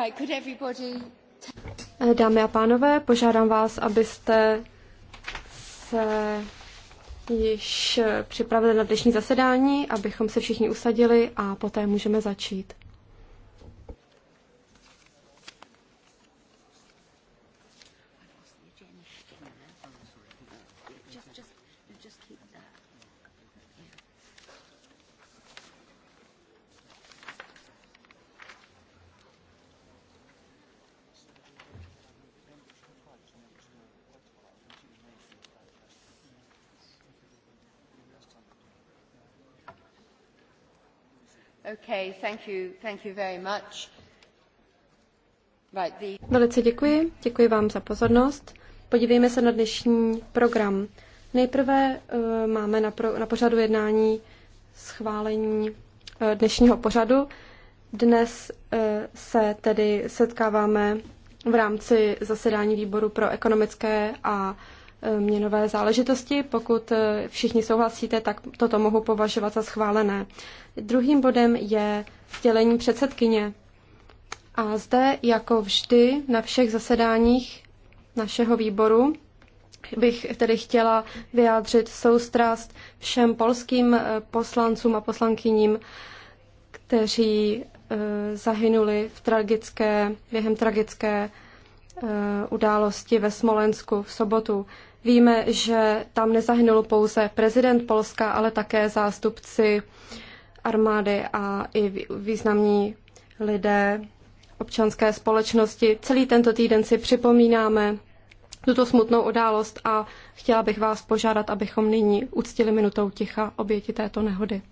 Eh, dámy a pánové, požádám vás, abyste se již eh, připravili na dnešní zasedání, abychom se všichni usadili a poté můžeme začít. Velice děkuji, děkuji vám za pozornost. Podívejme se na dnešní program. Nejprve uh, máme na, pro, na pořadu jednání schválení uh, dnešního pořadu. Dnes uh, se tedy setkáváme v rámci zasedání výboru pro ekonomické a E, měnové záležitosti. Pokud e, všichni souhlasíte, tak toto mohu považovat za schválené. Druhým bodem je sdělení předsedkyně. A zde, jako vždy, na všech zasedáních našeho výboru bych tedy chtěla vyjádřit soustrast všem polským e, poslancům a poslankyním, kteří zahynuli v tragické, během tragické události ve Smolensku v sobotu. Víme, že tam nezahynul pouze prezident Polska, ale také zástupci armády a i významní lidé občanské společnosti. Celý tento týden si připomínáme tuto smutnou událost a chtěla bych vás požádat, abychom nyní uctili minutou ticha oběti této nehody.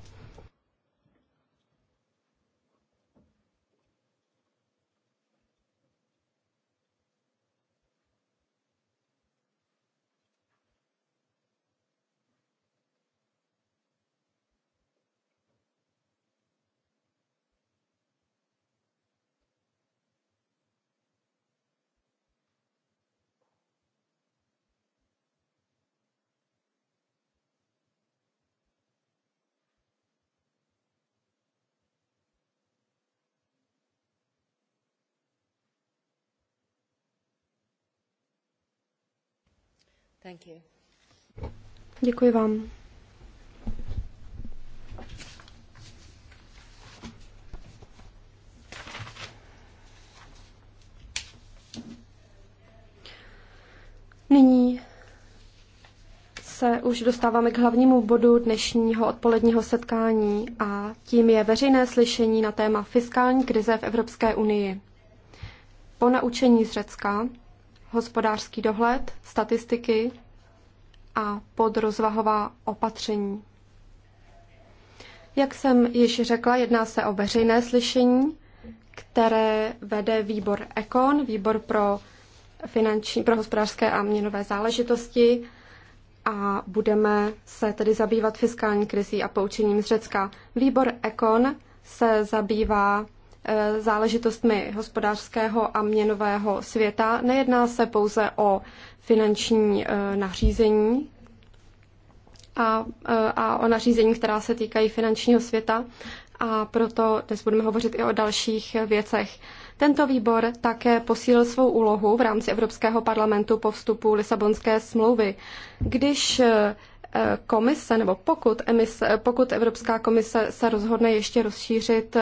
Thank you. Děkuji vám. Nyní se už dostáváme k hlavnímu bodu dnešního odpoledního setkání a tím je veřejné slyšení na téma fiskální krize v Evropské unii. Po naučení z Řecka hospodářský dohled, statistiky a podrozvahová opatření. Jak jsem již řekla, jedná se o veřejné slyšení, které vede výbor ECON, výbor pro finanční, pro hospodářské a měnové záležitosti a budeme se tedy zabývat fiskální krizí a poučením z Řecka. Výbor ECON se zabývá Eh, záležitostmi hospodářského a měnového světa. Nejedná se pouze o finanční eh, nařízení a, eh, a o nařízení, která se týkají finančního světa a proto dnes budeme hovořit i o dalších věcech. Tento výbor také posílil svou úlohu v rámci Evropského parlamentu po vstupu Lisabonské smlouvy. Když komise, nebo pokud, emise, pokud Evropská komise se rozhodne ještě rozšířit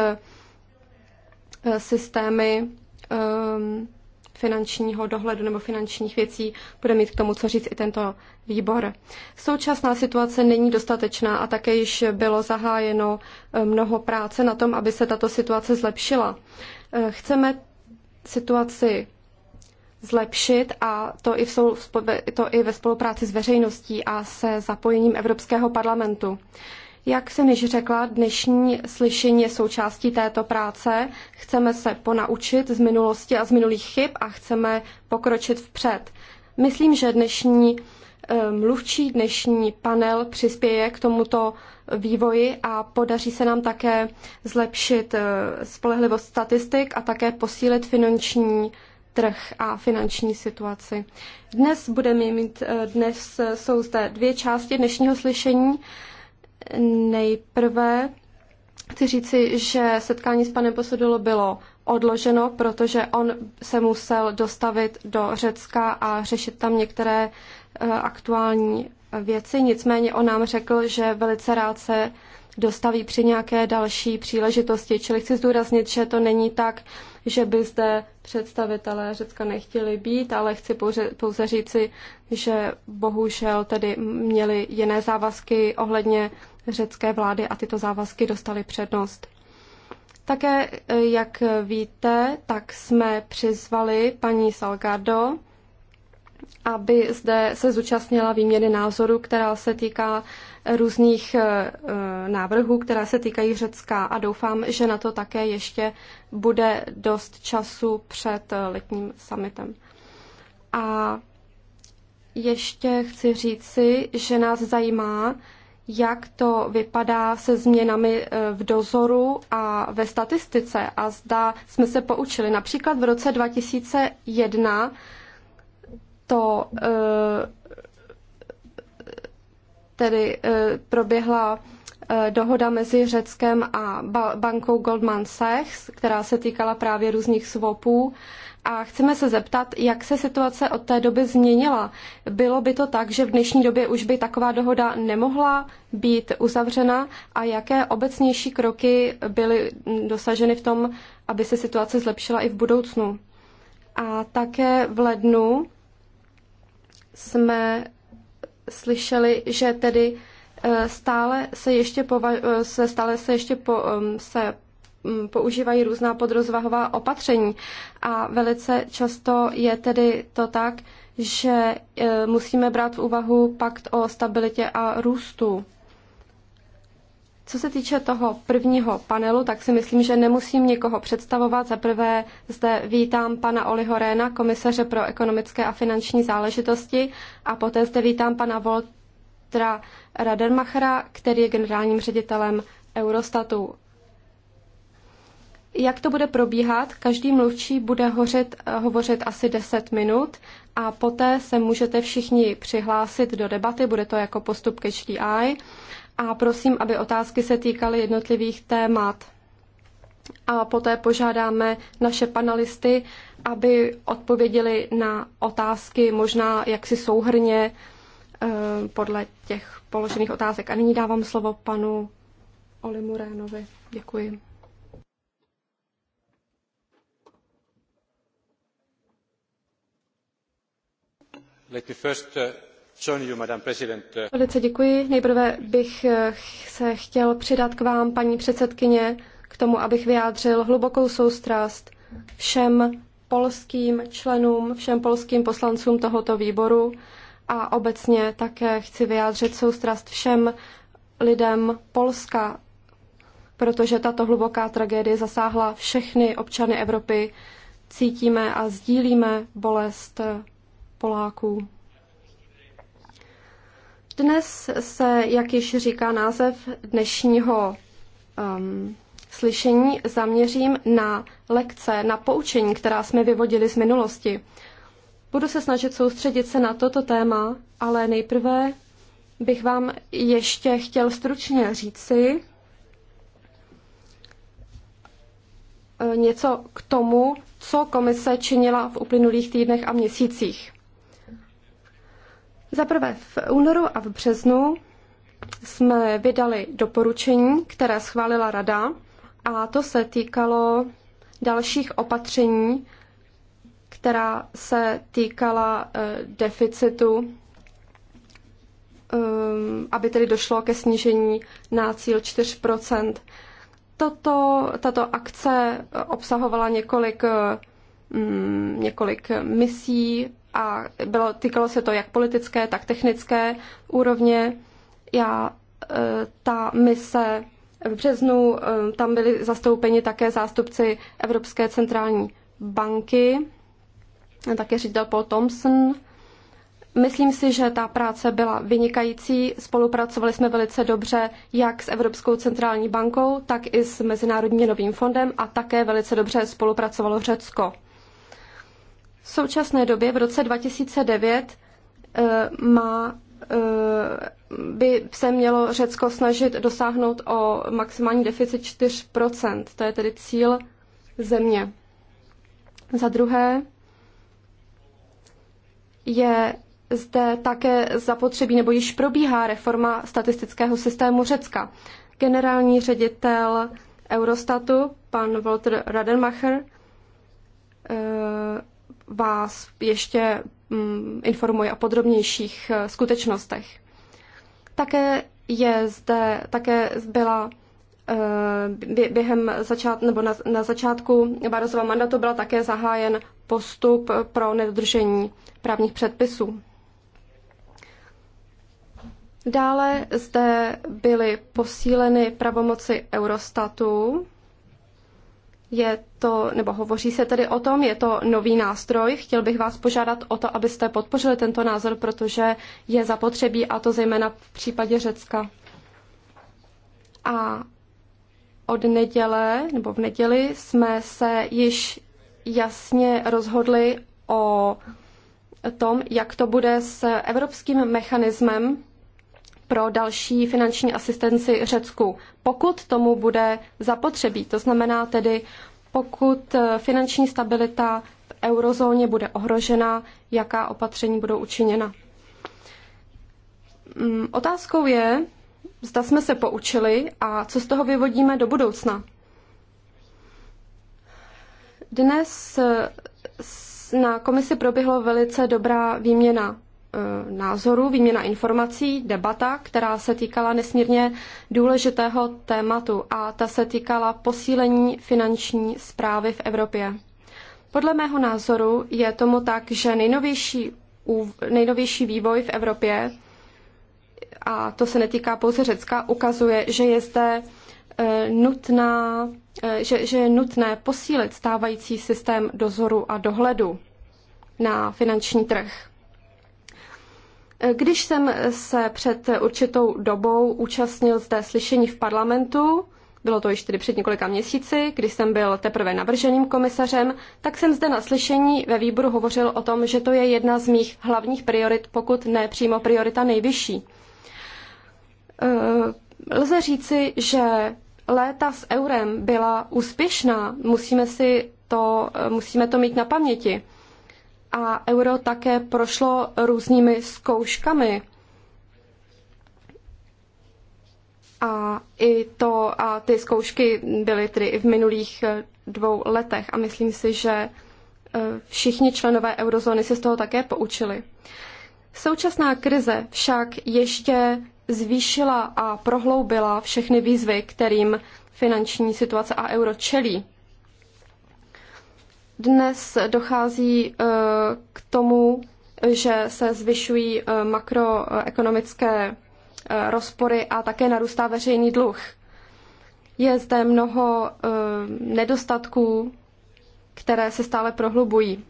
Eh, systémy ehm, finančního dohledu nebo finančních věcí bude mít k tomu, co říct i tento výbor. Současná situace není dostatečná a také již bylo zahájeno eh, mnoho práce na tom, aby se tato situace zlepšila. Eh, chceme situaci zlepšit a to i, v sou, to i ve spolupráci s veřejností a se zapojením Evropského parlamentu. Jak jsem již řekla, dnešní slyšení je součástí této práce. Chceme se ponaučit z minulosti a z minulých chyb a chceme pokročit vpřed. Myslím, že dnešní mluvčí, dnešní panel přispěje k tomuto vývoji a podaří se nám také zlepšit eh, spolehlivost statistik a také posílit finanční trh a finanční situaci. Dnes budeme mít, eh, dnes jsou zde dvě části dnešního slyšení. Nejprve chci říci, že setkání s panem Posudilo bylo odloženo, protože on se musel dostavit do Řecka a řešit tam některé eh, aktuální věci. Nicméně on nám řekl, že velice rád se dostaví při nějaké další příležitosti. Čili chci zdůraznit, že to není tak, že by zde představitelé Řecka nechtěli být, ale chci pouze, pouze říci, že bohužel tedy měli jiné závazky ohledně řecké vlády a tyto závazky dostaly přednost. Také, eh, jak víte, tak jsme přizvali paní Salgado, aby zde se zúčastnila výměny názoru, která se týká různých eh, eh, návrhů, které se týkají Řecka a doufám, že na to také ještě bude dost času před letním summitem. A ještě chci říci, že nás zajímá, jak to vypadá se změnami e, v dozoru a ve statistice a zda jsme se poučili. Například v roce 2001 to e, tedy e, proběhla dohoda mezi Řeckem a bankou Goldman Sachs, která se týkala právě různých swapů a chceme se zeptat, jak se situace od té doby změnila. Bylo by to tak, že v dnešní době už by taková dohoda nemohla být uzavřena a jaké obecnější kroky byly dosaženy v tom, aby se situace zlepšila i v budoucnu. A také v lednu jsme slyšeli, že tedy eh, stále se ještě, pova- eh, se stále se ještě po, eh, se Mm, používají různá podrozvahová opatření a velice často je tedy to tak, že e, musíme brát v úvahu pakt o stabilitě a růstu. Co se týče toho prvního panelu, tak si myslím, že nemusím někoho představovat. Za prvé zde vítám pana Oliho Réna, komisaře pro ekonomické a finanční záležitosti, a poté zde vítám pana Voltra Radermachera, který je generálním ředitelem Eurostatu. Jak to bude probíhat? Každý mluvčí bude hořit, hovořit asi 10 minut a poté se můžete všichni přihlásit do debaty, bude to jako postup ke HDI. A prosím, aby otázky se týkaly jednotlivých témat. A poté požádáme naše panelisty, aby odpověděli na otázky možná jaksi souhrně eh, podle těch položených otázek. A nyní dávám slovo panu Olimurénovi. Děkuji. Uh, uh. Velice děkuji. Nejprve bych uh, se chtěl přidat k vám, paní předsedkyně, k tomu, abych vyjádřil hlubokou soustrast všem polským členům, všem polským poslancům tohoto výboru a obecně také chci vyjádřit soustrast všem lidem Polska, protože tato hluboká tragédie zasáhla všechny občany Evropy. Cítíme a sdílíme bolest Poláků. Dnes se, jak již říká název dnešního um, slyšení, zaměřím na lekce, na poučení, která jsme vyvodili z minulosti. Budu se snažit soustředit se na toto téma, ale nejprve bych vám ještě chtěl stručně říci e, něco k tomu, co komise činila v uplynulých týdnech a měsících. Zaprvé v únoru a v březnu jsme vydali doporučení, které schválila Rada, a to se týkalo dalších opatření, která se týkala eh, deficitu, ehm, aby tedy došlo ke snížení na cíl 4 Toto, tato akce obsahovala několik, eh, mm, několik misí a bylo, týkalo se to jak politické, tak technické úrovně. Já, e, ta mise v březnu, e, tam byli zastoupeni také zástupci Evropské centrální banky, také ředitel Paul Thompson. Myslím si, že ta práce byla vynikající. Spolupracovali jsme velice dobře jak s Evropskou centrální bankou, tak i s Mezinárodním měnovým fondem a také velice dobře spolupracovalo Řecko. V současné době v roce 2009 eh, má eh, by se mělo Řecko snažit dosáhnout o maximální deficit 4%. To je tedy cíl země. Za druhé je zde také zapotřebí nebo již probíhá reforma statistického systému Řecka. Generální ředitel Eurostatu, pan Walter Radenmacher, eh, vás ještě mm, informuje o podrobnějších eh, skutečnostech. Také je zde, také byla eh, během začát, nebo na, na začátku Barozova mandatu byla také zahájen postup pro nedodržení právních předpisů. Dále zde byly posíleny pravomoci Eurostatu je to, nebo hovoří se tedy o tom, je to nový nástroj. Chtěl bych vás požádat o to, abyste podpořili tento názor, protože je zapotřebí, a to zejména v případě Řecka. A od neděle, nebo v neděli, jsme se již jasně rozhodli o tom, jak to bude s evropským mechanismem pro další finanční asistenci Řecku, pokud tomu bude zapotřebí. To znamená tedy, pokud eh, finanční stabilita v eurozóně bude ohrožena, jaká opatření budou učiněna. Mm, otázkou je, zda jsme se poučili a co z toho vyvodíme do budoucna. Dnes eh, na komisi proběhlo velice dobrá výměna Eh, názorů, výměna informací, debata, která se týkala nesmírně důležitého tématu a ta se týkala posílení finanční zprávy v Evropě. Podle mého názoru je tomu tak, že nejnovější, nejnovější vývoj v Evropě, a to se netýká pouze Řecka, ukazuje, že je zde eh, nutná, eh, že, že je nutné posílit stávající systém dozoru a dohledu na finanční trh. Když jsem se před určitou dobou účastnil zde slyšení v parlamentu, bylo to již tedy před několika měsíci, když jsem byl teprve navrženým komisařem, tak jsem zde na slyšení ve výboru hovořil o tom, že to je jedna z mých hlavních priorit, pokud ne přímo priorita nejvyšší. Eh, lze říci, že léta s eurem byla úspěšná, musíme si to, eh, musíme to mít na paměti a euro také prošlo různými zkouškami. A i to, a ty zkoušky byly tedy i v minulých eh, dvou letech a myslím si, že eh, všichni členové eurozóny se z toho také poučili. Současná krize však ještě zvýšila a prohloubila všechny výzvy, kterým finanční situace a euro čelí. Dnes dochází eh, k tomu, že se zvyšují eh, makroekonomické eh, rozpory a také narůstá veřejný dluh. Je zde mnoho nedostatků, které se stále prohlubují.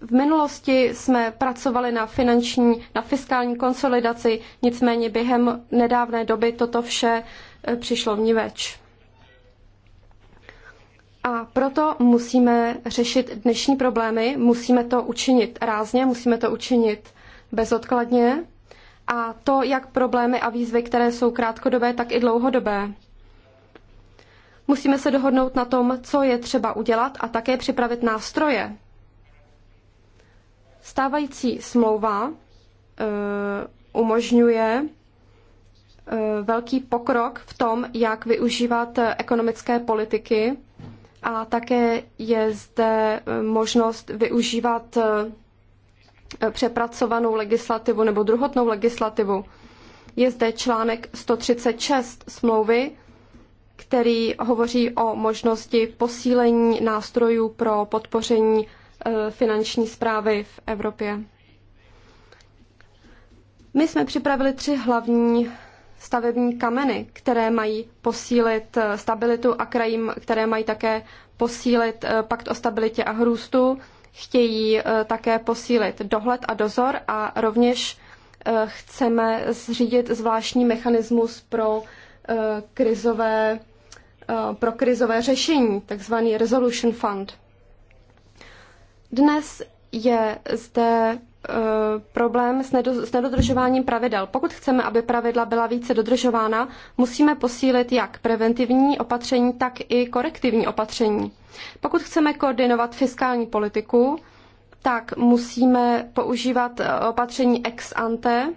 V minulosti jsme pracovali na finanční, na fiskální konsolidaci, nicméně během nedávné doby toto vše přišlo vníveč. A proto musíme řešit dnešní problémy, musíme to učinit rázně, musíme to učinit bezodkladně. A to jak problémy a výzvy, které jsou krátkodobé, tak i dlouhodobé. Musíme se dohodnout na tom, co je třeba udělat a také připravit nástroje. Stávající smlouva e, umožňuje e, velký pokrok v tom, jak využívat ekonomické politiky a také je zde eh, možnost využívat eh, přepracovanou legislativu nebo druhotnou legislativu. Je zde článek 136 smlouvy, který hovoří o možnosti posílení nástrojů pro podpoření eh, finanční zprávy v Evropě. My jsme připravili tři hlavní stavební kameny, které mají posílit eh, stabilitu a krajím, které mají také posílit eh, pakt o stabilitě a hrůstu, chtějí eh, také posílit dohled a dozor a rovněž chceme zřídit zvláštní mechanismus pro krizové, pro krizové řešení, takzvaný Resolution Fund. Dnes je zde E, problém s nedodržováním pravidel. Pokud chceme, aby pravidla byla více dodržována, musíme posílit jak preventivní opatření, tak i korektivní opatření. Pokud chceme koordinovat fiskální politiku, tak musíme používat e, opatření ex ante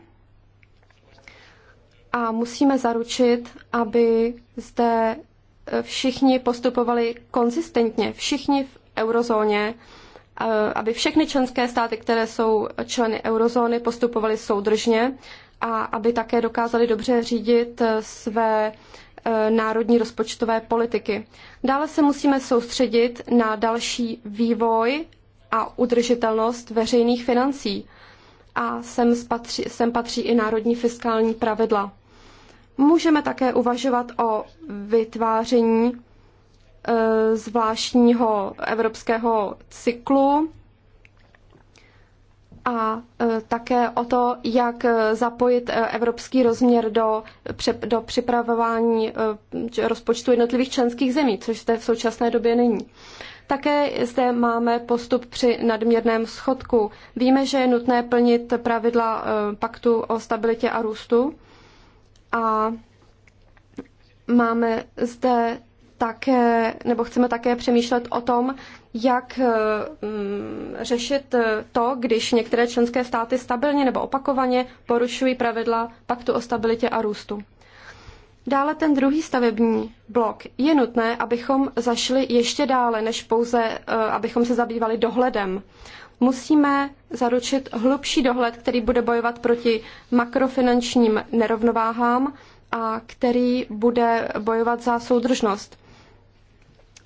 a musíme zaručit, aby zde e, všichni postupovali konzistentně, všichni v eurozóně, aby všechny členské státy, které jsou členy eurozóny, postupovaly soudržně a aby také dokázali dobře řídit eh, své eh, národní rozpočtové politiky. Dále se musíme soustředit na další vývoj a udržitelnost veřejných financí. A sem sem patří i národní fiskální pravidla. Můžeme také uvažovat o vytváření Eh, zvláštního evropského cyklu a eh, také o to, jak eh, zapojit evropský rozměr do, do připravování rozpočtu jednotlivých členských zemí, což zde v současné době není. Také zde máme postup při nadměrném schodku. Víme, že je nutné plnit pravidla paktu o stabilitě a růstu a máme zde také, nebo chceme také přemýšlet o tom, jak eh, mm, řešit eh, to, když některé členské státy stabilně nebo opakovaně porušují pravidla paktu o stabilitě a růstu. Dále ten druhý stavební blok. Je nutné, abychom zašli ještě dále, než pouze, eh, abychom se zabývali dohledem. Musíme zaručit hlubší dohled, který bude bojovat proti makrofinančním nerovnováhám a který bude bojovat za soudržnost.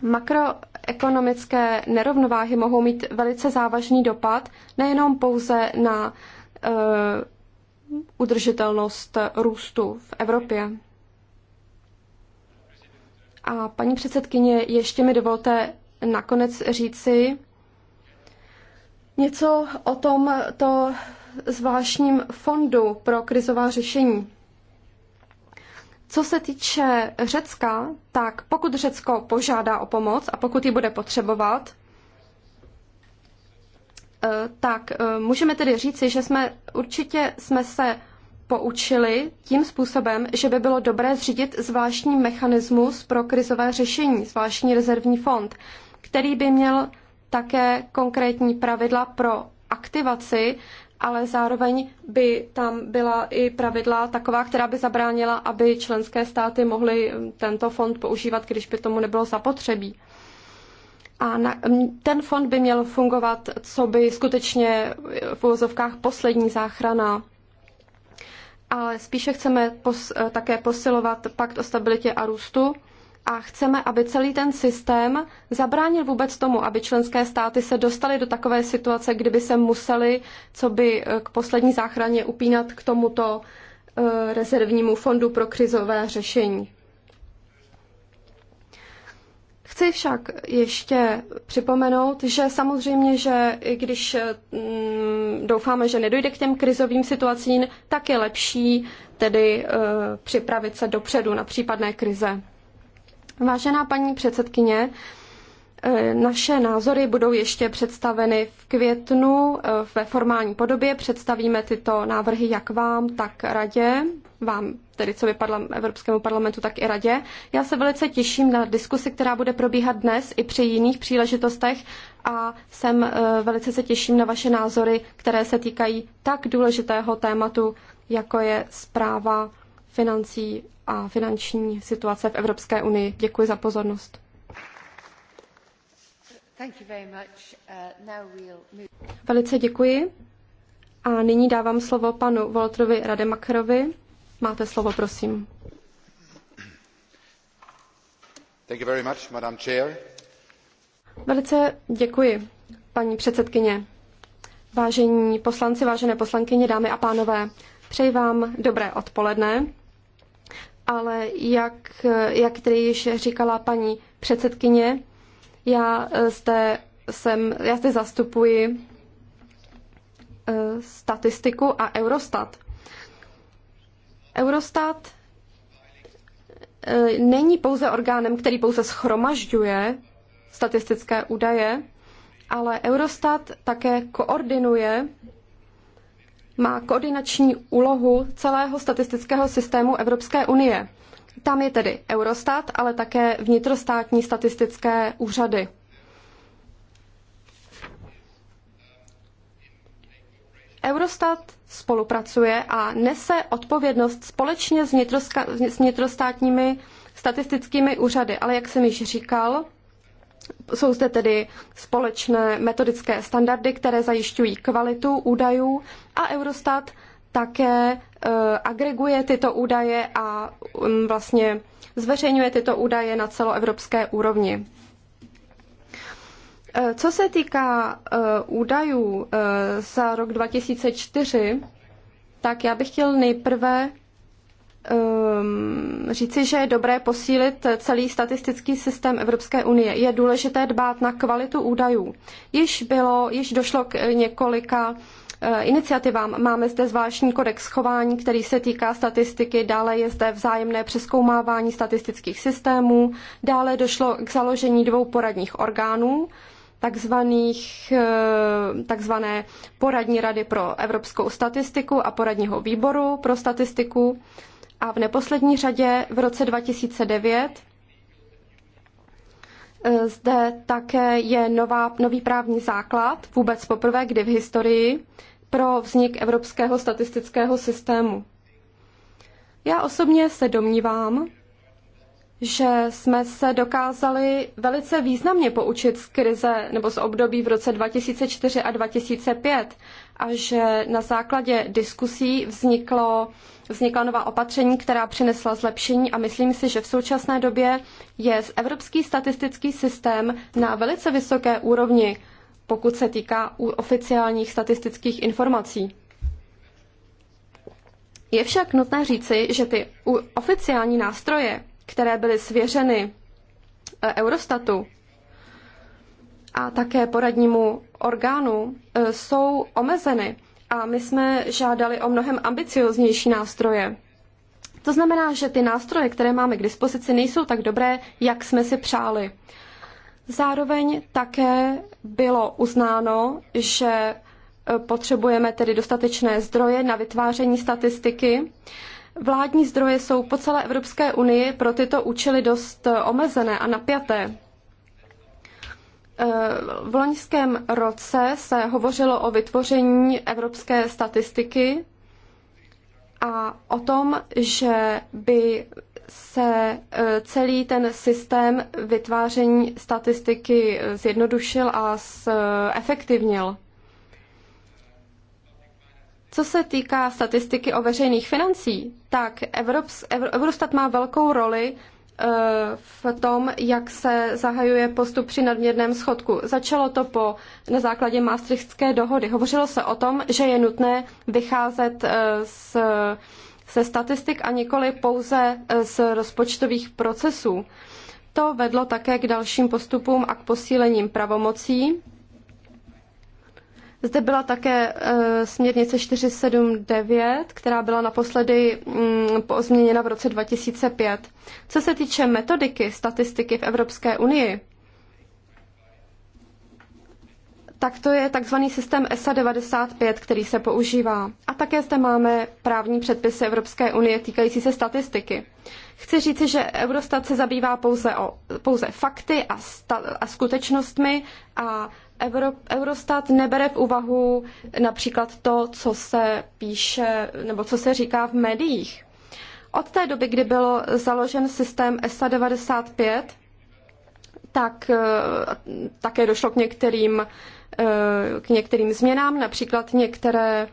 Makroekonomické nerovnováhy mohou mít velice závažný dopad nejenom pouze na e, udržitelnost růstu v Evropě. A paní předsedkyně, ještě mi dovolte nakonec říci něco o tomto zvláštním fondu pro krizová řešení. Co se týče Řecka, tak pokud Řecko požádá o pomoc a pokud ji bude potřebovat, eh, tak eh, můžeme tedy říci, že jsme určitě jsme se poučili tím způsobem, že by bylo dobré zřídit zvláštní mechanismus pro krizové řešení, zvláštní rezervní fond, který by měl také konkrétní pravidla pro aktivaci ale zároveň by tam byla i pravidla taková, která by zabránila, aby členské státy mohly mm, tento fond používat, když by tomu nebylo zapotřebí. A na, mm, ten fond by měl fungovat, co by skutečně eh, v úvozovkách poslední záchrana. Ale spíše chceme pos, eh, také posilovat pakt o stabilitě a růstu a chceme, aby celý ten systém zabránil vůbec tomu, aby členské státy se dostaly do takové situace, kdyby se museli, co by eh, k poslední záchraně upínat k tomuto eh, rezervnímu fondu pro krizové řešení. Chci však ještě připomenout, že samozřejmě, že i když eh, mm, doufáme, že nedojde k těm krizovým situacím, tak je lepší tedy připravit se dopředu na případné krize. Vážená paní předsedkyně, eh, naše názory budou ještě představeny v květnu eh, ve formální podobě. Představíme tyto návrhy jak vám, tak radě, vám tedy co by parlam, Evropskému parlamentu, tak i radě. Já se velice těším na diskusi, která bude probíhat dnes i při jiných příležitostech a jsem eh, velice se těším na vaše názory, které se týkají tak důležitého tématu, jako je zpráva financí a finanční situace v Evropské unii. Děkuji za pozornost. Uh, Velice děkuji. A nyní dávám slovo panu Voltrovi Rademakerovi. Máte slovo, prosím. Thank you very much, Madam Chair. Velice děkuji, paní předsedkyně. Vážení poslanci, vážené poslankyně, dámy a pánové, přeji vám dobré odpoledne ale jak, jak tedy již říkala paní předsedkyně, já eh, zde, jsem, já zde zastupuji eh, statistiku a Eurostat. Eurostat eh, není pouze orgánem, který pouze schromažďuje statistické údaje, ale Eurostat také koordinuje má koordinační úlohu celého statistického systému Evropské unie. Tam je tedy Eurostat, ale také vnitrostátní statistické úřady. Eurostat spolupracuje a nese odpovědnost společně s, vnitrostátními statistickými úřady, ale jak jsem již říkal, jsou zde tedy společné metodické standardy, které zajišťují kvalitu údajů a Eurostat také e, agreguje tyto údaje a um, vlastně zveřejňuje tyto údaje na celoevropské úrovni. E, co se týká e, údajů za rok 2004, tak já bych chtěl nejprve um, říci, že je dobré posílit celý statistický systém Evropské unie. Je důležité dbát na kvalitu údajů. Již, bylo, již došlo k několika eh, iniciativám. Máme zde zvláštní kodex chování, který se týká statistiky, dále je zde vzájemné přeskoumávání statistických systémů, dále došlo k založení dvou poradních orgánů, takzvaných, eh, takzvané poradní rady pro evropskou statistiku a poradního výboru pro statistiku. A v neposlední řadě v roce 2009 eh, zde také je nová, nový právní základ, vůbec poprvé kdy v historii, pro vznik Evropského statistického systému. Já osobně se domnívám, že jsme se dokázali velice významně poučit z krize nebo z období v roce 2004 a 2005 a že na základě diskusí vzniklo vznikla nová opatření, která přinesla zlepšení a myslím si, že v současné době je evropský statistický systém na velice vysoké úrovni, pokud se týká oficiálních statistických informací. Je však nutné říci, že ty oficiální nástroje, které byly svěřeny eh, Eurostatu a také poradnímu orgánu, eh, jsou omezeny a my jsme žádali o mnohem ambicioznější nástroje. To znamená, že ty nástroje, které máme k dispozici, nejsou tak dobré, jak jsme si přáli. Zároveň také bylo uznáno, že e, potřebujeme tedy dostatečné zdroje na vytváření statistiky. Vládní zdroje jsou po celé Evropské unii pro tyto účely dost e, omezené a napjaté. V loňském roce se hovořilo o vytvoření evropské statistiky a o tom, že by se e, celý ten systém vytváření statistiky zjednodušil a zefektivnil. E, Co se týká statistiky o veřejných financí, tak Evrops, Eurostat má velkou roli v tom, jak se zahajuje postup při nadměrném schodku. Začalo to po, na základě Maastrichtské dohody. Hovořilo se o tom, že je nutné vycházet eh, z, ze statistik a nikoli pouze eh, z rozpočtových procesů. To vedlo také k dalším postupům a k posílením pravomocí zde byla také eh, směrnice 479, která byla naposledy mm, pozměněna v roce 2005. Co se týče metodiky statistiky v Evropské unii, tak to je takzvaný systém e ESA 95, který se používá. A také zde máme právní předpisy Evropské unie týkající se statistiky. Chci říci, že Eurostat se zabývá pouze, o, pouze fakty a, sta, a skutečnostmi a Eurostat nebere v úvahu například to, co se píše nebo co se říká v médiích. Od té doby, kdy byl založen systém e ESA 95, tak eh, také došlo k některým, eh, k některým změnám. Například některé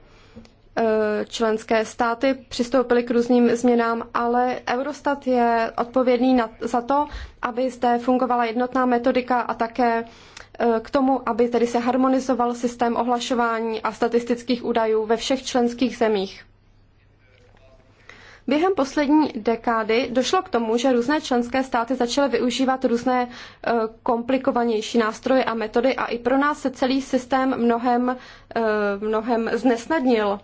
eh, členské státy přistoupily k různým změnám, ale Eurostat je odpovědný za to, aby zde fungovala jednotná metodika a také Eh, k tomu, aby tedy se harmonizoval systém ohlašování a statistických údajů ve všech členských zemích. Během poslední dekády došlo k tomu, že různé členské státy začaly využívat různé eh, komplikovanější nástroje a metody a i pro nás se celý systém mnohem, eh, mnohem znesnadnil.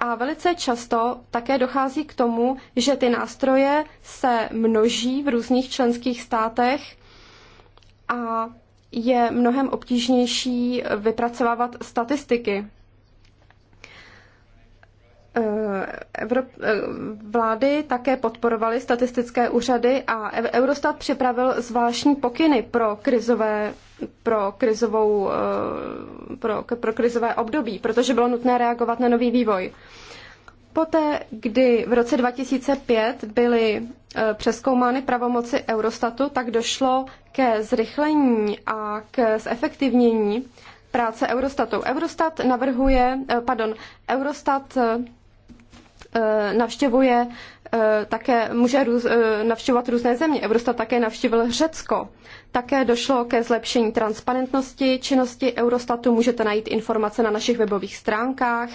A velice často také dochází k tomu, že ty nástroje se množí v různých členských státech a je mnohem obtížnější vypracovávat statistiky. Eh, eh, vlády také podporovaly statistické úřady a e- Eurostat připravil zvláštní pokyny pro krizové, pro krizovou, eh, pro, pro krizové období, protože bylo nutné reagovat na nový vývoj. Poté, kdy v roce 2005 byly e, přeskoumány pravomoci Eurostatu, tak došlo ke zrychlení a k zefektivnění práce Eurostatu. Eurostat navrhuje, e, pardon, Eurostat e, navštěvuje také může růz, navštěvovat různé země. Eurostat také navštívil Řecko. Také došlo ke zlepšení transparentnosti činnosti Eurostatu. Můžete najít informace na našich webových stránkách.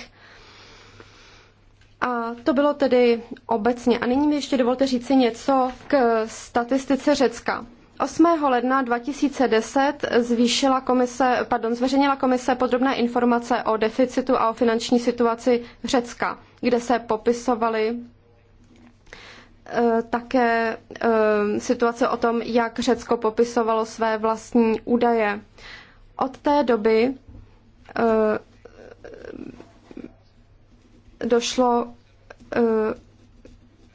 A to bylo tedy obecně. A nyní mi ještě dovolte říci něco k statistice Řecka. 8. ledna 2010 zvýšila komise, pardon, zveřejnila komise podrobné informace o deficitu a o finanční situaci Řecka, kde se popisovaly eh, také eh, situace o tom, jak Řecko popisovalo své vlastní údaje. Od té doby eh, došlo eh,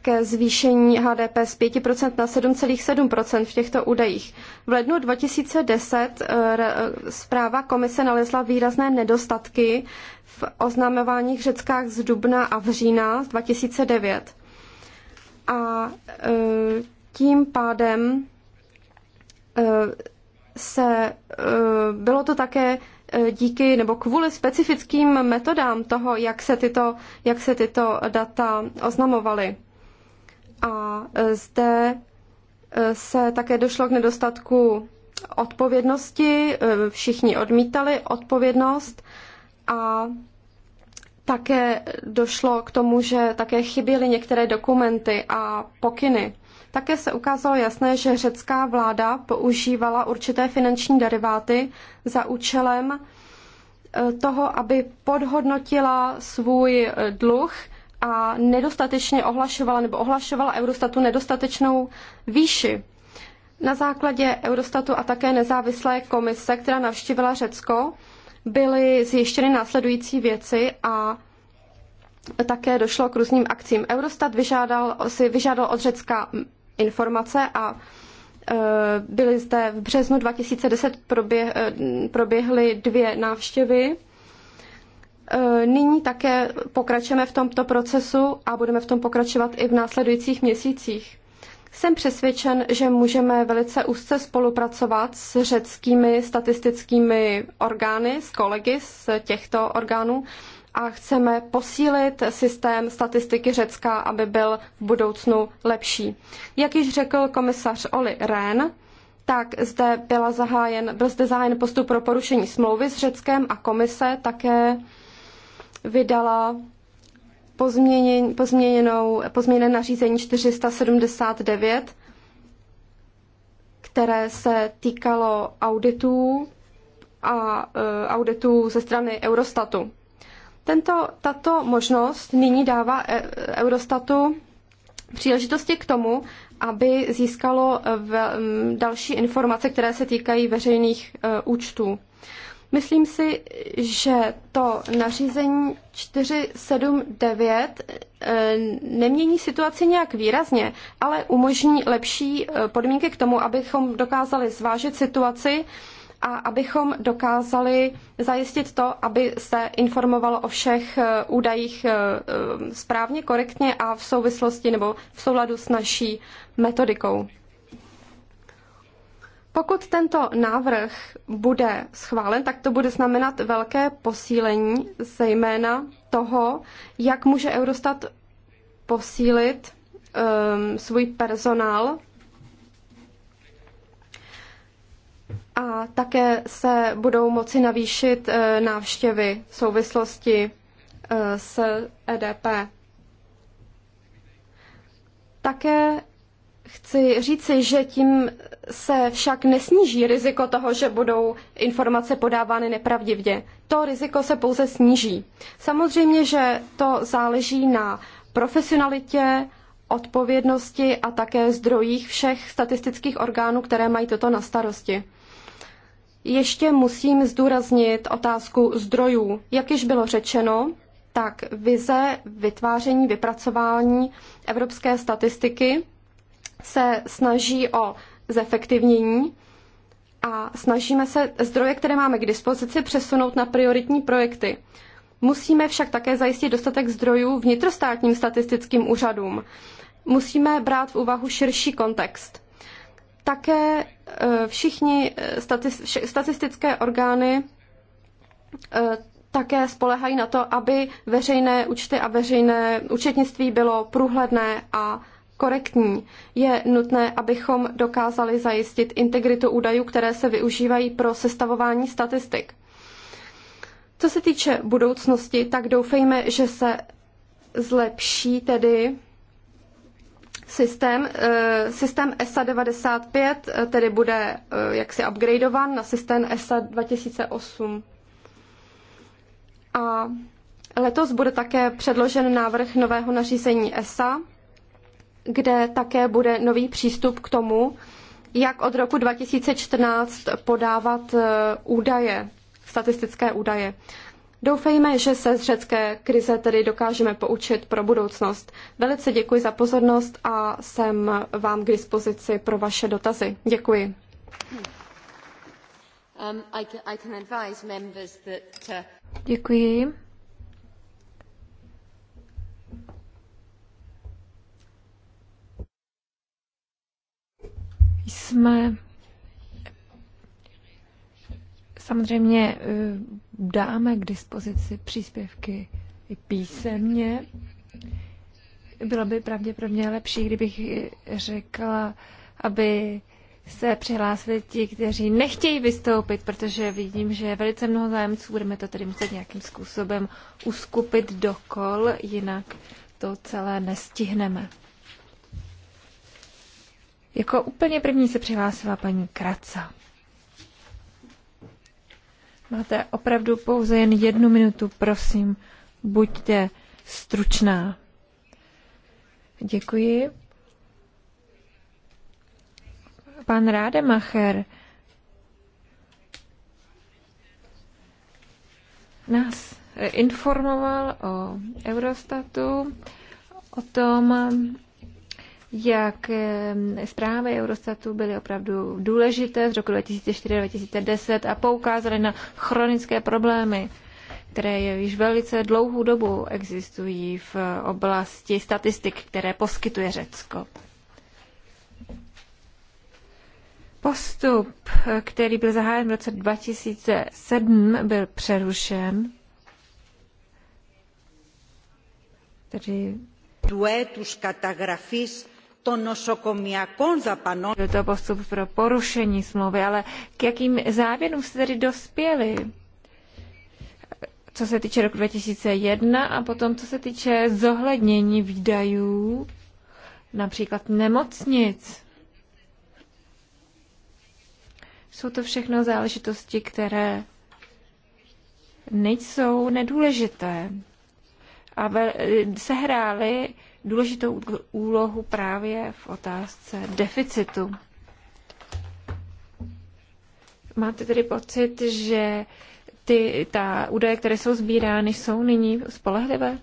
ke zvýšení HDP z 5% na 7,7% v těchto údajích. V lednu 2010 eh, eh, zpráva komise nalezla výrazné nedostatky v oznamováních řeckách z dubna a v října 2009. A tím pádem se bylo to také díky nebo kvůli specifickým metodám toho, jak se tyto, jak se tyto data oznamovaly. A e, zde e, se také došlo k nedostatku odpovědnosti, e, všichni odmítali odpovědnost a také došlo k tomu, že také chyběly některé dokumenty a pokyny. Také se ukázalo jasné, že řecká vláda používala určité finanční deriváty za účelem e, toho, aby podhodnotila svůj e, dluh a nedostatečně ohlašovala nebo ohlašovala Eurostatu nedostatečnou výši. Na základě Eurostatu a také nezávislé komise, která navštívila Řecko, byly zjištěny následující věci a také došlo k různým akcím. Eurostat vyžádal, si vyžádal od Řecka informace a e, byly zde v březnu 2010 proběh, e, proběhly dvě návštěvy. E, nyní také pokračujeme v tomto procesu a budeme v tom pokračovat i v následujících měsících. Jsem přesvědčen, že můžeme velice úzce spolupracovat s řeckými statistickými orgány, s kolegy z těchto orgánů, a chceme posílit systém statistiky Řecka, aby byl v budoucnu lepší. Jak již řekl komisař Oli Rehn, tak zde byla zahájen, byl zde zahájen postup pro porušení smlouvy s Řeckem a komise také vydala pozměněn, pozměněnou, pozměněné nařízení 479, které se týkalo auditů a e, auditů ze strany Eurostatu. Tento, tato možnost nyní dává e, Eurostatu příležitosti k tomu, aby získalo e, další informace, které se týkají veřejných e, účtů. Myslím si, že to nařízení 479 nemění situaci nějak výrazně, ale umožní lepší podmínky k tomu, abychom dokázali zvážit situaci a abychom dokázali zajistit to, aby se informovalo o všech eh, údajích eh, eh, správně, korektně a v souvislosti nebo v souladu s naší metodikou. Pokud tento návrh bude schválen, tak to bude znamenat velké posílení, zejména toho, jak může Eurostat posílit um, svůj personál a také se budou moci navýšit eh, návštěvy v souvislosti eh, s EDP. Také chci říci, že tím se však nesníží riziko toho, že budou informace podávány nepravdivě. To riziko se pouze sníží. Samozřejmě, že to záleží na profesionalitě, odpovědnosti a také zdrojích všech statistických orgánů, které mají toto na starosti. Ještě musím zdůraznit otázku zdrojů. Jak již bylo řečeno, tak vize vytváření, vypracování evropské statistiky se snaží o zefektivnění a snažíme se zdroje, které máme k dispozici, přesunout na prioritní projekty. Musíme však také zajistit dostatek zdrojů vnitrostátním statistickým úřadům. Musíme brát v úvahu širší kontext. Také eh, všichni eh, statistické orgány eh, také spolehají na to, aby veřejné účty a veřejné účetnictví bylo průhledné a korektní. Je nutné, abychom dokázali zajistit integritu údajů, které se využívají pro sestavování statistik. Co se týče budoucnosti, tak doufejme, že se zlepší tedy systém. Eh, systém e ESA 95 eh, tedy bude eh, jaksi upgradeovan na systém ESA 2008. A letos bude také předložen návrh nového nařízení ESA, kde také bude nový přístup k tomu, jak od roku 2014 podávat údaje, statistické údaje. Doufejme, že se z řecké krize tedy dokážeme poučit pro budoucnost. Velice děkuji za pozornost a jsem vám k dispozici pro vaše dotazy. Děkuji. Um, uh, děkuji. Jsme samozřejmě uh, dáme k dispozici příspěvky i písemně. Bylo by pravděpodobně lepší, kdybych řekla, aby se přihlásili ti, kteří nechtějí vystoupit, protože vidím, že je velice mnoho zájemců, budeme to tedy muset nějakým způsobem uskupit dokol, jinak to celé nestihneme. Jako úplně první se přihlásila paní Kraca. Máte opravdu pouze jen jednu minutu, prosím, buďte stručná. Děkuji. Pan Rádemacher nás informoval o Eurostatu, o tom, jak zprávy Eurostatu byly opravdu důležité z roku 2004-2010 a poukázaly na chronické problémy, které již velice dlouhou dobu existují v oblasti statistik, které poskytuje Řecko. Postup, který byl zahájen v roce 2007, byl přerušen. Tedy... Duetus katagрафής to νοσοκομιακών δαπανών. Byl to postup pro porušení smlouvy, ale k jakým závěrům jste tedy dospěli? Co se týče roku 2001 a potom co se týče zohlednění výdajů, například nemocnic. Jsou to všechno záležitosti, které nejsou nedůležité a sehrály důležitou úlohu právě v otázce deficitu. Máte tedy pocit, že ty, ta údaje, které jsou sbírány, jsou nyní spolehlivé?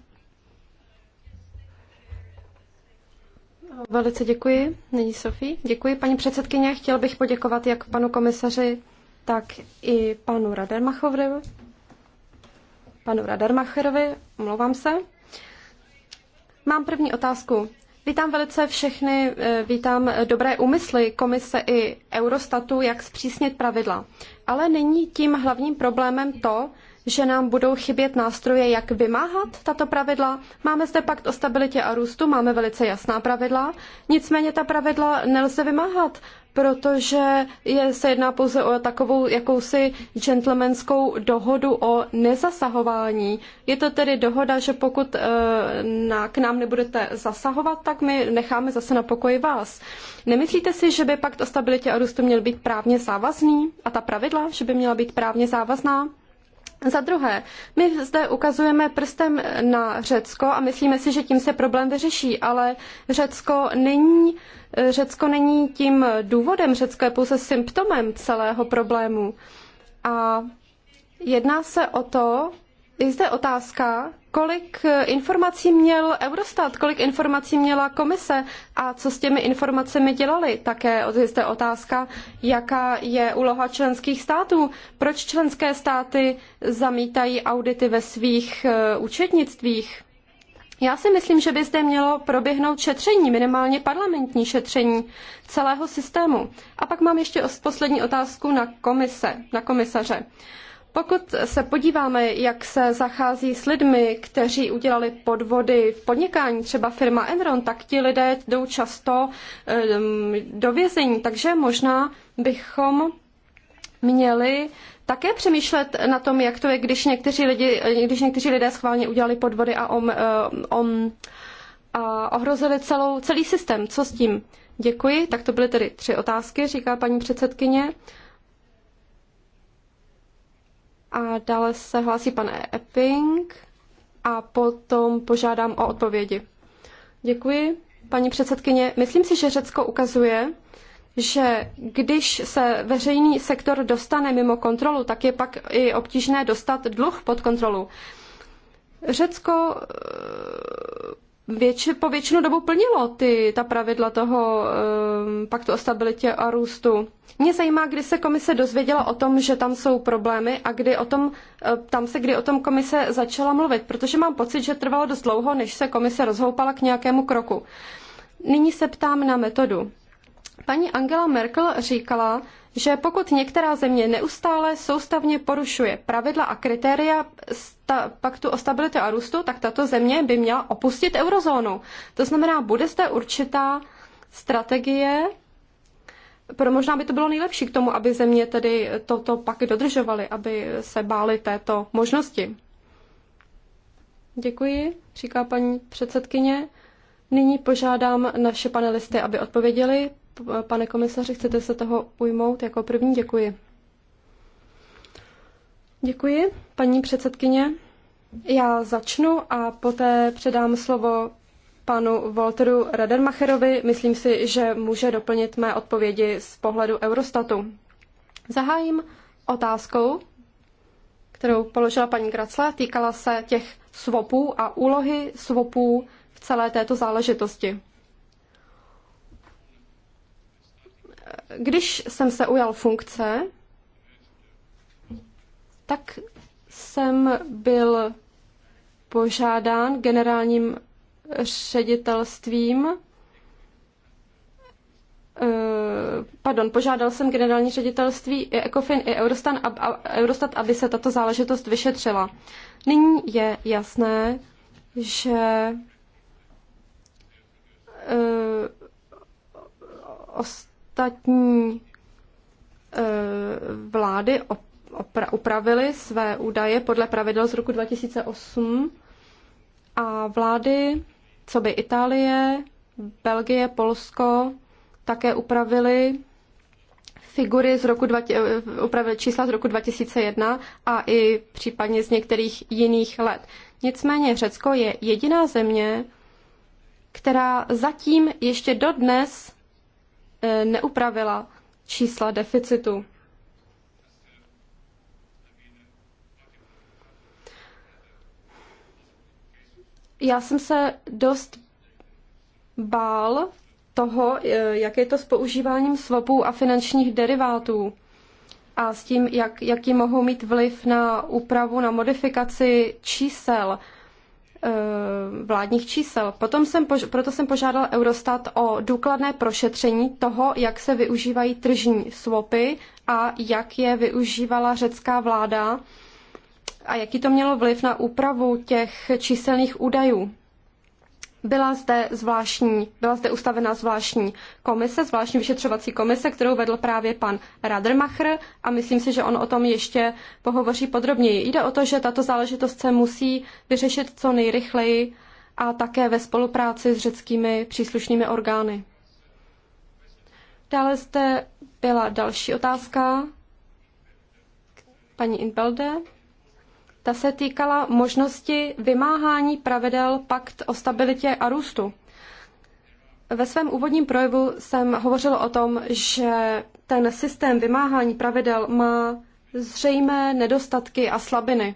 Velice děkuji. Nyní Sofie. Děkuji, paní předsedkyně. Chtěl bych poděkovat jak panu komisaři, tak i panu Radermachovi. Panu Radermacherovi, omlouvám se. Mám první otázku. Vítám velice všechny, eh, vítám eh, dobré úmysly komise i Eurostatu, jak zpřísnit pravidla. Ale není tím hlavním problémem to, že nám budou chybět nástroje, jak vymáhat tato pravidla. Máme zde pakt o stabilitě a růstu, máme velice jasná pravidla, nicméně ta pravidla nelze vymáhat, protože je, se jedná pouze o takovou jakousi gentlemanskou dohodu o nezasahování. Je to tedy dohoda, že pokud e, na, k nám nebudete zasahovat, tak my necháme zase na pokoji vás. Nemyslíte si, že by pakt o stabilitě a růstu měl být právně závazný a ta pravidla, že by měla být právně závazná? Za druhé, my zde ukazujeme prstem na Řecko a myslíme si, že tím se problém vyřeší, ale Řecko není, Řecko není tím důvodem, Řecko je pouze symptomem celého problému. A jedná se o to, je zde otázka, kolik eh, informací měl Eurostat, kolik informací měla komise a co s těmi informacemi dělali. Také je zde otázka, jaká je úloha členských států. Proč členské státy zamítají audity ve svých eh, účetnictvích? Já si myslím, že by zde mělo proběhnout šetření, minimálně parlamentní šetření celého systému. A pak mám ještě poslední otázku na komise, na komisaře. Uh, pokud se podíváme, jak se zachází s lidmi, kteří udělali podvody v podnikání, třeba firma Enron, tak ti lidé jdou často ehm, do vězení. Takže možná bychom měli také přemýšlet na tom, jak to je, když někteří, lidi, když někteří lidé schválně udělali podvody a, om, eh, om, a ohrozili celou, celý systém. Co s tím? Děkuji. Tak to byly tedy tři otázky, říká paní předsedkyně. A dále se hlásí pan Epping a potom požádám o odpovědi. Děkuji. Paní předsedkyně, myslím si, že Řecko ukazuje, že když se veřejný sektor dostane mimo kontrolu, tak je pak i obtížné dostat dluh pod kontrolu. Řecko větši, po většinu dobu plnilo ty, ta pravidla toho um, paktu o stabilitě a růstu. Mě zajímá, kdy se komise dozvěděla o tom, že tam jsou problémy a kdy o tom, eh, tam se kdy o tom komise začala mluvit, protože mám pocit, že trvalo dost dlouho, než se komise rozhoupala k nějakému kroku. Nyní se ptám na metodu. Paní Angela Merkel říkala, že pokud některá země neustále soustavně porušuje pravidla a kritéria sta- paktu o stabilitě a růstu, tak tato země by měla opustit eurozónu. To znamená, bude zde určitá strategie, pro možná by to bylo nejlepší k tomu, aby země tedy toto pak dodržovaly, aby se bály této možnosti. Děkuji, říká paní předsedkyně. Nyní požádám naše panelisty, aby odpověděli. Pane komisaři, chcete se toho ujmout jako první? Děkuji. Děkuji, paní předsedkyně. Já začnu a poté předám slovo panu Walteru Radermacherovi. Myslím si, že může doplnit mé odpovědi z pohledu Eurostatu. Zahájím otázkou, kterou položila paní Gracle, týkala se těch svopů a úlohy svopů v celé této záležitosti. když jsem se ujal funkce, tak jsem byl požádán generálním ředitelstvím, eh, pardon, požádal jsem generální ředitelství i ECOFIN, i Eurostat, Eurostat, aby se tato záležitost vyšetřila. Nyní je jasné, že eh, os, ostatní eh, vlády upravily své údaje podle pravidel z roku 2008 a vlády, co by Itálie, Belgie, Polsko, také upravily figury z roku, eh, upravili čísla z roku 2001 a i případně z některých jiných let. Nicméně Řecko je jediná země, která zatím ještě dodnes Eh, neupravila čísla deficitu. Já jsem se dost bál toho, eh, jak je to s používáním swapů a finančních derivátů a s tím, jak, jaký mohou mít vliv na úpravu, na modifikaci čísel. Eh, vládních čísel. Potom jsem pož- proto jsem požádal Eurostat o důkladné prošetření toho, jak se využívají tržní swapy a jak je využívala řecká vláda a jaký to mělo vliv na úpravu těch číselných údajů. Byla zde, zvláštní, byla zde ustavena zvláštní komise, zvláštní vyšetřovací komise, kterou vedl právě pan Radermacher a myslím si, že on o tom ještě pohovoří podrobněji. Jde o to, že tato záležitost se musí vyřešit co nejrychleji a také ve spolupráci s řeckými příslušnými orgány. Dále zde byla další otázka paní Inbelde. Ta se týkala možnosti vymáhání pravidel Pakt o stabilitě a růstu. Ve svém úvodním projevu jsem hovořil o tom, že ten systém vymáhání pravidel má zřejmé nedostatky a slabiny.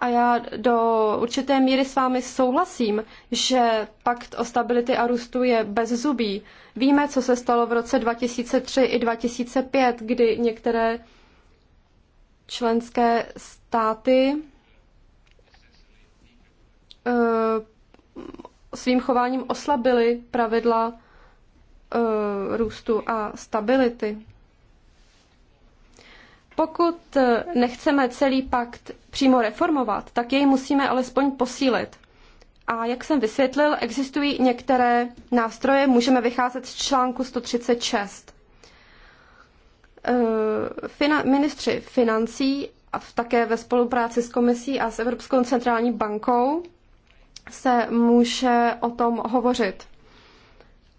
A já do určité míry s vámi souhlasím, že pakt o stability a růstu je bez zubí. Víme, co se stalo v roce 2003 i 2005, kdy některé členské státy eh, svým chováním oslabily pravidla eh, růstu a stability. Pokud eh, nechceme celý pakt přímo reformovat, tak jej musíme alespoň posílit. A jak jsem vysvětlil, existují některé nástroje, můžeme vycházet z článku 136. Eh, fina, ministři financí a v, také ve spolupráci s komisí a s Evropskou centrální bankou se může o tom hovořit.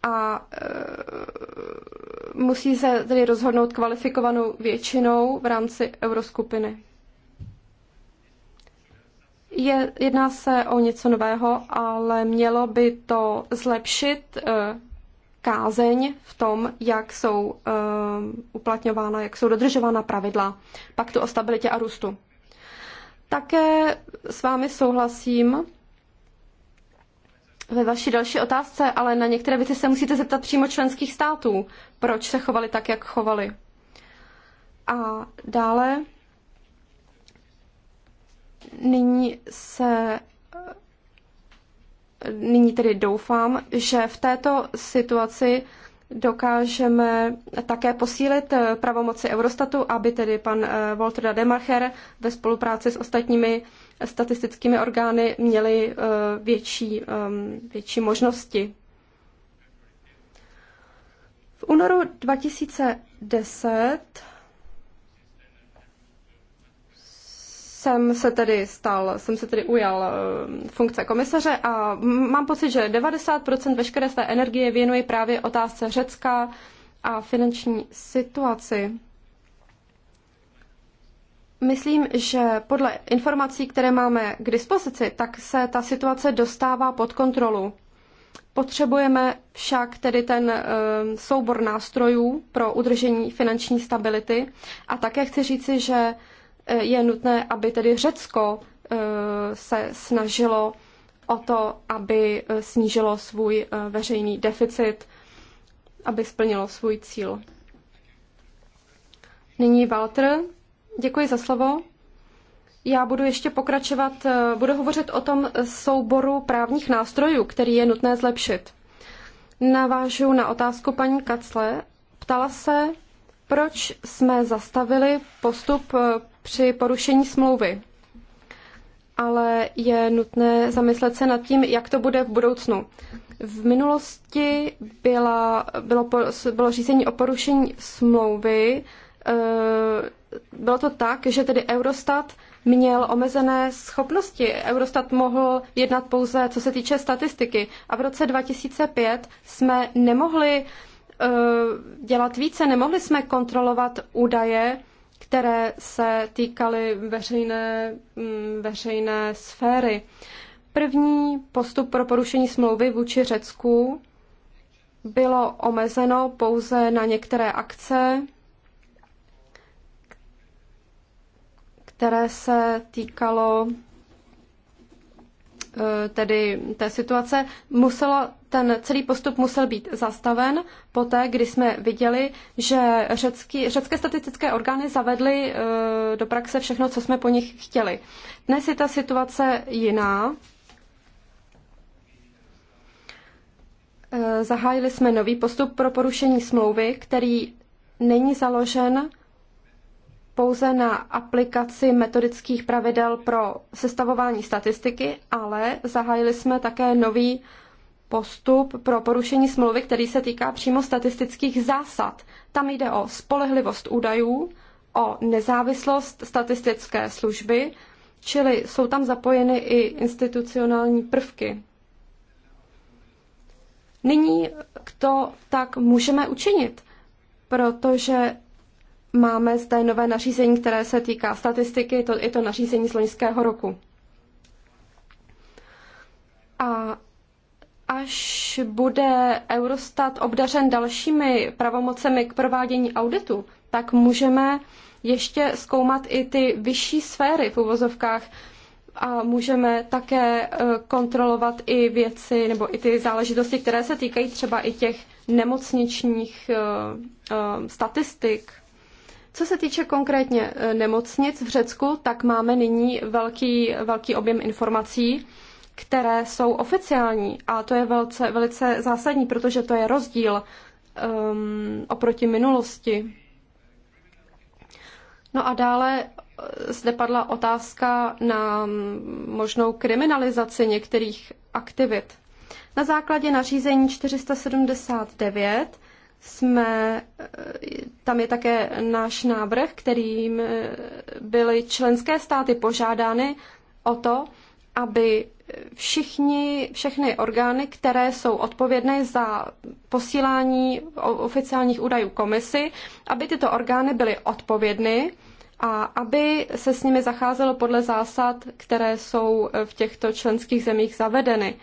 A e, musí se tedy rozhodnout kvalifikovanou většinou v rámci euroskupiny. Je, jedná se o něco nového, ale mělo by to zlepšit eh, kázeň v tom, jak jsou uh, uplatňována, jak jsou dodržována pravidla paktu o stabilitě a růstu. Také s vámi souhlasím ve vaší další otázce, ale na některé věci se musíte zeptat přímo členských států, proč se chovali tak, jak chovali. A dále nyní se nyní tedy doufám, že v této situaci dokážeme také posílit eh, pravomoci Eurostatu, aby tedy pan eh, Walter Dademacher ve spolupráci s ostatními statistickými orgány měli eh, větší, ehm, větší možnosti. V únoru 2010 jsem se tedy stal, jsem se tedy ujal eh, funkce komisaře a mám pocit, že 90% veškeré své energie věnuji právě otázce Řecka a finanční situaci. Myslím, že podle informací, které máme k dispozici, tak se ta situace dostává pod kontrolu. Potřebujeme však tedy ten eh, soubor nástrojů pro udržení finanční stability. A také chci říci, že je nutné, aby tedy Řecko eh, se snažilo o to, aby eh, snížilo svůj eh, veřejný deficit, aby splnilo svůj cíl. Nyní Walter, děkuji za slovo. Já budu ještě pokračovat, budu hovořit o tom souboru právních nástrojů, který je nutné zlepšit. Navážu na otázku paní Kacle. Ptala se, proč jsme zastavili postup při porušení smlouvy. Ale je nutné zamyslet se nad tím, jak to bude v budoucnu. V minulosti byla, bylo, bylo řízení o porušení smlouvy. Eh, bylo to tak, že tedy Eurostat měl omezené schopnosti. Eurostat mohl jednat pouze, co se týče statistiky. A v roce 2005 jsme nemohli eh, dělat více, nemohli jsme kontrolovat údaje, které se týkaly veřejné, mm, veřejné sféry. První postup pro porušení smlouvy vůči Řecku bylo omezeno pouze na některé akce, které se týkalo Eh, tedy té situace, muselo, ten celý postup musel být zastaven poté, kdy jsme viděli, že řecky, řecké statistické orgány zavedly eh, do praxe všechno, co jsme po nich chtěli. Dnes je ta situace jiná. Eh, zahájili jsme nový postup pro porušení smlouvy, který není založen pouze na aplikaci metodických pravidel pro sestavování statistiky, ale zahájili jsme také nový postup pro porušení smlouvy, který se týká přímo statistických zásad. Tam jde o spolehlivost údajů, o nezávislost statistické služby, čili jsou tam zapojeny i institucionální prvky. Nyní to tak můžeme učinit, protože Máme zde nové nařízení, které se týká statistiky, to, je to nařízení z loňského roku. A až bude Eurostat obdařen dalšími pravomocemi k provádění auditu, tak můžeme ještě zkoumat i ty vyšší sféry v uvozovkách a můžeme také eh, kontrolovat i věci nebo i ty záležitosti, které se týkají třeba i těch nemocničních eh, eh, statistik. Co se týče konkrétně e, nemocnic v Řecku, tak máme nyní velký, velký objem informací, které jsou oficiální a to je velice, velice zásadní, protože to je rozdíl um, oproti minulosti. No a dále e, zde padla otázka na možnou kriminalizaci některých aktivit. Na základě nařízení 479 jsme, eh, tam je také náš návrh, kterým eh, byly členské státy požádány o to, aby všichni, všechny orgány, které jsou odpovědné za posílání oficiálních údajů komisy, aby tyto orgány byly odpovědny a aby se s nimi zacházelo podle zásad, které jsou eh, v těchto členských zemích zavedeny.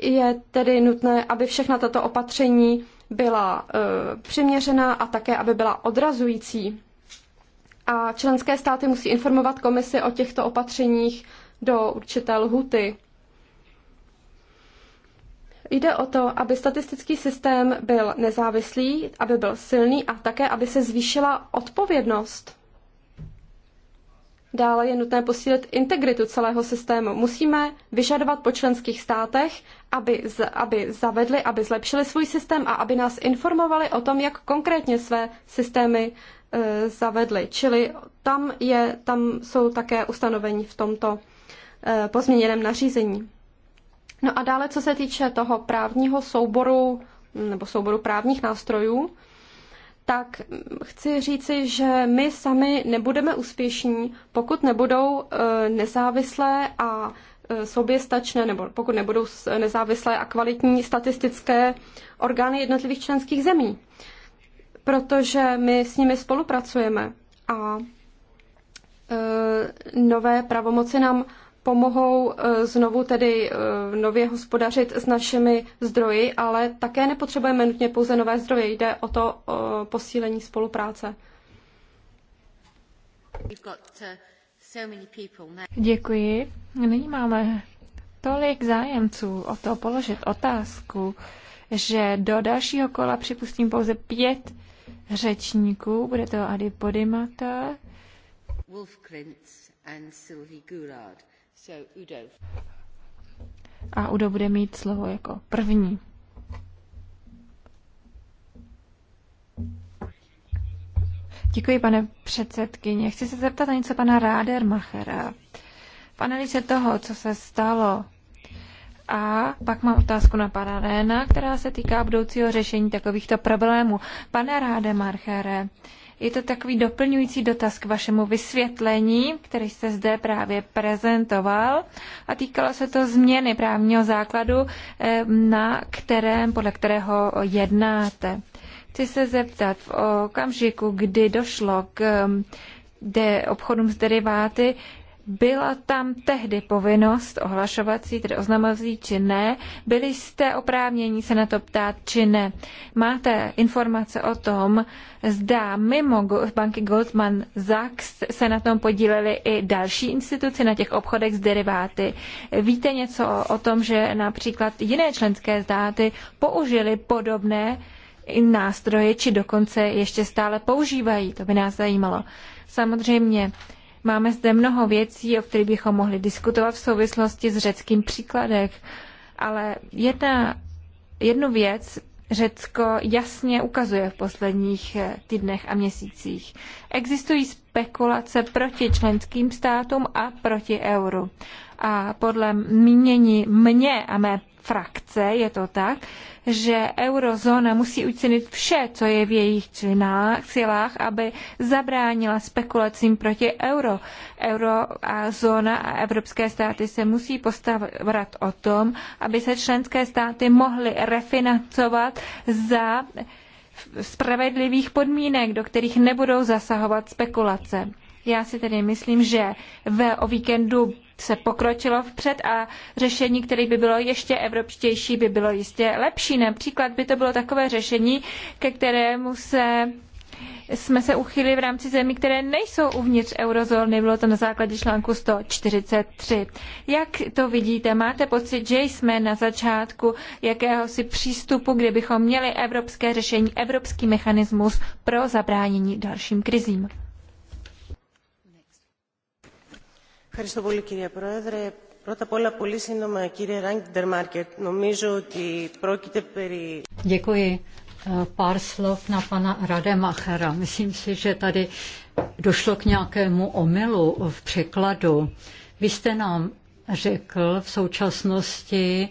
Je tedy nutné, aby všechna tato opatření byla eh, přiměřená a také, aby byla odrazující. A členské státy musí informovat komisi o těchto opatřeních do určité lhuty. Jde o to, aby statistický systém byl nezávislý, aby byl silný a také, aby se zvýšila odpovědnost. Dále je nutné posílit integritu celého systému. Musíme vyžadovat po členských státech, aby, z, aby zavedli, aby zlepšili svůj systém a aby nás informovali o tom, jak konkrétně své systémy e, zavedli. Čili tam, je, tam jsou také ustanovení v tomto e, pozměněném nařízení. No a dále, co se týče toho právního souboru nebo souboru právních nástrojů, tak chci říci, že my sami nebudeme úspěšní, pokud nebudou e, nezávislé a e, soběstačné, nebo pokud nebudou e, nezávislé a kvalitní statistické orgány jednotlivých členských zemí. Protože my s nimi spolupracujeme a nové pravomoci nám pomohou eh, znovu tedy eh, nově hospodařit s našimi zdroji, ale také nepotřebujeme nutně pouze nové zdroje, jde o to o eh, posílení spolupráce. Děkuji. Nyní máme tolik zájemců o to položit otázku, že do dalšího kola připustím pouze pět řečníků. Bude to Adi Podimata, Wolf Klintz and Sylvie Goulard. So, Udo. A Udo bude mít slovo jako první. Děkuji, pane předsedkyně. Chci se zeptat na něco pana Rádermachera. V analýze toho, co se stalo, a pak mám otázku na pana Réna, která se týká budoucího řešení takovýchto problémů. Pane Rádermachere, je to takový doplňující dotaz k vašemu vysvětlení, který jste zde právě prezentoval a týkalo se to změny právního základu, eh, na kterém, podle kterého jednáte. Chci se zeptat, v okamžiku, kdy došlo k eh, de obchodům s deriváty, byla tam tehdy povinnost ohlašovací, tedy oznamovací či ne? Byli jste oprávnění se na to ptát či ne? Máte informace o tom, zda mimo banky Goldman Sachs se na tom podílely i další instituce na těch obchodech s deriváty? Víte něco o tom, že například jiné členské státy použily podobné nástroje, či dokonce ještě stále používají? To by nás zajímalo. Samozřejmě Máme zde mnoho věcí, o kterých bychom mohli diskutovat v souvislosti s řeckým příkladem, ale jedna, jednu věc Řecko jasně ukazuje v posledních eh, týdnech a měsících. Existují spekulace proti členským státům a proti euru. A podle mínění mě a mé frakce, je to tak, že eurozóna musí učinit vše, co je v jejich činách, silách, aby zabránila spekulacím proti euro. Eurozóna a evropské státy se musí postarat o tom, aby se členské státy mohly refinancovat za spravedlivých podmínek, do kterých nebudou zasahovat spekulace. Já si tedy myslím, že ve, o víkendu se pokročilo vpřed a řešení, které by bylo ještě evropštější, by bylo jistě lepší. Například by to bylo takové řešení, ke kterému se jsme se uchýlili v rámci zemí, které nejsou uvnitř eurozóny, bylo to na základě článku 143. Jak to vidíte? Máte pocit, že jsme na začátku jakéhosi přístupu, kde bychom měli evropské řešení, evropský mechanismus pro zabránění dalším krizím? Πρώτα απ' όλα πολύ σύντομα κύριε Ράγκτερ Μάρκετ. Νομίζω ότι πρόκειται περί... Děkuji. Pár slov na pana Rademachera. Myslím si, že tady došlo k nějakému omylu v překladu. Vy jste nám řekl v současnosti,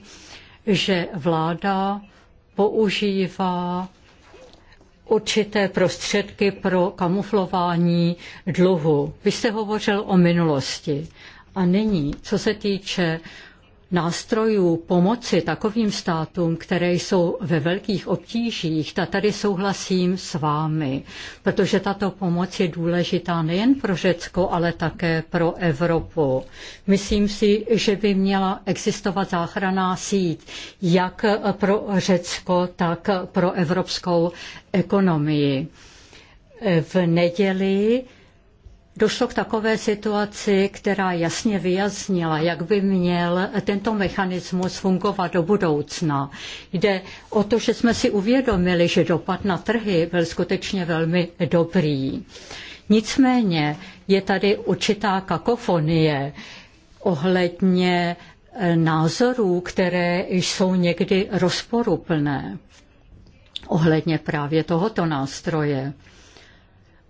že vláda používá určité prostředky pro kamuflování dluhu. Vy jste hovořil o minulosti. A nyní, co se týče nástrojů pomoci takovým státům, které jsou ve velkých obtížích, ta tady souhlasím s vámi, protože tato pomoc je důležitá nejen pro Řecko, ale také pro Evropu. Myslím si, že by měla existovat záchranná síť jak pro Řecko, tak pro evropskou ekonomii. V neděli došlo k takové situaci, která jasně vyjasnila, jak by měl tento mechanismus fungovat do budoucna. Jde o to, že jsme si uvědomili, že dopad na trhy byl skutečně velmi dobrý. Nicméně je tady určitá kakofonie ohledně eh, názorů, které jsou někdy rozporuplné ohledně právě tohoto nástroje.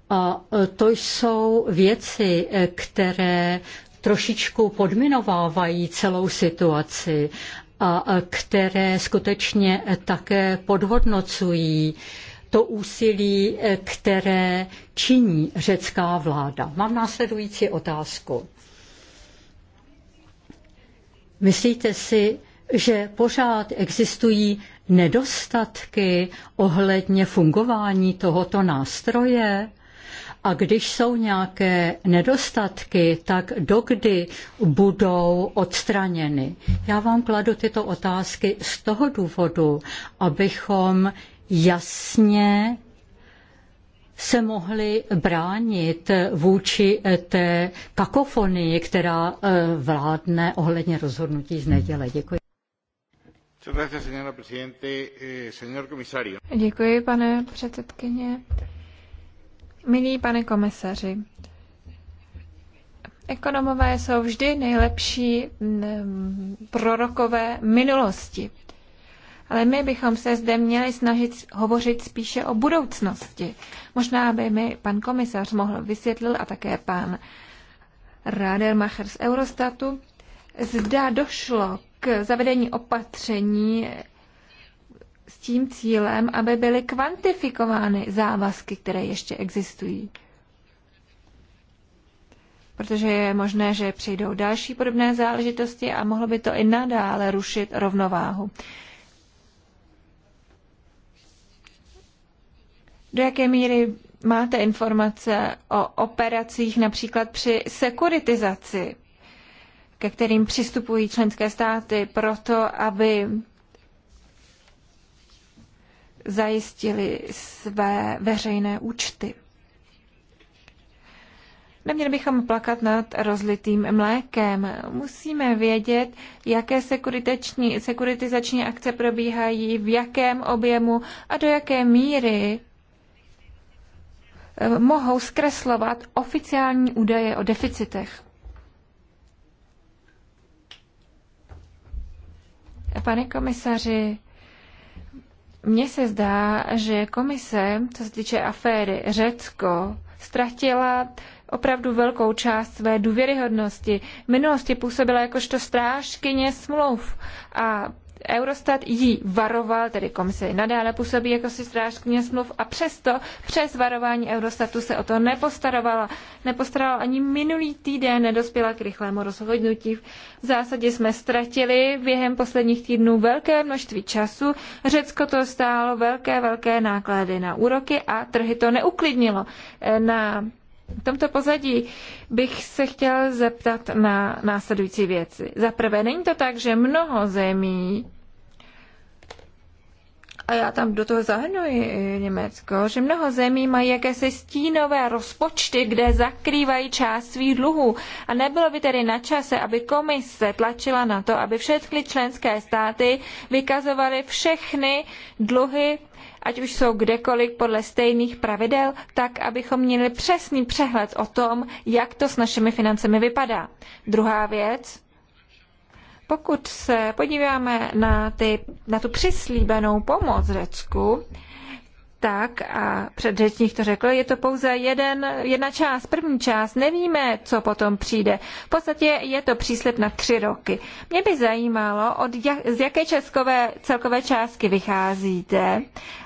A e, to jsou věci, e, které trošičku podminovávají celou situaci a e, které skutečně také podhodnocují to úsilí, které činí řecká vláda. Mám následující otázku. Myslíte si, že pořád existují nedostatky ohledně fungování tohoto nástroje? A když jsou nějaké nedostatky, tak dokdy budou odstraněny? Já vám kladu tyto otázky z toho důvodu, abychom jasně se mohli bránit vůči té kakofonii, která eh, vládne ohledně rozhodnutí z neděle. Děkuji. Eh, Děkuji, pane předsedkyně. Milí pane komisaři, ekonomové jsou vždy nejlepší mm, prorokové minulosti. Ale my bychom se zde měli snažit hovořit spíše o budoucnosti. Možná by mi pan komisař mohl vysvětlit a také pan Radermacher z Eurostatu, zda došlo k zavedení opatření tím cílem, aby byly kvantifikovány závazky, které ještě existují. Protože je možné, že přijdou další podobné záležitosti a mohlo by to i nadále rušit rovnováhu. Do jaké míry máte informace o operacích například při sekuritizaci, ke kterým přistupují členské státy proto, aby zajistili své veřejné účty. Neměli bychom plakat nad rozlitým mlékem. Musíme vědět, jaké sekuritizační akce probíhají, v jakém objemu a do jaké míry eh, mohou zkreslovat oficiální údaje o deficitech. Pane komisaři, mně se zdá, že komise, co se týče aféry Řecko, ztratila opravdu velkou část své důvěryhodnosti. V minulosti působila jakožto strážkyně smluv a Eurostat jí varoval, tedy komise nadále působí jako si strážkyně smluv a přesto přes varování Eurostatu se o to nepostarovala. Nepostarala ani minulý týden, nedospěla k rychlému rozhodnutí. V zásadě jsme ztratili během posledních týdnů velké množství času. Řecko to stálo velké, velké náklady na úroky a trhy to neuklidnilo. Na v tomto pozadí bych se chtěl zeptat na následující věci. Za prvé, není to tak, že mnoho zemí, a já tam do toho zahrnuji Německo, že mnoho zemí mají jakési stínové rozpočty, kde zakrývají část svých dluhů. A nebylo by tedy na čase, aby komise tlačila na to, aby všechny členské státy vykazovaly všechny dluhy ať už jsou kdekoliv podle stejných pravidel, tak abychom měli přesný přehled o tom, jak to s našimi financemi vypadá. Druhá věc, pokud se podíváme na, ty, na tu přislíbenou pomoc Řecku, tak, a předřečník to řekl, je to pouze jeden, jedna část, první část, nevíme, co potom přijde. V podstatě je to příslip na tři roky. Mě by zajímalo, od jak, z jaké českové celkové částky vycházíte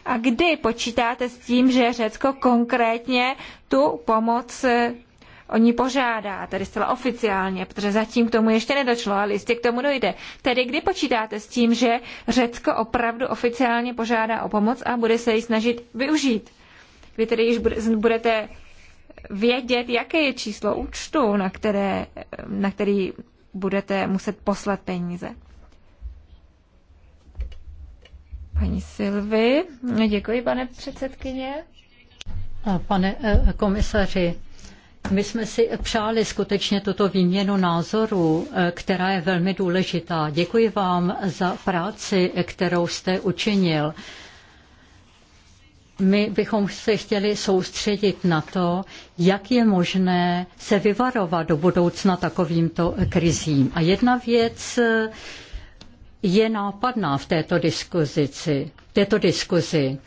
a kdy počítáte s tím, že Řecko konkrétně tu pomoc o ní požádá, tedy zcela oficiálně, protože zatím k tomu ještě nedošlo, ale jistě k tomu dojde. Tedy kdy počítáte s tím, že Řecko opravdu oficiálně požádá o pomoc a bude se ji snažit využít? Vy tedy již budete vědět, jaké je číslo účtu, na, které, na který budete muset poslat peníze. Paní Silvy, děkuji, pane předsedkyně. Pane eh, komisaři, my jsme si přáli skutečně tuto výměnu názorů, eh, která je velmi důležitá. Děkuji vám za práci, kterou jste učinil. My bychom se chtěli soustředit na to, jak je možné se vyvarovat do budoucna takovýmto krizím. A jedna věc eh, je nápadná v této diskuzi. Této diskuzi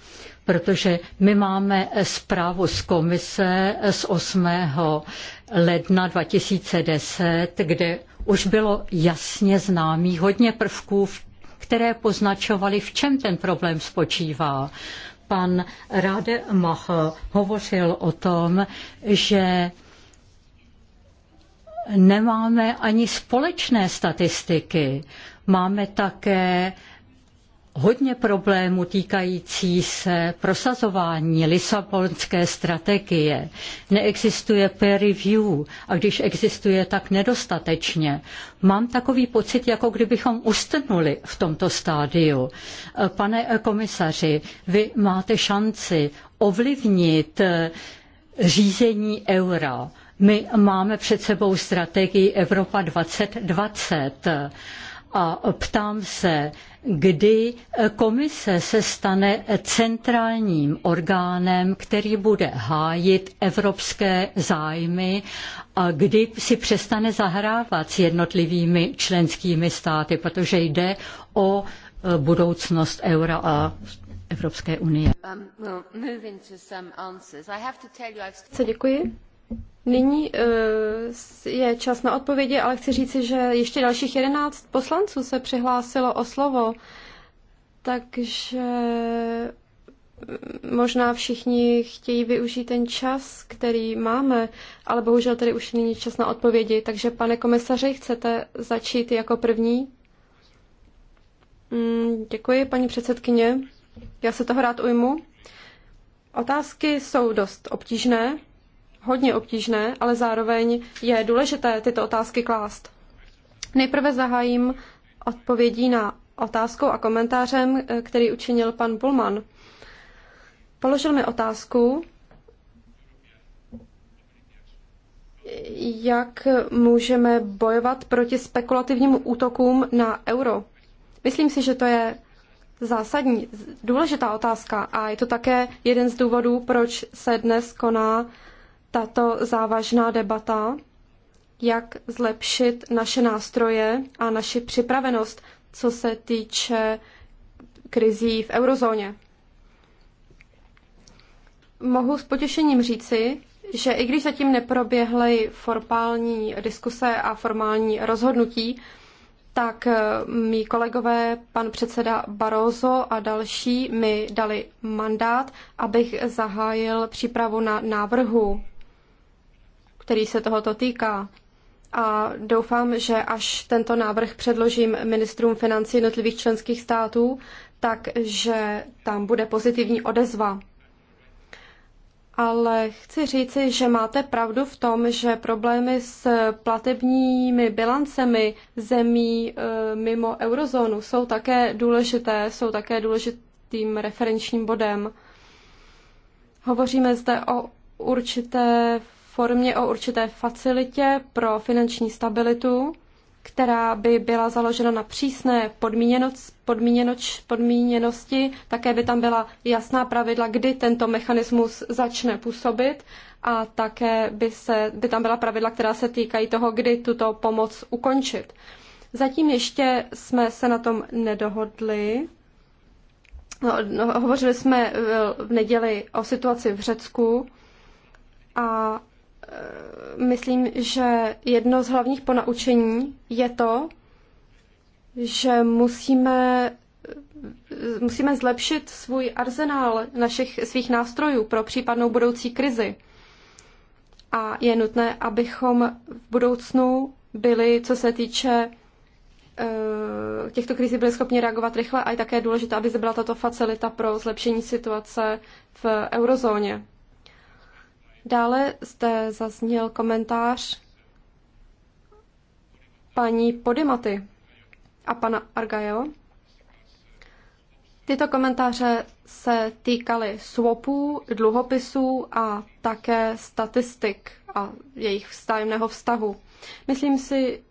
protože my máme zprávu z komise z 8. ledna 2010, kde už bylo jasně známý hodně prvků, které poznačovaly, v čem ten problém spočívá. Pan Rade Mach hovořil o tom, že nemáme ani společné statistiky. Máme také hodně problémů týkající se prosazování Lisabonské strategie. Neexistuje peer review a když existuje, tak nedostatečně. Mám takový pocit, jako kdybychom ustrnuli v tomto stádiu. Pane komisaři, vy máte šanci ovlivnit eh, řízení eura. My máme před sebou strategii Evropa 2020 a ptám se, kdy komise se stane centrálním orgánem, který bude hájit evropské zájmy a kdy si přestane zahrávat s jednotlivými členskými státy, protože jde o eh, budoucnost eura a Evropské unie. Um, Co děkuji. Nyní eh, je čas na odpovědi, ale chci říci, že ještě dalších jedenáct poslanců se přihlásilo o slovo, takže mm, možná všichni chtějí využít ten čas, který máme, ale bohužel tady už není čas na odpovědi. Takže, pane komisaři, chcete začít jako první? Mm, děkuji, paní předsedkyně. Já se toho rád ujmu. Otázky jsou dost obtížné, hodně obtížné, ale zároveň je důležité tyto otázky klást. Nejprve zahájím odpovědí na otázkou a komentářem, který učinil pan Bulman. Položil mi otázku, jak můžeme bojovat proti spekulativním útokům na euro. Myslím si, že to je zásadní, důležitá otázka a je to také jeden z důvodů, proč se dnes koná tato závažná debata, jak zlepšit naše nástroje a naši připravenost, co se týče krizí v eurozóně. Mohu s potěšením říci, že i když zatím neproběhly formální diskuse a formální rozhodnutí, tak eh, mý kolegové, pan předseda Barozo a další mi dali mandát, abych zahájil přípravu na návrhu který se tohoto týká. A doufám, že až tento návrh předložím ministrům financí jednotlivých členských států, takže tam bude pozitivní odezva. Ale chci říci, že máte pravdu v tom, že problémy s platebními bilancemi zemí e, mimo eurozónu jsou také důležité, jsou také důležitým referenčním bodem. Hovoříme zde o určité formě o určité facilitě pro finanční stabilitu, která by byla založena na přísné podmíněnosti. Také by tam byla jasná pravidla, kdy tento mechanismus začne působit a také by, se, by tam byla pravidla, která se týkají toho, kdy tuto pomoc ukončit. Zatím ještě jsme se na tom nedohodli. No, no, hovořili jsme e, v neděli o situaci v Řecku a Eh, myslím, že jedno z hlavních ponaučení je to, že musíme, eh, musíme zlepšit svůj arzenál našich svých nástrojů pro případnou budoucí krizi. A je nutné, abychom v budoucnu byli, co se týče eh, těchto krizí byli schopni reagovat rychle a je také důležité, aby zde byla tato facilita pro zlepšení situace v eurozóně. Dále zde zazněl komentář paní Podimaty a pana Argajo. Tyto komentáře se týkaly swapů, dluhopisů a také statistik a jejich vzájemného vztahu. Myslím si,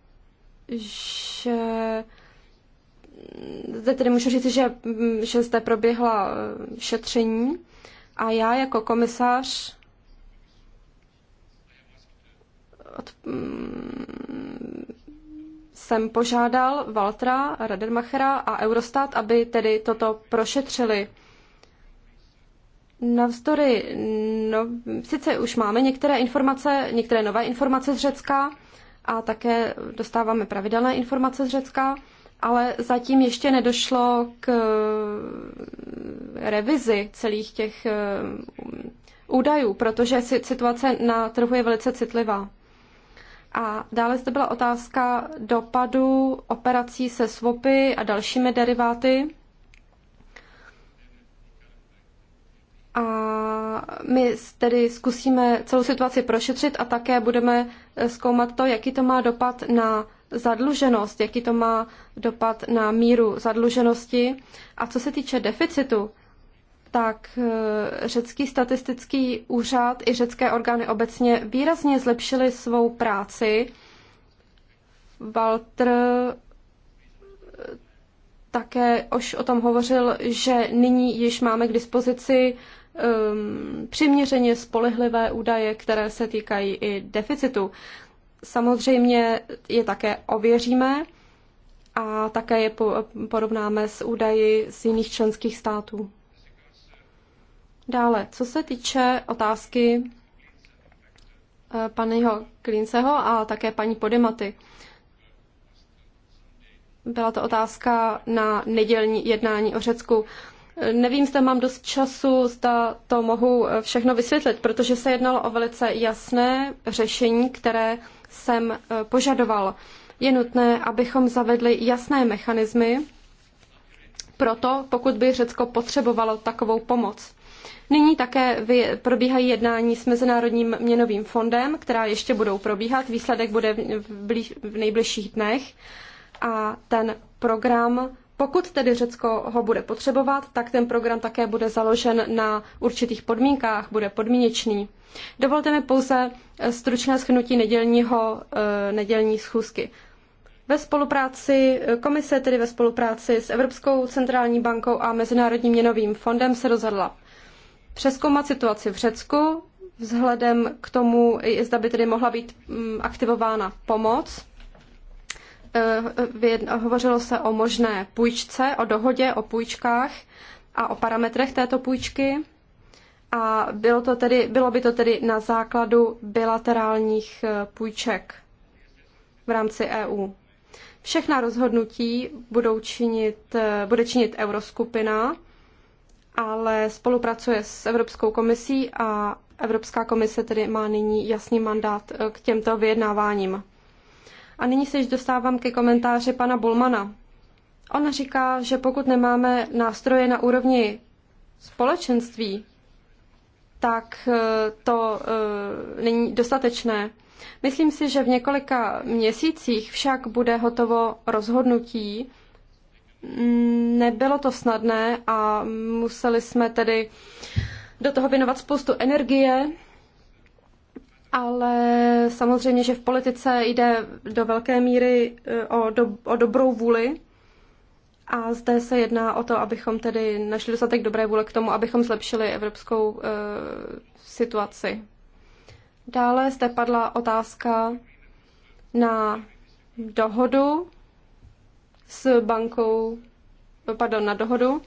že zde tedy můžu říct, že, že zde proběhla eh, šetření a já jako komisař od, mm, jsem požádal Valtra, Radermachera a Eurostat, aby tedy toto prošetřili. Navzdory, no, sice už máme některé informace, některé nové informace z Řecka a také dostáváme pravidelné informace z Řecka, ale zatím ještě nedošlo k eh, revizi celých těch eh, údajů, protože situace na trhu je velice citlivá. A dále zde byla otázka dopadu operací se swapy a dalšími deriváty. A my tedy zkusíme celou situaci prošetřit a také budeme eh, zkoumat to, jaký to má dopad na zadluženost, jaký to má dopad na míru zadluženosti. A co se týče deficitu, tak eh, řecký statistický úřad i řecké orgány obecně výrazně zlepšily svou práci. Walter eh, také už o tom hovořil, že nyní již máme k dispozici um, přiměřeně spolehlivé údaje, které se týkají i deficitu. Samozřejmě je také ověříme a také je porovnáme s údaji z jiných členských států. Dále, co se týče otázky eh, paního Klinceho a také paní Podematy. Byla to otázka na nedělní jednání o Řecku. Eh, nevím, zda mám dost času, zda to mohu eh, všechno vysvětlit, protože se jednalo o velice jasné řešení, které jsem požadoval. Je nutné, abychom zavedli jasné mechanismy, proto pokud by Řecko potřebovalo takovou pomoc. Nyní také probíhají jednání s Mezinárodním měnovým fondem, která ještě budou probíhat. Výsledek bude v nejbližších dnech. A ten program pokud tedy Řecko ho bude potřebovat, tak ten program také bude založen na určitých podmínkách, bude podmíněčný. Dovolte mi pouze eh, stručné schnutí nedělního, eh, nedělní schůzky. Ve spolupráci eh, komise, tedy ve spolupráci s Evropskou centrální bankou a Mezinárodním měnovým fondem se rozhodla přeskoumat situaci v Řecku vzhledem k tomu, zda by tedy mohla být mm, aktivována pomoc. Eh, eh, hovořilo se o možné půjčce, o dohodě o půjčkách a o parametrech této půjčky. A bylo, to tedy, bylo by to tedy na základu bilaterálních eh, půjček v rámci EU. Všechna rozhodnutí budou činit, bude činit euroskupina ale spolupracuje s Evropskou komisí a Evropská komise tedy má nyní jasný mandát eh, k těmto vyjednáváním. A nyní se již dostávám ke komentáři pana Bulmana. On říká, že pokud nemáme nástroje na úrovni společenství, tak eh, to eh, není dostatečné. Myslím si, že v několika měsících však bude hotovo rozhodnutí, nebylo to snadné a museli jsme tedy do toho věnovat spoustu energie, ale samozřejmě, že v politice jde do velké míry eh, o, do, o dobrou vůli a zde se jedná o to, abychom tedy našli dostatek dobré vůle k tomu, abychom zlepšili evropskou uh, situaci. Dále zde padla otázka na dohodu s bankou, pardon, na dohodu.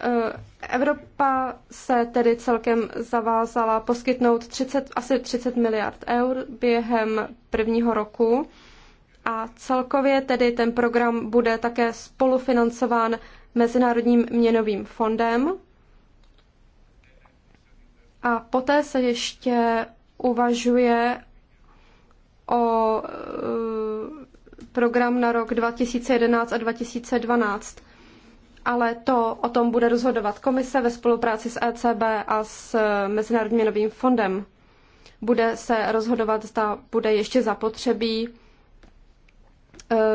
Eh, Evropa se tedy celkem zavázala poskytnout 30, asi 30 miliard eur během prvního roku a celkově tedy ten program bude také spolufinancován Mezinárodním měnovým fondem. A poté se ještě uvažuje o eh, program na rok 2011 a 2012. Ale to o tom bude rozhodovat komise ve spolupráci s ECB a s Mezinárodním měnovým fondem. Bude se rozhodovat, zda bude ještě zapotřebí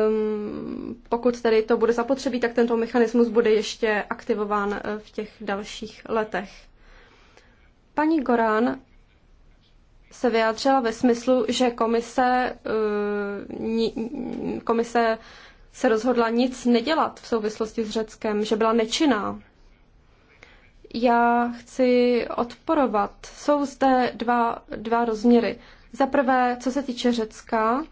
Um, pokud tedy to bude zapotřebí, tak tento mechanismus bude ještě aktivován v těch dalších letech. Paní Goran se vyjádřila ve smyslu, že komise, eh, komise se rozhodla nic nedělat v souvislosti s Řeckem, že byla nečinná. Já chci odporovat. Jsou zde dva, dva rozměry. Za prvé, co se týče Řecka,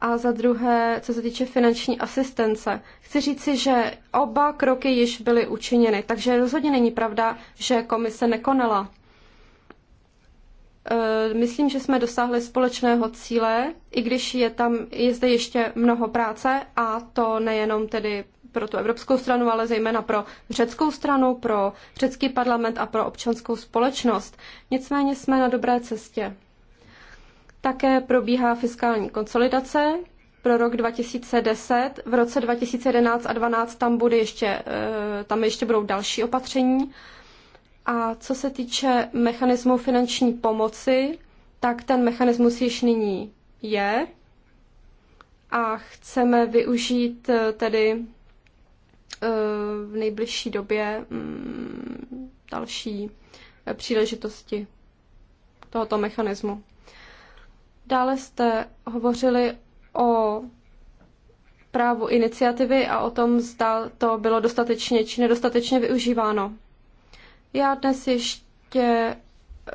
a za druhé, co se týče finanční asistence. Chci říci, že oba kroky již byly učiněny, takže rozhodně není pravda, že komise nekonala. Eh, myslím, že jsme dosáhli společného cíle, i když je tam je zde ještě mnoho práce a to nejenom tedy pro tu evropskou stranu, ale zejména pro řeckou stranu, pro řecký parlament a pro občanskou společnost. Nicméně jsme na dobré cestě. Také probíhá fiskální konsolidace pro rok 2010. V roce 2011 a 2012 tam, bude ještě, eh, tam ještě budou další opatření. A co se týče mechanismu finanční pomoci, tak ten mechanismus již nyní je a chceme využít eh, tedy eh, v nejbližší době mm, další eh, příležitosti tohoto mechanismu. Dále jste hovořili o právu iniciativy a o tom, zda to bylo dostatečně či nedostatečně využíváno. Já dnes ještě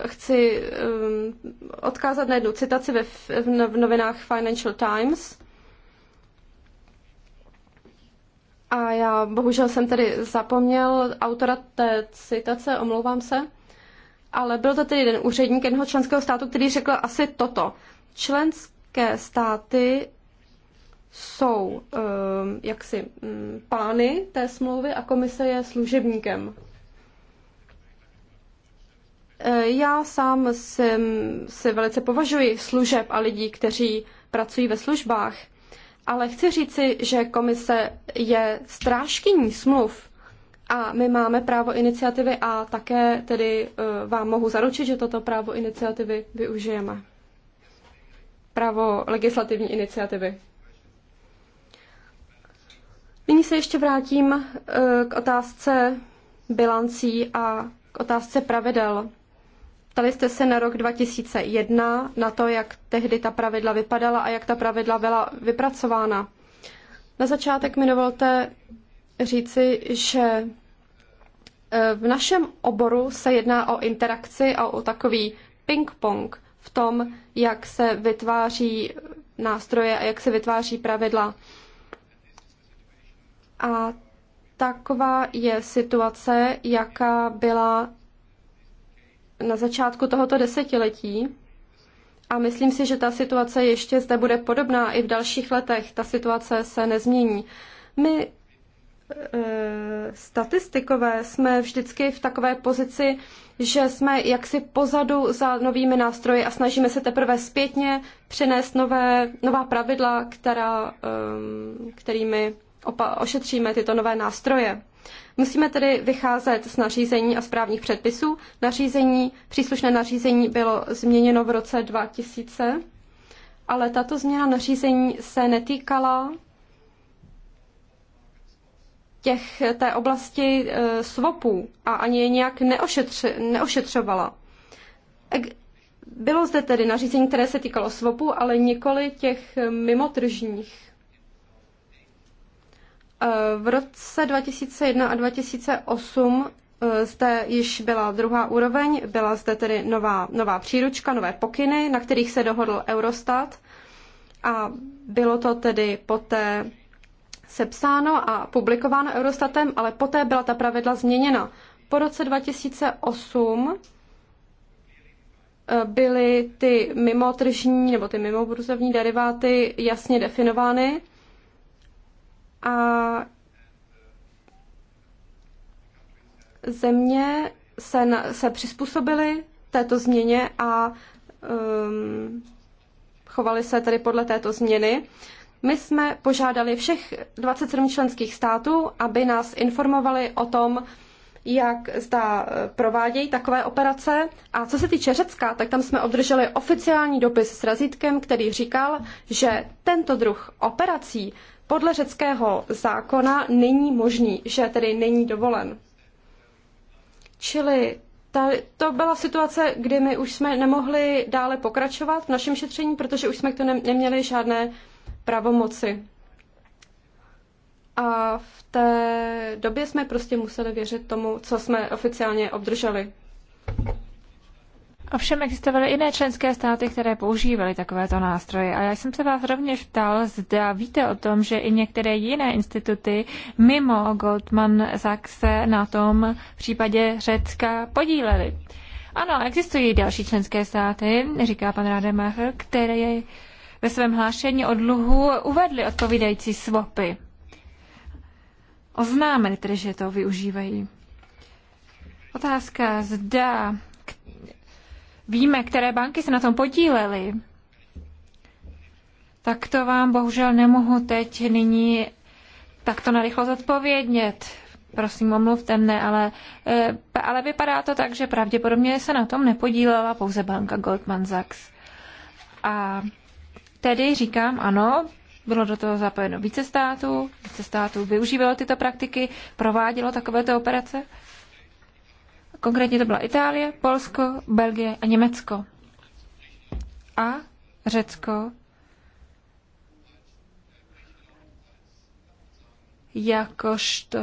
chci um, odkázat na jednu citaci ve, v, no, v novinách Financial Times. A já bohužel jsem tedy zapomněl autora té citace, omlouvám se. Ale byl to tedy jeden úředník jednoho členského státu, který řekl asi toto. Členské státy jsou um, jaksi um, pány té smlouvy a komise je služebníkem Eh, já sám jsem, velice považuji služeb a lidí, kteří pracují ve službách, ale chci říci, že komise je strážkyní smluv a my máme právo iniciativy a také tedy eh, vám mohu zaručit, že toto právo iniciativy využijeme. Právo legislativní iniciativy. Nyní se ještě vrátím eh, k otázce bilancí a k otázce pravidel. Ptali jste se na rok 2001, na to, jak tehdy ta pravidla vypadala a jak ta pravidla byla vypracována. Na začátek mi dovolte říci, že e, v našem oboru se jedná o interakci a o takový ping-pong v tom, jak se vytváří nástroje a jak se vytváří pravidla. A taková je situace, jaká byla na začátku tohoto desetiletí a myslím si, že ta situace ještě zde bude podobná i v dalších letech. Ta situace se nezmění. My e, statistikové jsme vždycky v takové pozici, že jsme jaksi pozadu za novými nástroji a snažíme se teprve zpětně přinést nové, nová pravidla, která, e, kterými opa- ošetříme tyto nové nástroje. Musíme tedy vycházet z nařízení a správních předpisů. Nařízení, příslušné nařízení bylo změněno v roce 2000, ale tato změna nařízení se netýkala těch, té oblasti e, svopů a ani je nějak neošetři, neošetřovala. E, bylo zde tedy nařízení, které se týkalo svopů, ale nikoli těch e, mimotržních Eh, v roce 2001 a 2008 eh, zde již byla druhá úroveň, byla zde tedy nová, nová příručka, nové pokyny, na kterých se dohodl Eurostat a bylo to tedy poté sepsáno a publikováno Eurostatem, ale poté byla ta pravidla změněna. Po roce 2008 eh, byly ty mimotržní nebo ty mimoburzovní deriváty jasně definovány a země se, se přizpůsobily této změně a um, chovali se tedy podle této změny. My jsme požádali všech 27 členských států, aby nás informovali o tom, jak zda eh, provádějí takové operace. A co se týče Řecka, tak tam jsme obdrželi oficiální dopis s razítkem, který říkal, že tento druh operací podle řeckého zákona není možný, že tedy není dovolen. Čili ta, to byla situace, kdy my už jsme nemohli dále pokračovat v našem šetření, protože už jsme k to ne, neměli žádné pravomoci. A v té době jsme prostě museli věřit tomu, co jsme oficiálně obdrželi. Ovšem existovaly jiné členské státy, které používaly takovéto nástroje. A já jsem se vás rovněž ptal, zda víte o tom, že i některé jiné instituty mimo Goldman Sachs se na tom v případě Řecka podílely. Ano, existují další členské státy, říká pan Rademacher, které ve svém hlášení o dluhu uvedly odpovídající svopy. Oznámili tedy, že to využívají. Otázka, zda víme, které banky se na tom podílely, tak to vám bohužel nemohu teď nyní takto narychlo zodpovědět. Prosím, omluvte mne, ale, eh, ale vypadá to tak, že pravděpodobně se na tom nepodílela pouze banka Goldman Sachs. A tedy říkám ano, bylo do toho zapojeno více států, více států využívalo tyto praktiky, provádělo takovéto operace Konkrétně to byla Itálie, Polsko, Belgie a Německo. A Řecko jakožto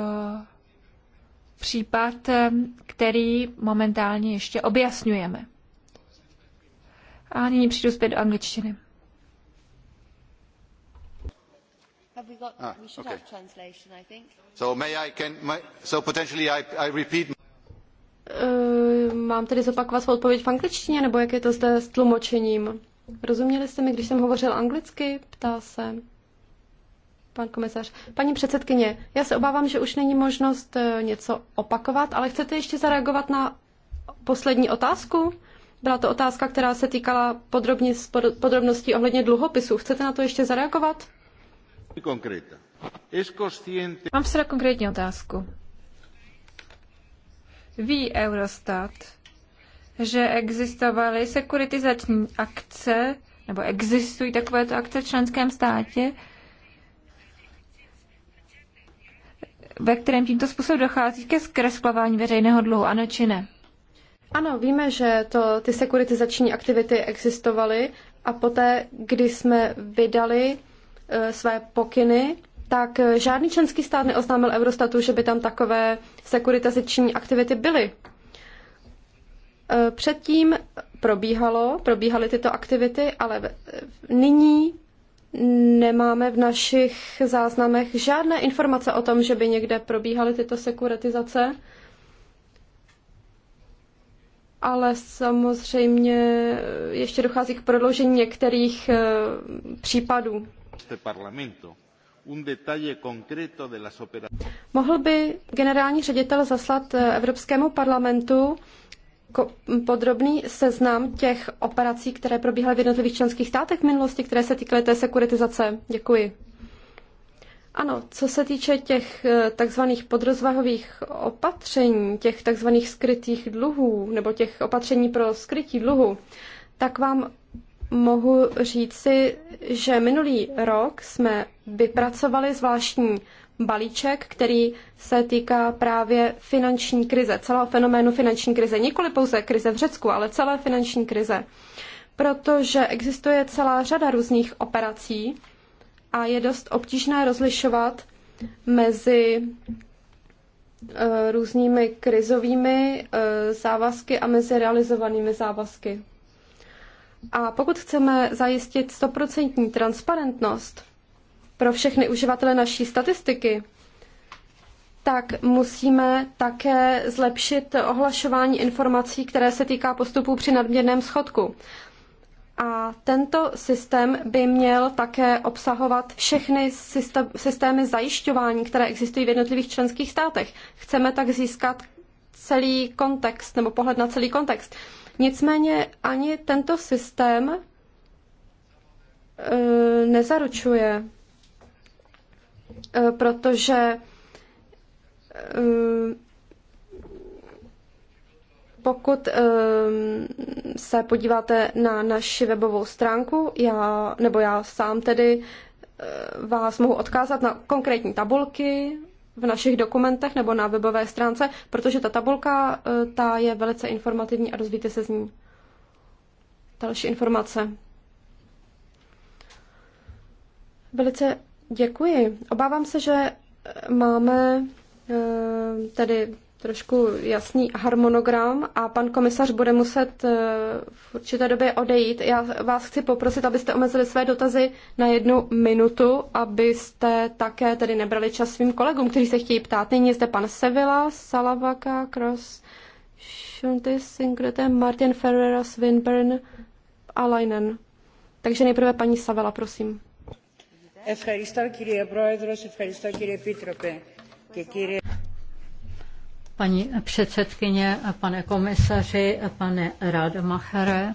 případ, který momentálně ještě objasňujeme. A nyní přijdu zpět do angličtiny. Ah, okay. So may I can my, so potentially I, I repeat Ehm, mám tedy zopakovat svou odpověď v angličtině, nebo jak je to zde s tlumočením? Rozuměli jste mi, když jsem hovořil anglicky? Ptá se pan komisař. Paní předsedkyně, já se obávám, že už není možnost eh, něco opakovat, ale chcete ještě zareagovat na poslední otázku? Byla to otázka, která se týkala podrobností ohledně dluhopisů. Chcete na to ještě zareagovat? Mám včera konkrétní otázku. Ví Eurostat, že existovaly sekuritizační akce, nebo existují takovéto akce v členském státě, ve kterém tímto způsobem dochází ke zkreslování veřejného dluhu, ano či ne? Ano, víme, že to, ty sekuritizační aktivity existovaly a poté, kdy jsme vydali e, své pokyny tak eh, žádný členský stát neoznámil Eurostatu, že by tam takové sekuritizační aktivity byly. Eh, předtím probíhalo, probíhaly tyto aktivity, ale eh, nyní nemáme v našich záznamech žádné informace o tom, že by někde probíhaly tyto sekuritizace. Ale samozřejmě ještě dochází k prodloužení některých případů. Mohl by generální ředitel zaslat eh, Evropskému parlamentu podrobný seznam těch operací, které probíhaly v jednotlivých členských státech v minulosti, které se týkaly té sekuritizace? Děkuji. Ano, co se týče těch eh, takzvaných podrozvahových opatření, těch takzvaných skrytých dluhů, nebo těch opatření pro skrytí dluhu, tak vám mohu říci, že minulý rok jsme vypracovali zvláštní balíček, který se týká právě finanční krize, celého fenoménu finanční krize, nikoli pouze krize v Řecku, ale celé finanční krize. Protože existuje celá řada různých operací a je dost obtížné rozlišovat mezi eh, různými krizovými eh, závazky a mezi realizovanými závazky. A pokud chceme zajistit stoprocentní transparentnost pro všechny uživatele naší statistiky, tak musíme také zlepšit ohlašování informací, které se týká postupů při nadměrném schodku. A tento systém by měl také obsahovat všechny systémy zajišťování, které existují v jednotlivých členských státech. Chceme tak získat celý kontext nebo pohled na celý kontext. Nicméně ani tento systém e, nezaručuje, e, protože e, pokud se podíváte na naši webovou stránku, já, nebo já sám tedy vás mohu odkázat na konkrétní tabulky, v našich dokumentech nebo na webové stránce, protože ta tabulka e, ta je velice informativní a dozvíte se z ní další informace. Velice děkuji. Obávám se, že máme e, tedy trošku jasný harmonogram a pan komisař bude muset eh, v určité době odejít. Já vás chci poprosit, abyste omezili své dotazy na jednu minutu, abyste také tedy nebrali čas svým kolegům, kteří se chtějí ptát. Nyní je zde pan Sevilla, Salavaka, Cross, Šuntis, Singrete, Martin Ferreira, Swinburne a Leinen. Takže nejprve paní Savela, prosím. Ευχαριστώ κύριε Πρόεδρος, ευχαριστώ κύριε Επίτροπε και κύριε paní předsedkyně, pane komisaři, pane Radmachere.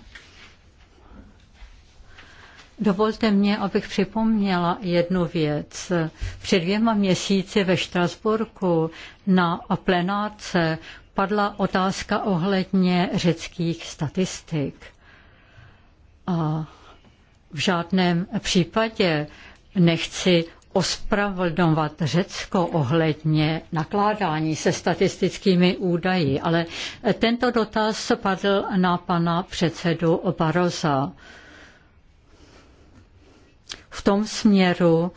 Dovolte mě, abych připomněla jednu věc. Před dvěma měsíci ve Štrasburku na plenárce padla otázka ohledně řeckých statistik. A v žádném případě nechci ospravedlňovat Řecko ohledně nakládání se statistickými údaji, ale tento dotaz padl na pana předsedu Baroza. V tom směru,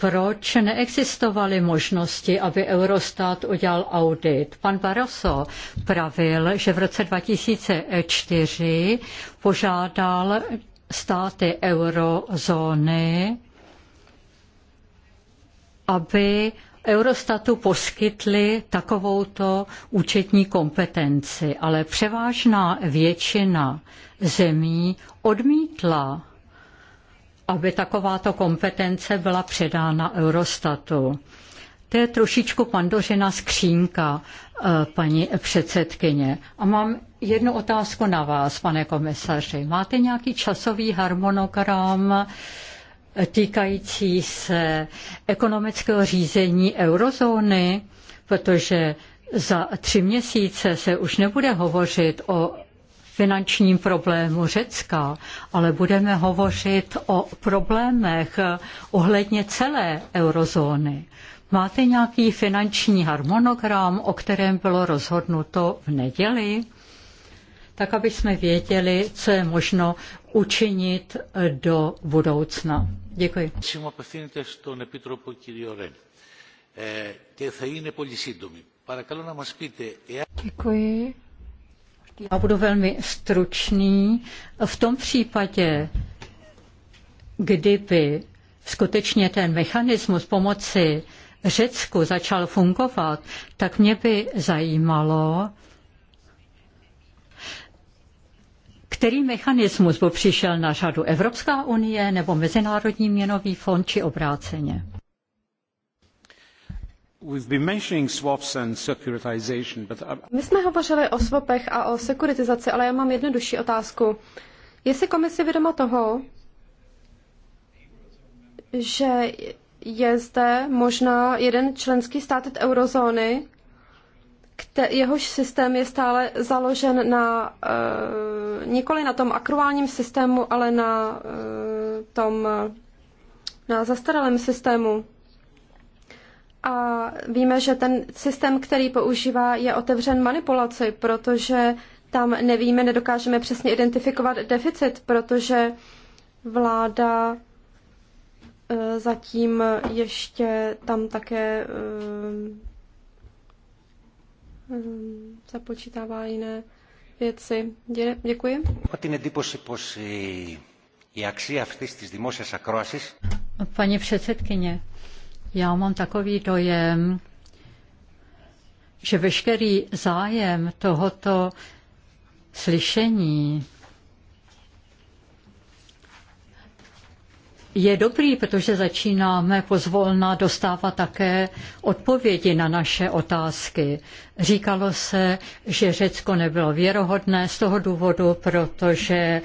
proč neexistovaly možnosti, aby Eurostat udělal audit. Pan Barroso pravil, že v roce 2004 požádal státy eurozóny aby Eurostatu poskytli takovouto účetní kompetenci, ale převážná většina zemí odmítla, aby takováto kompetence byla předána Eurostatu. To je trošičku pandořina skřínka, eh, paní předsedkyně. A mám jednu otázku na vás, pane komisaři. Máte nějaký časový harmonogram? týkající se ekonomického řízení eurozóny, protože za tři měsíce se už nebude hovořit o finančním problému Řecka, ale budeme hovořit o problémech ohledně celé eurozóny. Máte nějaký finanční harmonogram, o kterém bylo rozhodnuto v neděli? Tak, aby jsme věděli, co je možno učinit do budoucna. Eh, Děkuji. Já budu velmi stručný. V tom případě, kdyby skutečně ten mechanismus pomoci Řecku začal fungovat, tak mě by zajímalo, Který mechanismus by přišel na řadu? Evropská unie nebo Mezinárodní měnový fond či obráceně? Uh, My jsme hovořili o swapech a o sekuritizaci, ale já mám jednodušší otázku. Je si Komise vědoma toho, že je zde možná jeden členský stát eurozóny, jehož systém je stále založen na, e, nikoli na tom akruálním systému, ale na e, tom na zastaralém systému. A víme, že ten systém, který používá, je otevřen manipulaci, protože tam nevíme, nedokážeme přesně identifikovat deficit, protože vláda eh, zatím ještě tam také Ehm, započítává jiné věci. Dě, děkuji. ty εντύπωση πως η, η a αυτής της δημόσιας sakroasis? Paní předsedkyně, já mám takový dojem, že veškerý zájem tohoto slyšení je dobrý, protože začínáme pozvolna dostávat také odpovědi na naše otázky. Říkalo se, že Řecko nebylo věrohodné z toho důvodu, protože e,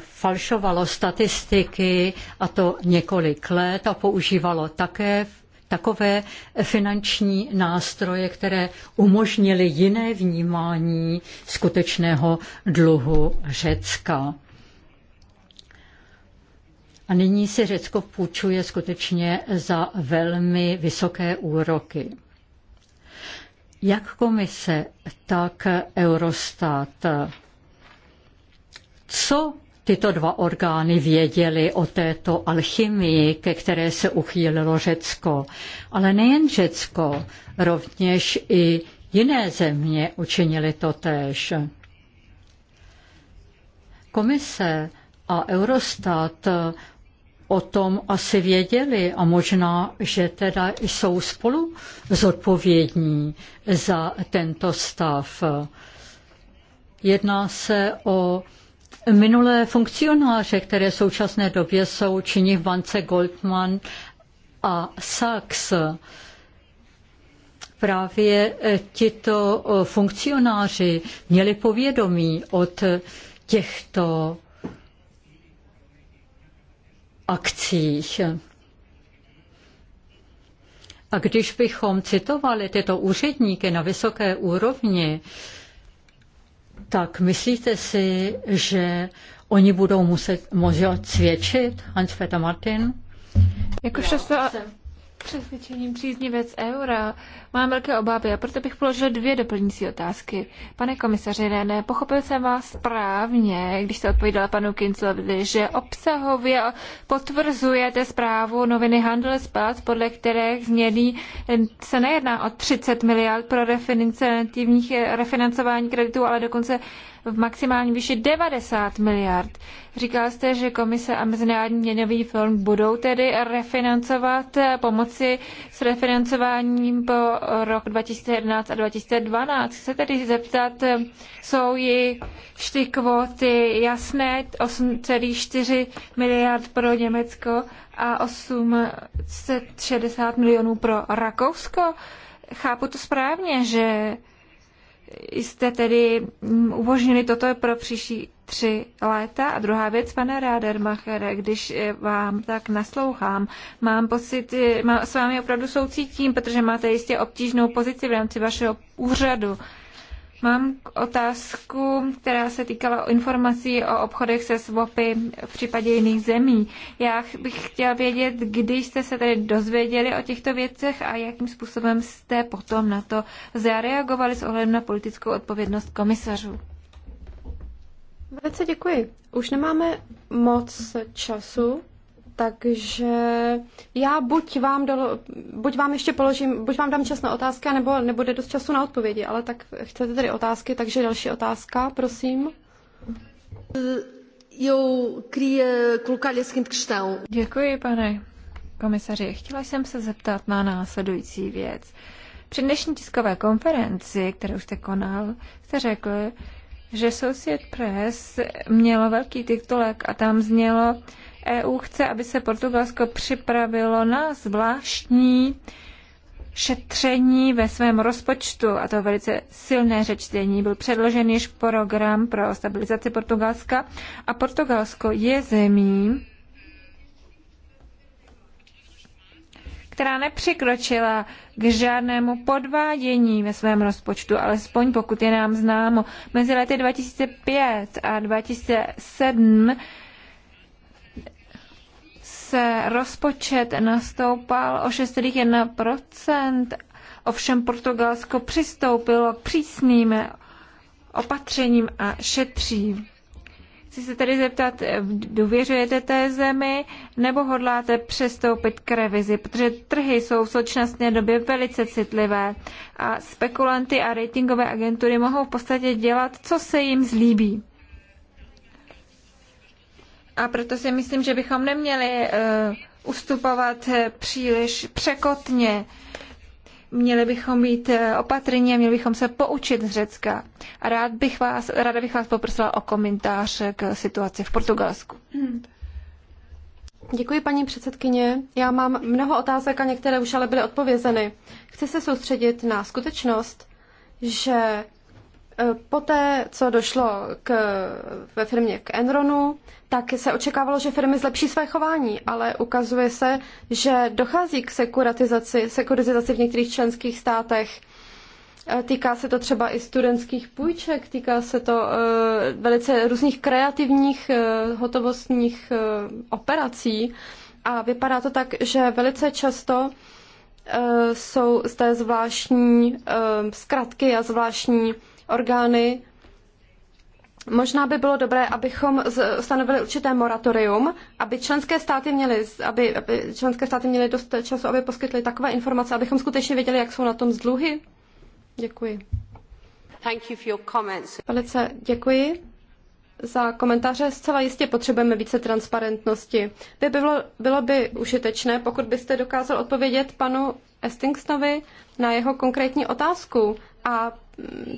falšovalo statistiky a to několik let a používalo také takové finanční nástroje, které umožnily jiné vnímání skutečného dluhu Řecka. A nyní si Řecko půjčuje skutečně za velmi vysoké úroky. Jak komise, tak Eurostat. Co tyto dva orgány věděly o této alchymii, ke které se uchýlilo Řecko. Ale nejen Řecko, rovněž i jiné země učinili to též. Komise a Eurostat o tom asi věděli a možná, že teda jsou spolu zodpovědní za tento stav. Jedná se o minulé funkcionáře, které v současné době jsou činí v bance Goldman a Sachs. Právě eh, tito eh, funkcionáři měli povědomí od těchto akcích. A když bychom citovali tyto úředníky na vysoké úrovni, tak myslíte si, že oni budou muset možná cvičit? Hans Peter Martin? Jakožto se... jsem přesvědčením příznivec eura. Mám velké obavy a proto bych položil dvě doplňující otázky. Pane komisaři René, pochopil jsem vás správně, když jste odpovídala panu Kinclovi, že obsahově potvrzujete zprávu noviny Handelsblatt, podle které změní se nejedná o 30 miliard pro refinancování kreditů, ale dokonce v maximální výši 90 miliard. Říkal jste, že komise a Mezinárodní měnový fond budou tedy refinancovat eh, pomoci s refinancováním po rok 2011 a 2012. Chci tedy zeptat, eh, jsou ji ty kvóty jasné, 8,4 miliard pro Německo a 860 milionů pro Rakousko chápu to správně, že jste tedy mm, umožnili toto pro příští tři léta? A druhá věc, pane Rádermachere, když eh, vám tak naslouchám, mám pocit, eh, s vámi opravdu soucítím, protože máte jistě obtížnou pozici v rámci vašeho úřadu. Mám otázku, která se týkala informací o obchodech se svopy v případě jiných zemí. Já bych chtěla vědět, když jste se tedy dozvěděli o těchto věcech a jakým způsobem jste potom na to zareagovali s ohledem na politickou odpovědnost komisařů. Velice děkuji. Už nemáme moc času, takže já buď vám, do, buď vám ještě položím, buď vám dám čas na otázky, nebo nebude dost času na odpovědi, ale tak chcete tedy otázky, takže další otázka, prosím. Eu queria colocar a seguinte questão. Děkuji, pane komisaři. Chtěla jsem se zeptat na následující věc. Při dnešní tiskové konferenci, kterou jste konal, jste řekl, že societ Press mělo velký titulek a tam znělo EU chce, aby se Portugalsko připravilo na zvláštní šetření ve svém rozpočtu, a to velice silné řečtení, byl předložen již program pro stabilizaci Portugalska a Portugalsko je zemí, která nepřikročila k žádnému podvádění ve svém rozpočtu, alespoň pokud je nám známo. Mezi lety 2005 a 2007 se rozpočet nastoupal o 6,1%, ovšem Portugalsko přistoupilo k přísným opatřením a šetří. Chci se tedy zeptat, důvěřujete té zemi nebo hodláte přestoupit k revizi, protože trhy jsou v současné době velice citlivé a spekulanty a ratingové agentury mohou v podstatě dělat, co se jim zlíbí. A proto si myslím, že bychom neměli uh, ustupovat eh, příliš překotně. Měli bychom být eh, opatrní a měli bychom se poučit z Řecka. A rád bych vás, ráda bych vás poprosila o komentář k situaci v Portugalsku. Děkuji, paní předsedkyně. Já mám mnoho otázek a některé už ale byly odpovězeny. Chci se soustředit na skutečnost, že E, poté, co došlo k, ve firmě k Enronu, tak se očekávalo, že firmy zlepší své chování, ale ukazuje se, že dochází k sekuratizaci, sekuritizaci v některých členských státech. E, týká se to třeba i studentských půjček, týká se to e, velice různých kreativních hotovostních operací a vypadá to tak, že velice často jsou zde zvláštní zkratky a zvláštní orgány. Možná by bylo dobré, abychom stanovili určité moratorium, aby členské státy měly, aby, aby členské státy měly dost času, aby poskytly takové informace, abychom skutečně věděli, jak jsou na tom z dluhy. Děkuji. Thank you for your comments. Velice děkuji za komentáře. Zcela jistě potřebujeme více transparentnosti. By bylo, bylo by užitečné, pokud byste dokázal odpovědět panu Estingsnovi na jeho konkrétní otázku a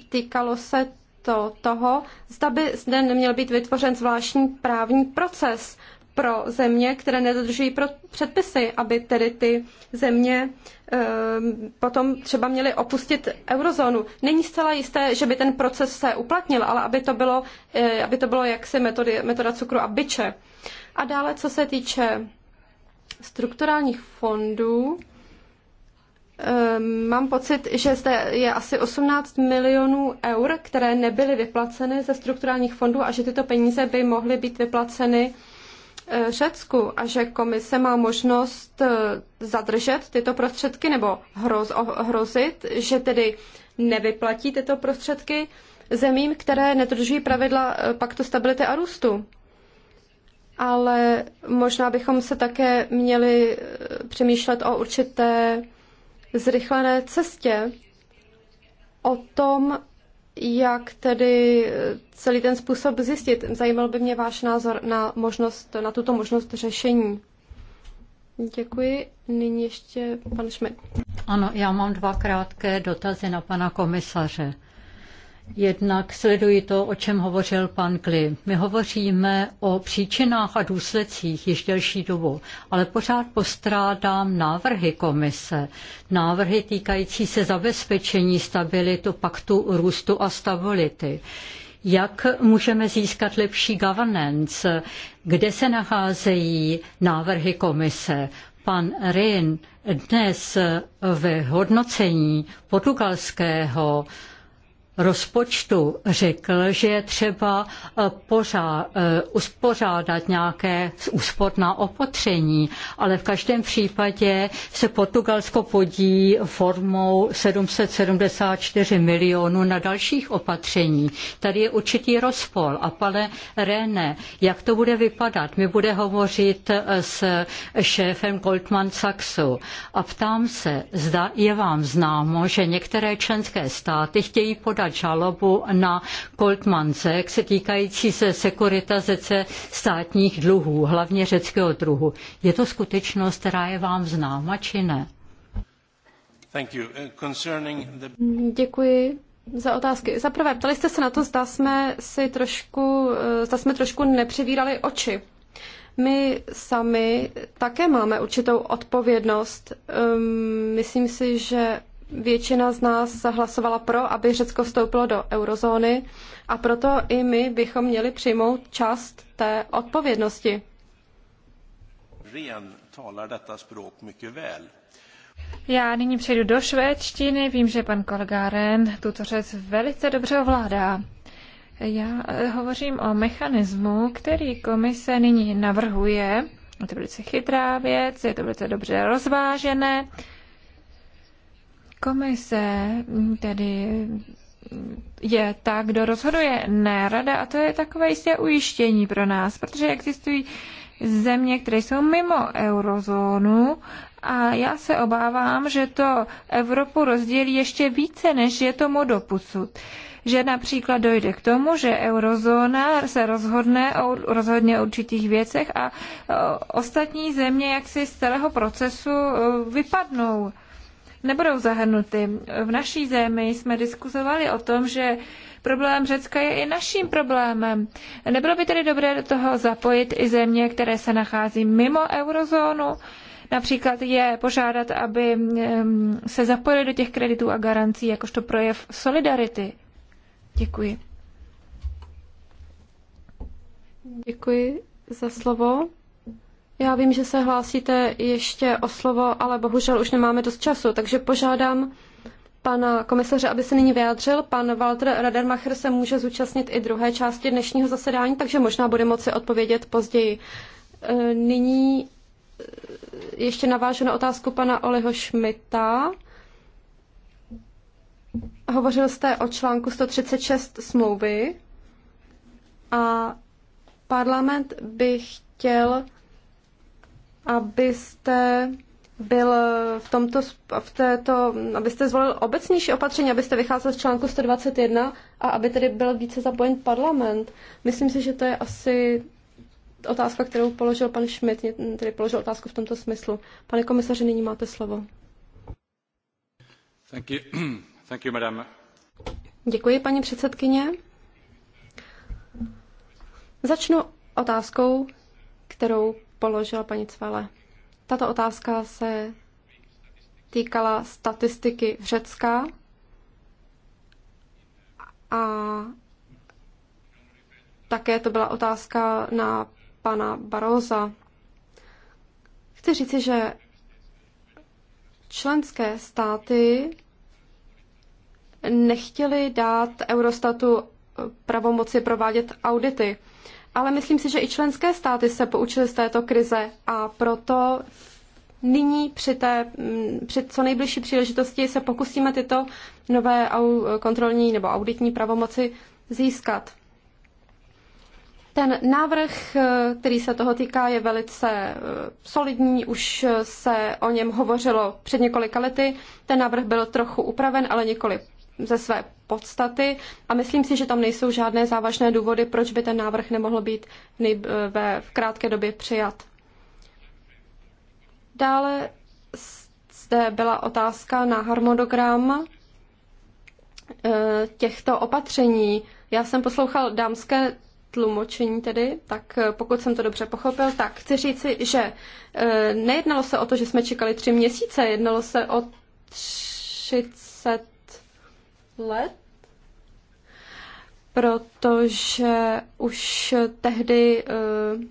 týkalo se to toho, zda by zde neměl být vytvořen zvláštní právní proces pro země, které nedodržují předpisy, aby tedy ty země ehm, potom třeba měly opustit eurozónu. Není zcela jisté, že by ten proces se uplatnil, ale aby to bylo, eh, aby to bylo jaksi metody, metoda cukru a byče. A dále, co se týče strukturálních fondů, Ehm, mám pocit, že zde je asi 18 milionů eur, které nebyly vyplaceny ze strukturálních fondů a že tyto peníze by mohly být vyplaceny eh, Řecku a že komise má možnost eh, zadržet tyto prostředky nebo hroz, hrozit, že tedy nevyplatí tyto prostředky zemím, které nedodržují pravidla eh, paktu stability a růstu. Ale možná bychom se také měli přemýšlet o určité zrychlené cestě o tom, jak tedy eh, celý ten způsob zjistit. Zajímal by mě váš názor na, možnost, na tuto možnost řešení. Děkuji. Nyní ještě pan Šmit. Ano, já mám dva krátké dotazy na pana komisaře. Jednak sleduji to, o čem hovořil pan Kli. My hovoříme o příčinách a důsledcích již delší dobu, ale pořád postrádám návrhy komise, návrhy týkající se zabezpečení stabilitu paktu růstu a stability. Jak můžeme získat lepší governance? Kde se nacházejí návrhy komise? Pan Rin dnes ve hodnocení portugalského rozpočtu řekl, že je třeba eh, pořád, eh, uspořádat nějaké úsporná opatření, ale v každém případě se Portugalsko podí formou 774 milionů na dalších opatření. Tady je určitý rozpol. A pane René, jak to bude vypadat? Mi bude hovořit eh, s šéfem Goldman Sachsu a ptám se, zda je vám známo, že některé členské státy chtějí podat podat žalobu na Goldman Sachs týkající se sekuritizace státních dluhů, hlavně řeckého druhu. Je to skutečnost, která je vám známa, či ne? Uh, Děkuji za otázky. Za prvé, ptali jste se na to, zda jsme si trošku, eh, zda jsme trošku nepřivírali oči. My sami také máme určitou odpovědnost. Um, myslím si, že Většina z nás hlasovala pro, aby Řecko vstoupilo do eurozóny a proto i my bychom měli přijmout část té odpovědnosti. Já nyní přejdu do švédštiny. Vím, že pan kolega Ren tuto řec velice dobře ovládá. Já eh, hovořím o mechanismu, který komise nyní navrhuje. Je to velice chytrá věc, je to velice dobře rozvážené. Komise mm, tedy mm, je ta, kdo rozhoduje, ne rada. A to je takové jisté ujištění pro nás, protože existují země, které jsou mimo eurozónu a já se obávám, že to Evropu rozdělí ještě více, než je tomu doposud. Že například dojde k tomu, že eurozóna se rozhodne o, rozhodně určitých věcech a ostatní země jaksi z celého procesu vypadnou nebudou zahrnuty. V naší zemi jsme diskutovali o tom, že problém Řecka je i naším problémem. Nebylo by tedy dobré do toho zapojit i země, které se nachází mimo eurozónu? Například je požádat, aby se zapojili do těch kreditů a garancí jakožto projev solidarity. Děkuji. Děkuji za slovo. Já vím, že se hlásíte ještě o slovo, ale bohužel už nemáme dost času, takže požádám pana komisaře, aby se nyní vyjádřil. Pan Walter Radermacher se může zúčastnit i druhé části dnešního zasedání, takže možná bude moci odpovědět později. E, nyní e, ještě navážu na otázku pana Oleho Šmita. Hovořil jste o článku 136 smlouvy a parlament by chtěl abyste byl v, tomto, v této, abyste zvolil obecnější opatření, abyste vycházel z článku 121 a aby tedy byl více zapojen parlament. Myslím si, že to je asi otázka, kterou položil pan Schmidt, tedy položil otázku v tomto smyslu. Pane komisaři, nyní máte slovo. Thank you. Thank you, madam. Děkuji, paní předsedkyně. Začnu otázkou, kterou položila paní Cvele. Tato otázka se týkala statistiky Řecka a také to byla otázka na pana Baroza. Chci říci, že členské státy nechtěli dát Eurostatu pravomoci provádět audity ale myslím si, že i členské státy se poučily z této krize a proto nyní při, té, mm, při co nejbližší příležitosti se pokusíme tyto nové kontrolní nebo auditní pravomoci získat. Ten návrh, eh, který se toho týká, je velice eh, solidní, už eh, se o něm hovořilo před několika lety. Ten návrh byl trochu upraven, ale nikoli ze své podstaty a myslím si, že tam nejsou žádné závažné důvody, proč by ten návrh nemohl být v, nej- ve, v krátké době přijat. Dále zde byla otázka na harmonogram e, těchto opatření. Já jsem poslouchal dámské tlumočení tedy, tak e, pokud jsem to dobře pochopil, tak chci říci, že e, nejednalo se o to, že jsme čekali tři měsíce, jednalo se o 30 let, protože už tehdy, uh,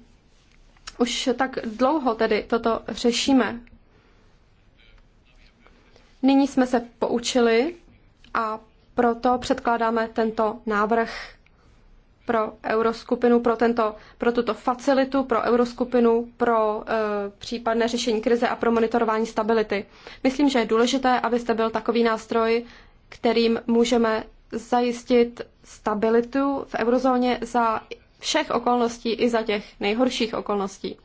už tak dlouho tedy toto řešíme. Nyní jsme se poučili a proto předkládáme tento návrh pro euroskupinu, pro, tento, pro tuto facilitu, pro euroskupinu, pro e, případné řešení krize a pro monitorování stability. Myslím, že je důležité, abyste byl takový nástroj, kterým můžeme zajistit stabilitu v eurozóně za všech okolností i za těch nejhorších okolností.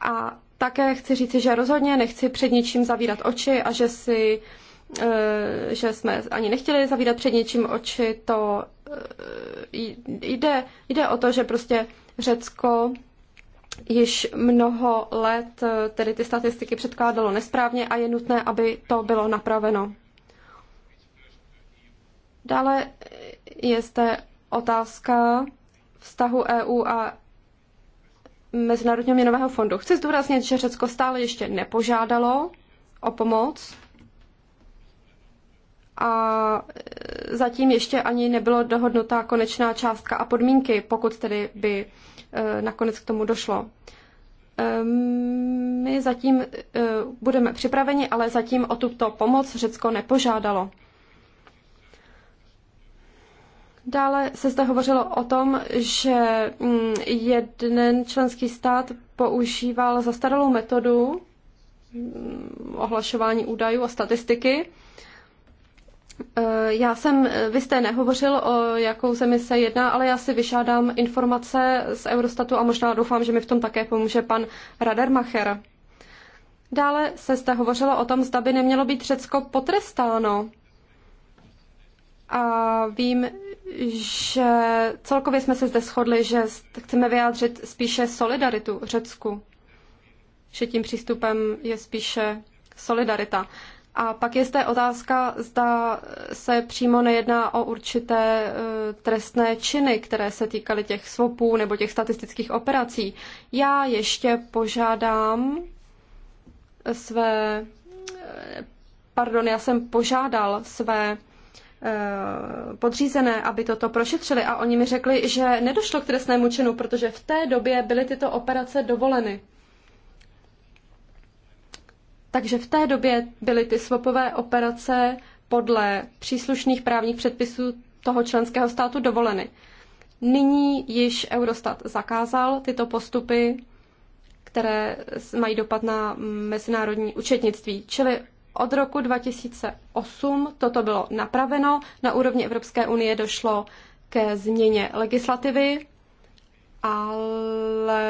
A také chci říci, že rozhodně nechci před ničím zavírat oči a že si eh, že jsme ani nechtěli zavírat před něčím oči, to eh, jde, jde o to, že prostě Řecko již mnoho let eh, tedy ty statistiky předkládalo nesprávně a je nutné, aby to bylo napraveno. Dále je zde otázka vztahu EU a Mezinárodního měnového fondu. Chci zdůraznit, že Řecko stále ještě nepožádalo o pomoc a zatím ještě ani nebylo dohodnutá konečná částka a podmínky, pokud tedy by e, nakonec k tomu došlo. E, my zatím e, budeme připraveni, ale zatím o tuto pomoc Řecko nepožádalo. Dále se zde hovořilo o tom, že mm, jeden členský stát používal zastaralou metodu mm, ohlašování údajů a statistiky. E, já jsem, vy jste nehovořil, o jakou zemi se jedná, ale já si vyžádám informace z Eurostatu a možná doufám, že mi v tom také pomůže pan Radermacher. Dále se zde hovořilo o tom, zda by nemělo být Řecko potrestáno. A vím, že celkově jsme se zde shodli, že chceme vyjádřit spíše solidaritu Řecku, že tím přístupem je spíše solidarita. A pak je zde otázka, zda se přímo nejedná o určité e, trestné činy, které se týkaly těch svopů nebo těch statistických operací. Já ještě požádám e, své, e, pardon, já jsem požádal své Eh, podřízené, aby toto prošetřili a oni mi řekli, že nedošlo k trestnému činu, protože v té době byly tyto operace dovoleny. Takže v té době byly ty swapové operace podle příslušných právních předpisů toho členského státu dovoleny. Nyní již Eurostat zakázal tyto postupy, které mají dopad na mezinárodní účetnictví. Čili od roku 2008 toto bylo napraveno. Na úrovni Evropské unie došlo ke změně legislativy, ale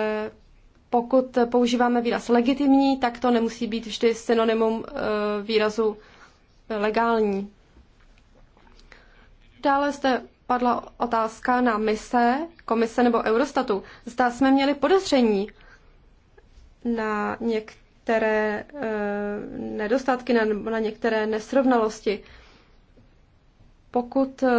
pokud používáme výraz legitimní, tak to nemusí být vždy synonymum e, výrazu legální. Dále jste padla otázka na mise, komise nebo Eurostatu. Zda jsme měli podezření na některé některé eh, nedostatky nebo na některé nesrovnalosti. Pokud, eh,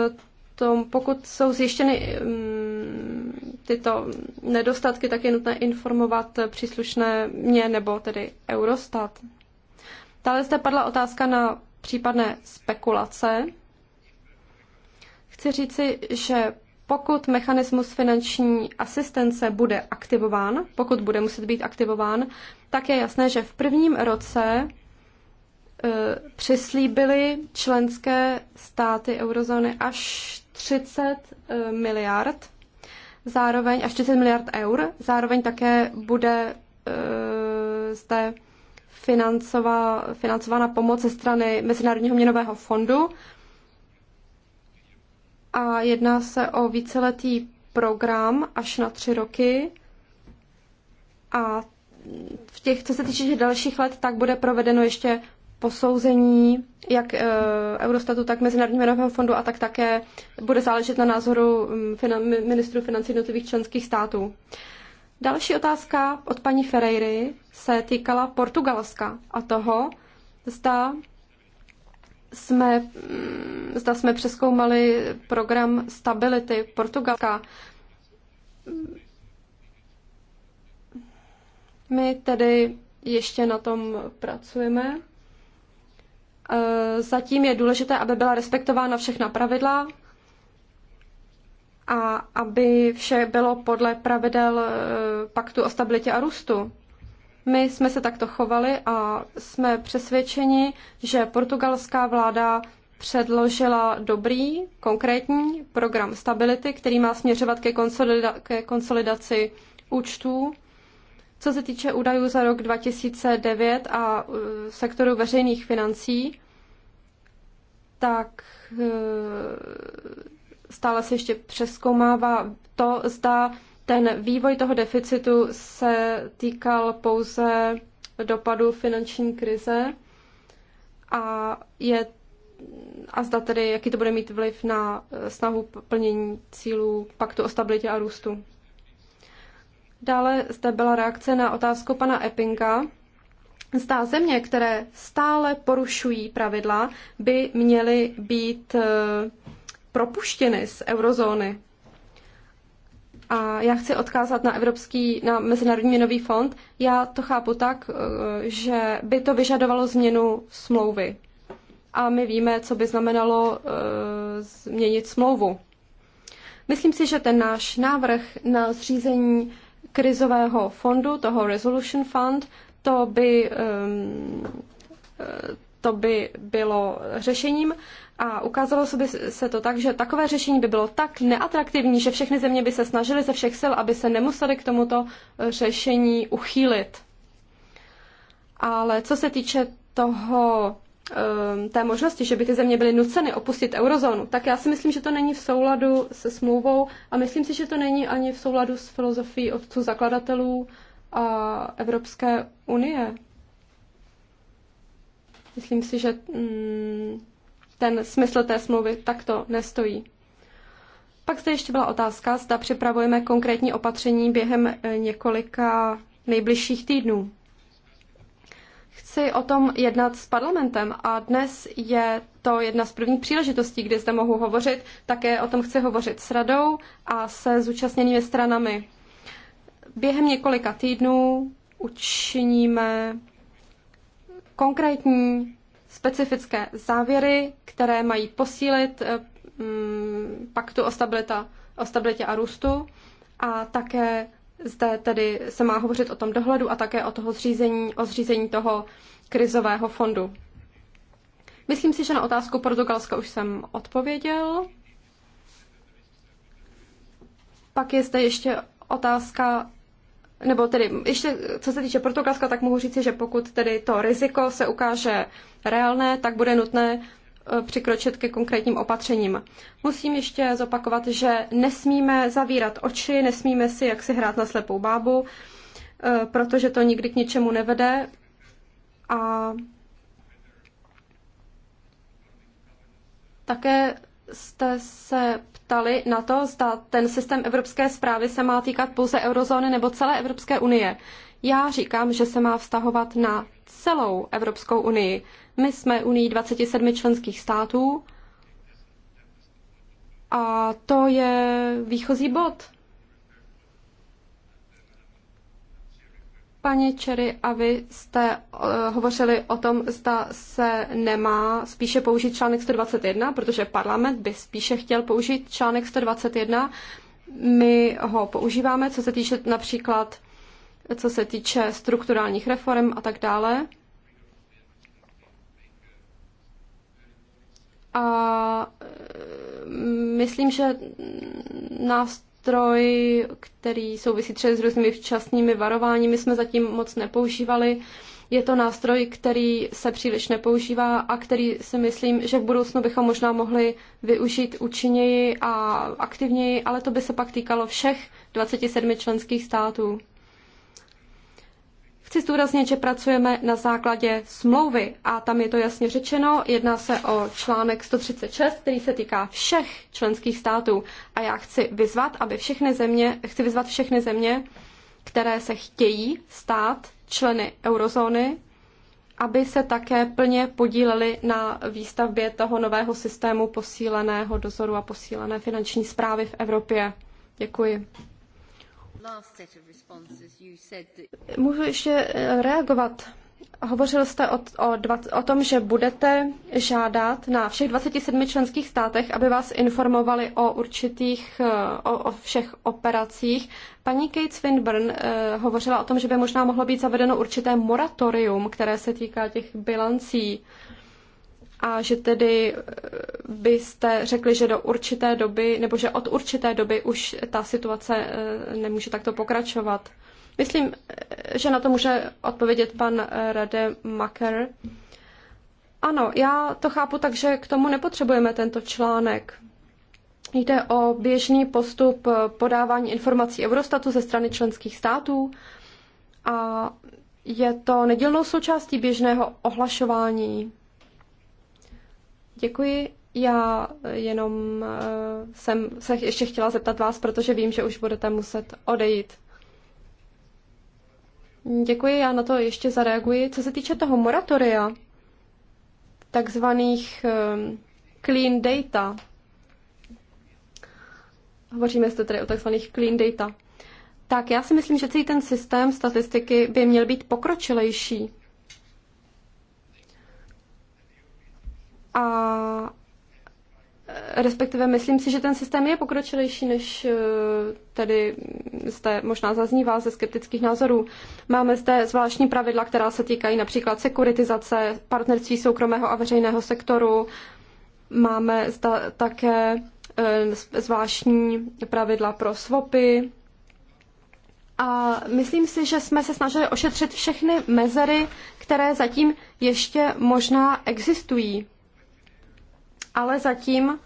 to, pokud jsou zjištěny mm, tyto nedostatky, tak je nutné informovat příslušné mě nebo tedy Eurostat. Dále zde padla otázka na případné spekulace. Chci říci, že pokud mechanismus finanční asistence bude aktivován, pokud bude muset být aktivován, tak je jasné, že v prvním roce e, přislíbili členské státy eurozóny až 30 e, miliard, zároveň až 30 miliard eur, zároveň také bude e, zde financová, financována pomoc ze strany Mezinárodního měnového fondu a jedná se o víceletý program až na tři roky a v těch, co se týče dalších let, tak bude provedeno ještě posouzení jak eh, Eurostatu, tak Mezinárodního měnového fondu a tak také bude záležet na názoru mm, finan- ministru financí jednotlivých členských států. Další otázka od paní Ferreiry se týkala Portugalska a toho, zda jsme, mm, zda jsme přeskoumali program stability Portugalska. My tedy ještě na tom pracujeme. E, zatím je důležité, aby byla respektována všechna pravidla a aby vše bylo podle pravidel e, Paktu o stabilitě a růstu. My jsme se takto chovali a jsme přesvědčeni, že portugalská vláda předložila dobrý, konkrétní program stability, který má směřovat ke, konsolidaci účtů co se týče údajů za rok 2009 a uh, sektoru veřejných financí, tak uh, stále se ještě přeskoumává to, zda ten vývoj toho deficitu se týkal pouze dopadu finanční krize a je a zda tedy, jaký to bude mít vliv na uh, snahu plnění cílů paktu o stabilitě a růstu. Dále zde byla reakce na otázku pana Eppinga. Zdá země, které stále porušují pravidla, by měly být eh, propuštěny z eurozóny. A já chci odkázat na Evropský, na Mezinárodní měnový fond. Já to chápu tak, eh, že by to vyžadovalo změnu smlouvy. A my víme, co by znamenalo eh, změnit smlouvu. Myslím si, že ten náš návrh na zřízení krizového fondu, toho Resolution Fund, to by, um, to by bylo řešením a ukázalo se, by se to tak, že takové řešení by bylo tak neatraktivní, že všechny země by se snažily ze všech sil, aby se nemuseli k tomuto řešení uchýlit. Ale co se týče toho Ehm, té možnosti, že by ty země byly nuceny opustit eurozónu, tak já si myslím, že to není v souladu se smlouvou a myslím si, že to není ani v souladu s filozofií otců zakladatelů a Evropské unie. Myslím si, že mm, ten smysl té smlouvy takto nestojí. Pak zde ještě byla otázka, zda připravujeme konkrétní opatření během eh, několika nejbližších týdnů chci o tom jednat s parlamentem a dnes je to jedna z prvních příležitostí, kdy zde mohu hovořit. Také o tom chci hovořit s radou a se zúčastněnými stranami. Během několika týdnů učiníme konkrétní specifické závěry, které mají posílit eh, mm, paktu o, stabilita, o stabilitě a růstu a také zde tedy se má hovořit o tom dohledu a také o, toho zřízení, o zřízení toho krizového fondu. Myslím si, že na otázku Portugalska už jsem odpověděl. Pak je zde ještě otázka, nebo tedy ještě co se týče Portugalska, tak mohu říci, že pokud tedy to riziko se ukáže reálné, tak bude nutné Eh, přikročit ke konkrétním opatřením. Musím ještě zopakovat, že nesmíme zavírat oči, nesmíme si jak si hrát na slepou bábu, eh, protože to nikdy k ničemu nevede. A také jste se ptali na to, zda ten systém evropské zprávy se má týkat pouze eurozóny nebo celé Evropské unie. Já říkám, že se má vztahovat na celou Evropskou unii. My jsme unii 27 členských států a to je výchozí bod. Paní Čery, a vy jste uh, hovořili o tom, zda se nemá spíše použít článek 121, protože parlament by spíše chtěl použít článek 121. My ho používáme, co se týče například co se týče strukturálních reform a tak dále. A mm, myslím, že nástroj, který souvisí třeba s různými včasnými varováními, jsme zatím moc nepoužívali. Je to nástroj, který se příliš nepoužívá a který si myslím, že v budoucnu bychom možná mohli využít účinněji a aktivněji, ale to by se pak týkalo všech 27 členských států. Chci zdůraznit, že pracujeme na základě smlouvy a tam je to jasně řečeno. Jedná se o článek 136, který se týká všech členských států. A já chci vyzvat, aby všechny země, chci vyzvat všechny země, které se chtějí stát členy eurozóny, aby se také plně podíleli na výstavbě toho nového systému posíleného dozoru a posílené finanční zprávy v Evropě. Děkuji. Můžu ještě eh, reagovat. Hovořil jste o, o, o tom, že budete žádat na všech 27 členských státech, aby vás informovali o určitých, eh, o, o všech operacích. Paní Kate Swinburne eh, hovořila o tom, že by možná mohlo být zavedeno určité moratorium, které se týká těch bilancí. Eh, a že tedy eh, byste řekli, že do určité doby, nebo že od určité doby už ta situace eh, nemůže takto pokračovat. Myslím, eh, že na to může odpovědět pan Rade Macker. Ano, já to chápu tak, že k tomu nepotřebujeme tento článek. Jde o běžný postup podávání informací Eurostatu ze strany členských států a je to nedílnou součástí běžného ohlašování Děkuji. Já jenom eh, jsem se ještě chtěla zeptat vás, protože vím, že už budete muset odejít. Děkuji, já na to ještě zareaguji. Co se týče toho moratoria, takzvaných ehm, clean data, hovoříme zde tedy o takzvaných clean data, tak já si myslím, že celý ten systém statistiky by měl být pokročilejší. a e, respektive myslím si, že ten systém je pokročilejší, než e, tedy jste možná zaznívá ze skeptických názorů. Máme zde zvláštní pravidla, která se týkají například sekuritizace, partnerství soukromého a veřejného sektoru. Máme zde také e, zvláštní pravidla pro svopy. A myslím si, že jsme se snažili ošetřit všechny mezery, které zatím ještě možná existují ale zatím,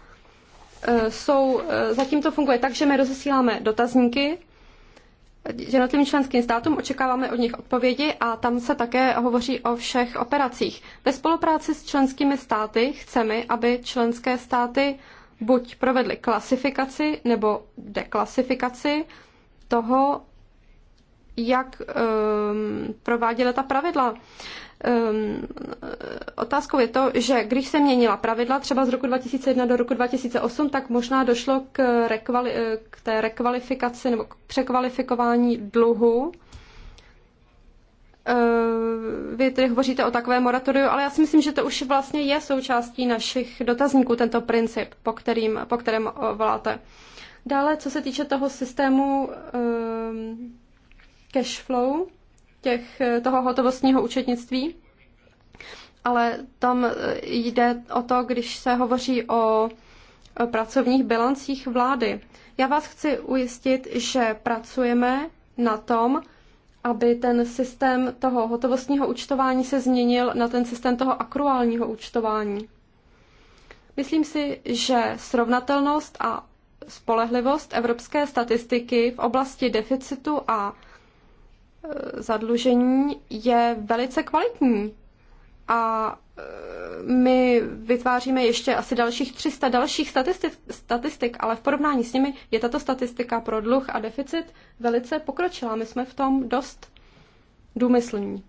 eh, jsou, eh, zatím to funguje tak, že my rozesíláme dotazníky jednotlivým členským státům, očekáváme od nich odpovědi a tam se také hovoří o všech operacích. Ve spolupráci s členskými státy chceme, aby členské státy buď provedly klasifikaci nebo deklasifikaci toho, jak um, ehm, prováděly ta pravidla um, otázkou je to, že když se měnila pravidla třeba z roku 2001 do roku 2008, tak možná došlo k, rekvali, k té rekvalifikaci nebo k překvalifikování dluhu. Uh, vy tedy hovoříte o takové moratoriu, ale já si myslím, že to už vlastně je součástí našich dotazníků, tento princip, po, kterým, po kterém voláte. Dále, co se týče toho systému um, cash flow, těch, toho hotovostního účetnictví, ale tam jde o to, když se hovoří o pracovních bilancích vlády. Já vás chci ujistit, že pracujeme na tom, aby ten systém toho hotovostního účtování se změnil na ten systém toho akruálního účtování. Myslím si, že srovnatelnost a spolehlivost evropské statistiky v oblasti deficitu a Eh, zadlužení je velice kvalitní a eh, my vytváříme ještě asi dalších 300 dalších statistik, statistik, ale v porovnání s nimi je tato statistika pro dluh a deficit velice pokročila. My jsme v tom dost důmyslní.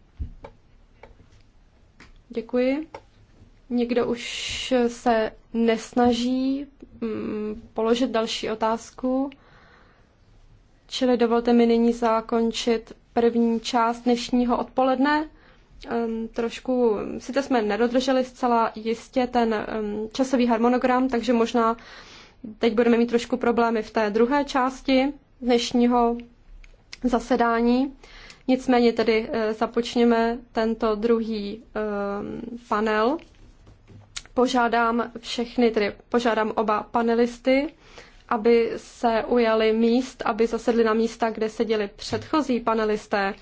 Děkuji. Nikdo už se nesnaží mm, položit další otázku. Čili dovolte mi nyní zakončit první část dnešního odpoledne. Ehm, trošku, sice jsme nedodrželi zcela jistě ten ehm, časový harmonogram, takže možná teď budeme mít trošku problémy v té druhé části dnešního zasedání. Nicméně tedy eh, započněme tento druhý ehm, panel. Požádám všechny, tedy požádám oba panelisty, aby se ujali míst, aby zasedli na místa, kde seděli předchozí panelisté.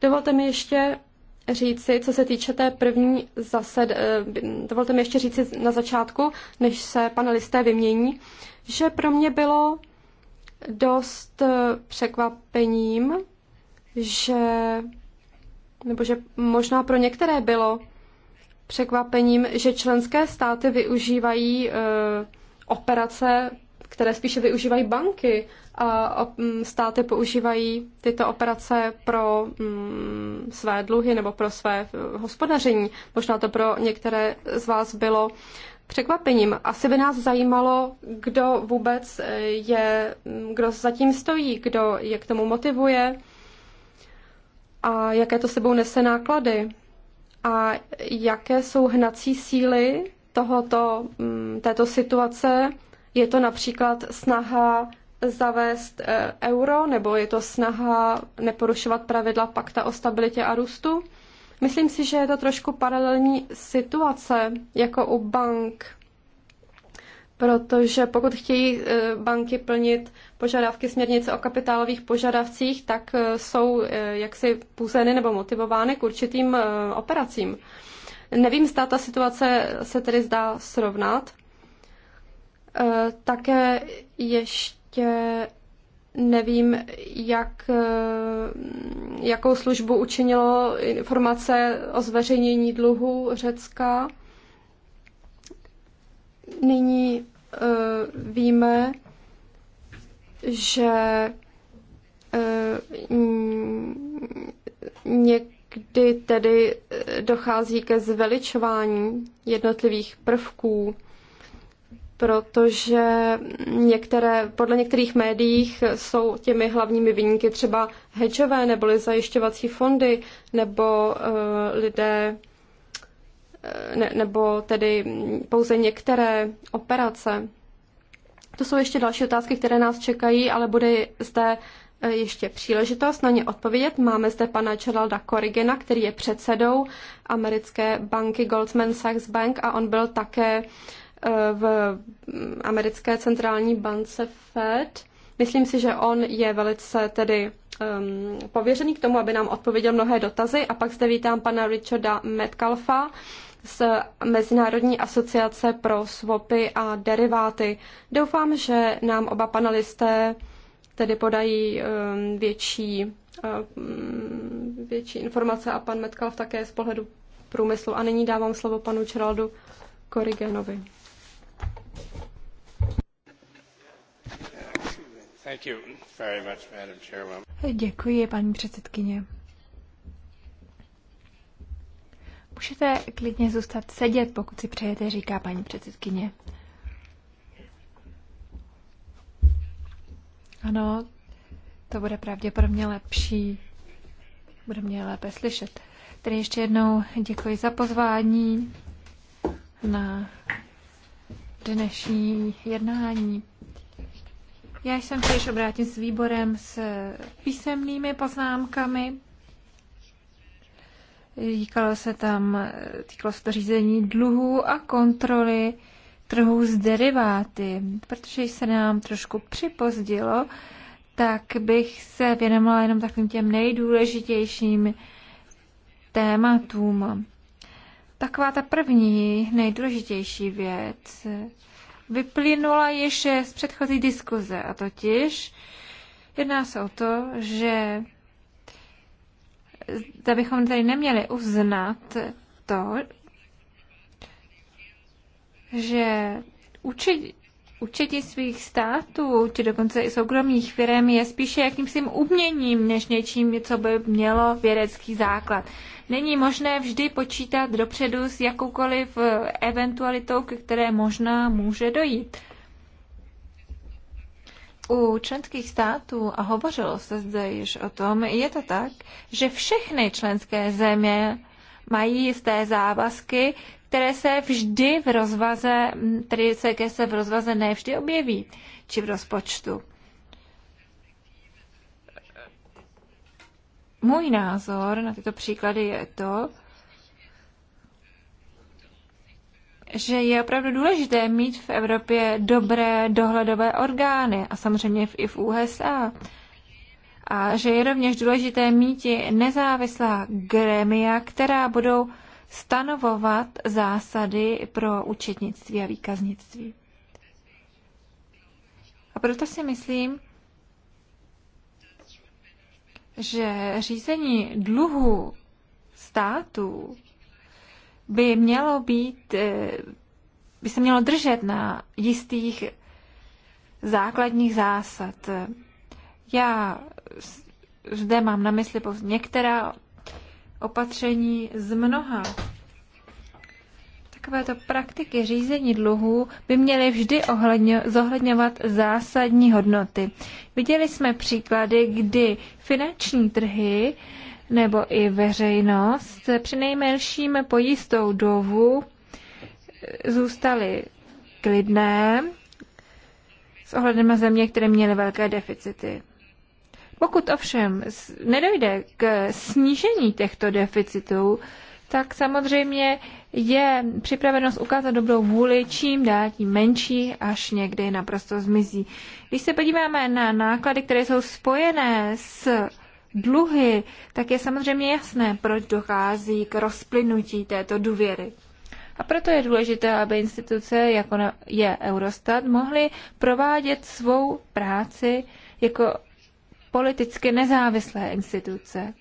Dovolte mi ještě říci, co se týče té první zased, eh, dovolte mi ještě říci na začátku, než se panelisté vymění, že pro mě bylo dost eh, překvapením, že, nebo že možná pro některé bylo překvapením, že členské státy využívají eh, operace které spíše využívají banky a státy používají tyto operace pro své dluhy nebo pro své eh, hospodaření. Možná to pro některé z vás bylo překvapením. Asi by nás zajímalo, kdo vůbec eh, je, kdo zatím stojí, kdo je k tomu motivuje a jaké to sebou nese náklady a jaké jsou hnací síly tohoto, této situace je to například snaha zavést eh, euro, nebo je to snaha neporušovat pravidla pakta o stabilitě a růstu? Myslím si, že je to trošku paralelní situace jako u bank, protože pokud chtějí eh, banky plnit požadavky směrnice o kapitálových požadavcích, tak eh, jsou jaksi půzeny nebo motivovány k určitým operacím. Nevím, zda ta situace se tedy zdá srovnat. Eh, také ještě nevím, jak, eh, jakou službu učinilo informace o zveřejnění dluhu Řecka. Nyní eh, víme, že někdy tedy dochází ke zveličování jednotlivých prvků protože některé, podle některých médiích jsou těmi hlavními vyníky třeba hedžové neboli zajišťovací fondy nebo uh, lidé eh, ne, nebo tedy pouze některé operace. To jsou ještě další otázky, které nás čekají, ale bude zde eh, ještě příležitost na ně odpovědět. Máme zde pana Geralda Corrigena, který je předsedou americké banky Goldman Sachs Bank a on byl také uh, v americké centrální bance Fed. Myslím si, že on je velice tedy um, pověřený k tomu, aby nám odpověděl mnohé dotazy. A pak zde vítám pana Richarda Metcalfa z Mezinárodní asociace pro swapy a deriváty. Doufám, že nám oba panelisté tedy podají um, větší, um, větší informace a pan Metcalf také z pohledu průmyslu. A nyní dávám slovo panu Geraldu Korigenovi. Děkuji, paní předsedkyně. Můžete klidně zůstat sedět, pokud si přejete, říká paní předsedkyně. Ano, to bude pravděpodobně lepší. Bude mě lépe slyšet. Tedy ještě jednou děkuji za pozvání na dnešní jednání. Já jsem se již obrátil s výborem s písemnými poznámkami. říkalo se tam, týkalo se to řízení dluhů a kontroly trhů s deriváty. Protože se nám trošku připozdilo, tak bych se věnovala jenom takovým těm nejdůležitějším tématům taková ta první, nejdůležitější věc vyplynula ještě z předchozí diskuze a totiž jedná se o to, že zda bychom tady neměli uznat to, že učit svých států, či dokonce i soukromých firm je spíše jakýmsi uměním, než něčím, co by mělo vědecký základ. Není možné vždy počítat dopředu s jakoukoliv eh, eventualitou, ke které možná může dojít. U členských států, a hovořilo se zde již o tom, je to tak, že všechny členské země mají jisté závazky, které se vždy v rozvaze, tedy se, které se v rozvaze vždy objeví, či v rozpočtu. Můj názor na tyto příklady je to, že je opravdu důležité mít v Evropě dobré dohledové orgány a samozřejmě i v USA a že je rovněž důležité mít nezávislá grémia, která budou stanovovat zásady pro účetnictví a výkaznictví. A proto si myslím, že řízení dluhu států by mělo být, eh, by se mělo držet na jistých základních zásad. Já zde mám na mysli pouze některá opatření z mnoha. Takovéto praktiky řízení dluhů by měly vždy ohledňo, zohledňovat zásadní hodnoty. Viděli jsme příklady, kdy finanční trhy nebo i veřejnost při nejmenším pojistou dovu zůstaly klidné s ohledem na země, které měly velké deficity. Pokud ovšem nedojde k snížení těchto deficitů, tak samozřejmě je připravenost ukázat dobrou vůli čím dál tím menší, až někdy naprosto zmizí. Když se podíváme na náklady, které jsou spojené s dluhy, tak je samozřejmě jasné, proč dochází k rozplynutí této důvěry. A proto je důležité, aby instituce, jako je Eurostat, mohly provádět svou práci jako politicky nezávislé instituce.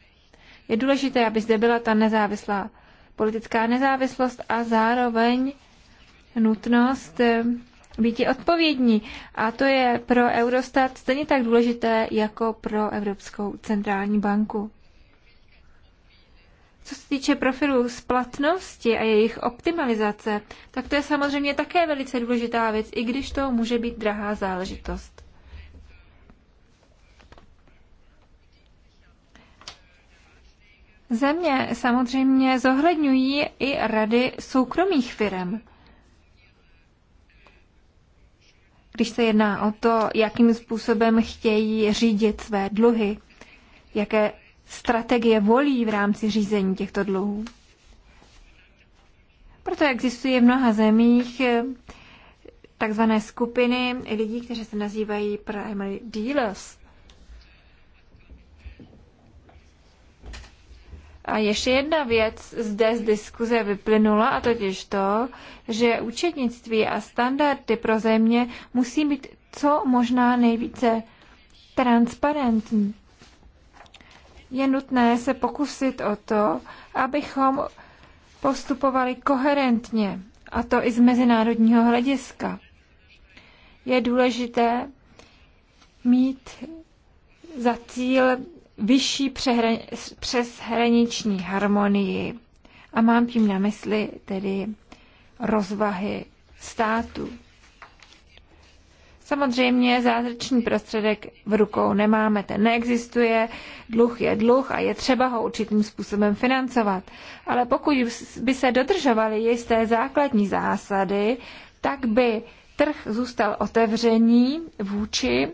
Je důležité, aby zde byla ta nezávislá politická nezávislost a zároveň nutnost eh, být odpovědní. A to je pro Eurostat stejně tak důležité jako pro Evropskou centrální banku. Co se týče profilů splatnosti a jejich optimalizace, tak to je samozřejmě také velice důležitá věc, i když to může být drahá záležitost. země samozřejmě zohledňují i rady soukromých firm. Když se jedná o to, jakým způsobem chtějí řídit své dluhy, jaké strategie volí v rámci řízení těchto dluhů. Proto existují v mnoha zemích eh, takzvané skupiny lidí, kteří se nazývají primary dealers. A ještě jedna věc zde z diskuze vyplynula, a totiž to, že účetnictví a standardy pro země musí být co možná nejvíce transparentní. Je nutné se pokusit o to, abychom postupovali koherentně, a to i z mezinárodního hlediska. Je důležité mít za cíl vyšší přeshraniční harmonii. A mám tím na mysli tedy rozvahy státu. Samozřejmě zázračný prostředek v rukou nemáme, ten neexistuje, dluh je dluh a je třeba ho určitým způsobem financovat. Ale pokud by se dodržovaly jisté základní zásady, tak by trh zůstal otevřený vůči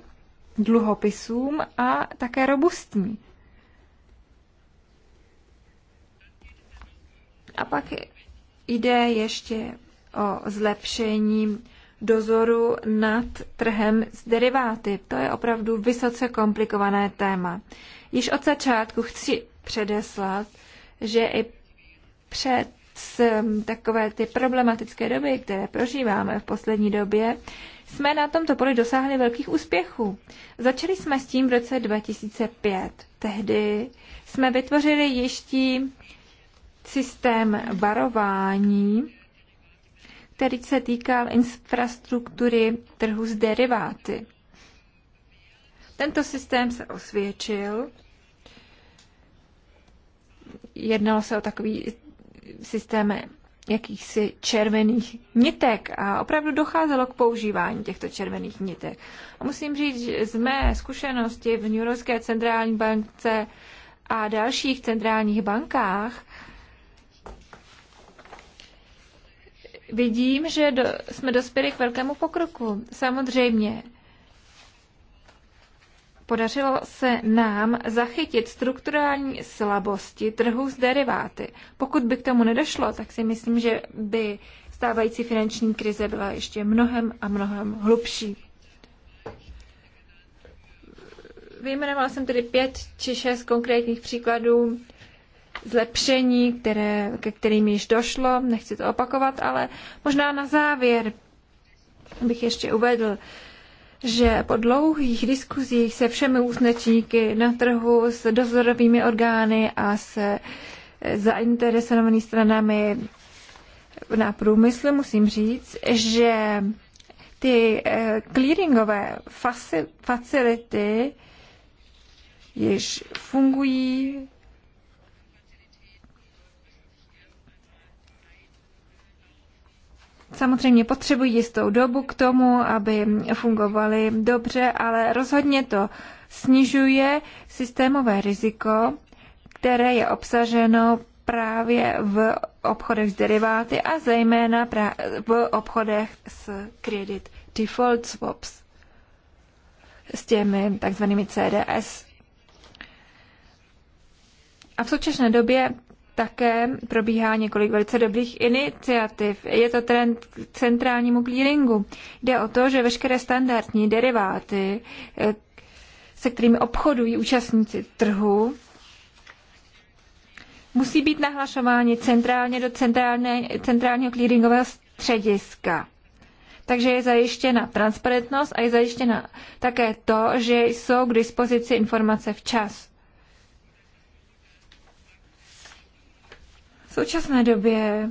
dluhopisům a také robustní. A pak jde ještě o zlepšení dozoru nad trhem s deriváty. To je opravdu vysoce komplikované téma. Již od začátku chci předeslat, že i před takové ty problematické doby, které prožíváme v poslední době, jsme na tomto poli dosáhli velkých úspěchů. Začali jsme s tím v roce 2005. Tehdy jsme vytvořili ještě systém varování, který se týkal infrastruktury trhu s deriváty. Tento systém se osvědčil. Jednalo se o takový systém jakýchsi červených nitek a opravdu docházelo k používání těchto červených nitek. A musím říct, že z mé zkušenosti v New Yorkské centrální bance a dalších centrálních bankách vidím, že do, jsme dospěli k velkému pokroku. Samozřejmě Podařilo se nám zachytit strukturální slabosti trhu s deriváty. Pokud by k tomu nedošlo, tak si myslím, že by stávající finanční krize byla ještě mnohem a mnohem hlubší. Vyjmenovala jsem tedy pět či šest konkrétních příkladů zlepšení, které, ke kterým již došlo. Nechci to opakovat, ale možná na závěr bych ještě uvedl, že po dlouhých diskuzích se všemi úsnečníky na trhu s dozorovými orgány a se zainteresovanými stranami na průmysl musím říct, že ty eh, clearingové facility již fungují Samozřejmě potřebují jistou dobu k tomu, aby fungovaly dobře, ale rozhodně to snižuje systémové riziko, které je obsaženo právě v obchodech s deriváty a zejména v obchodech s credit default swaps, s těmi takzvanými CDS. A v současné době také probíhá několik velice dobrých iniciativ. Je to trend k centrálnímu clearingu. Jde o to, že veškeré standardní deriváty, eh, se kterými obchodují účastníci trhu, musí být nahlašováni centrálně do centrálně, centrálního clearingového střediska. Takže je zajištěna transparentnost a je zajištěna také to, že jsou k dispozici informace včas. V současné době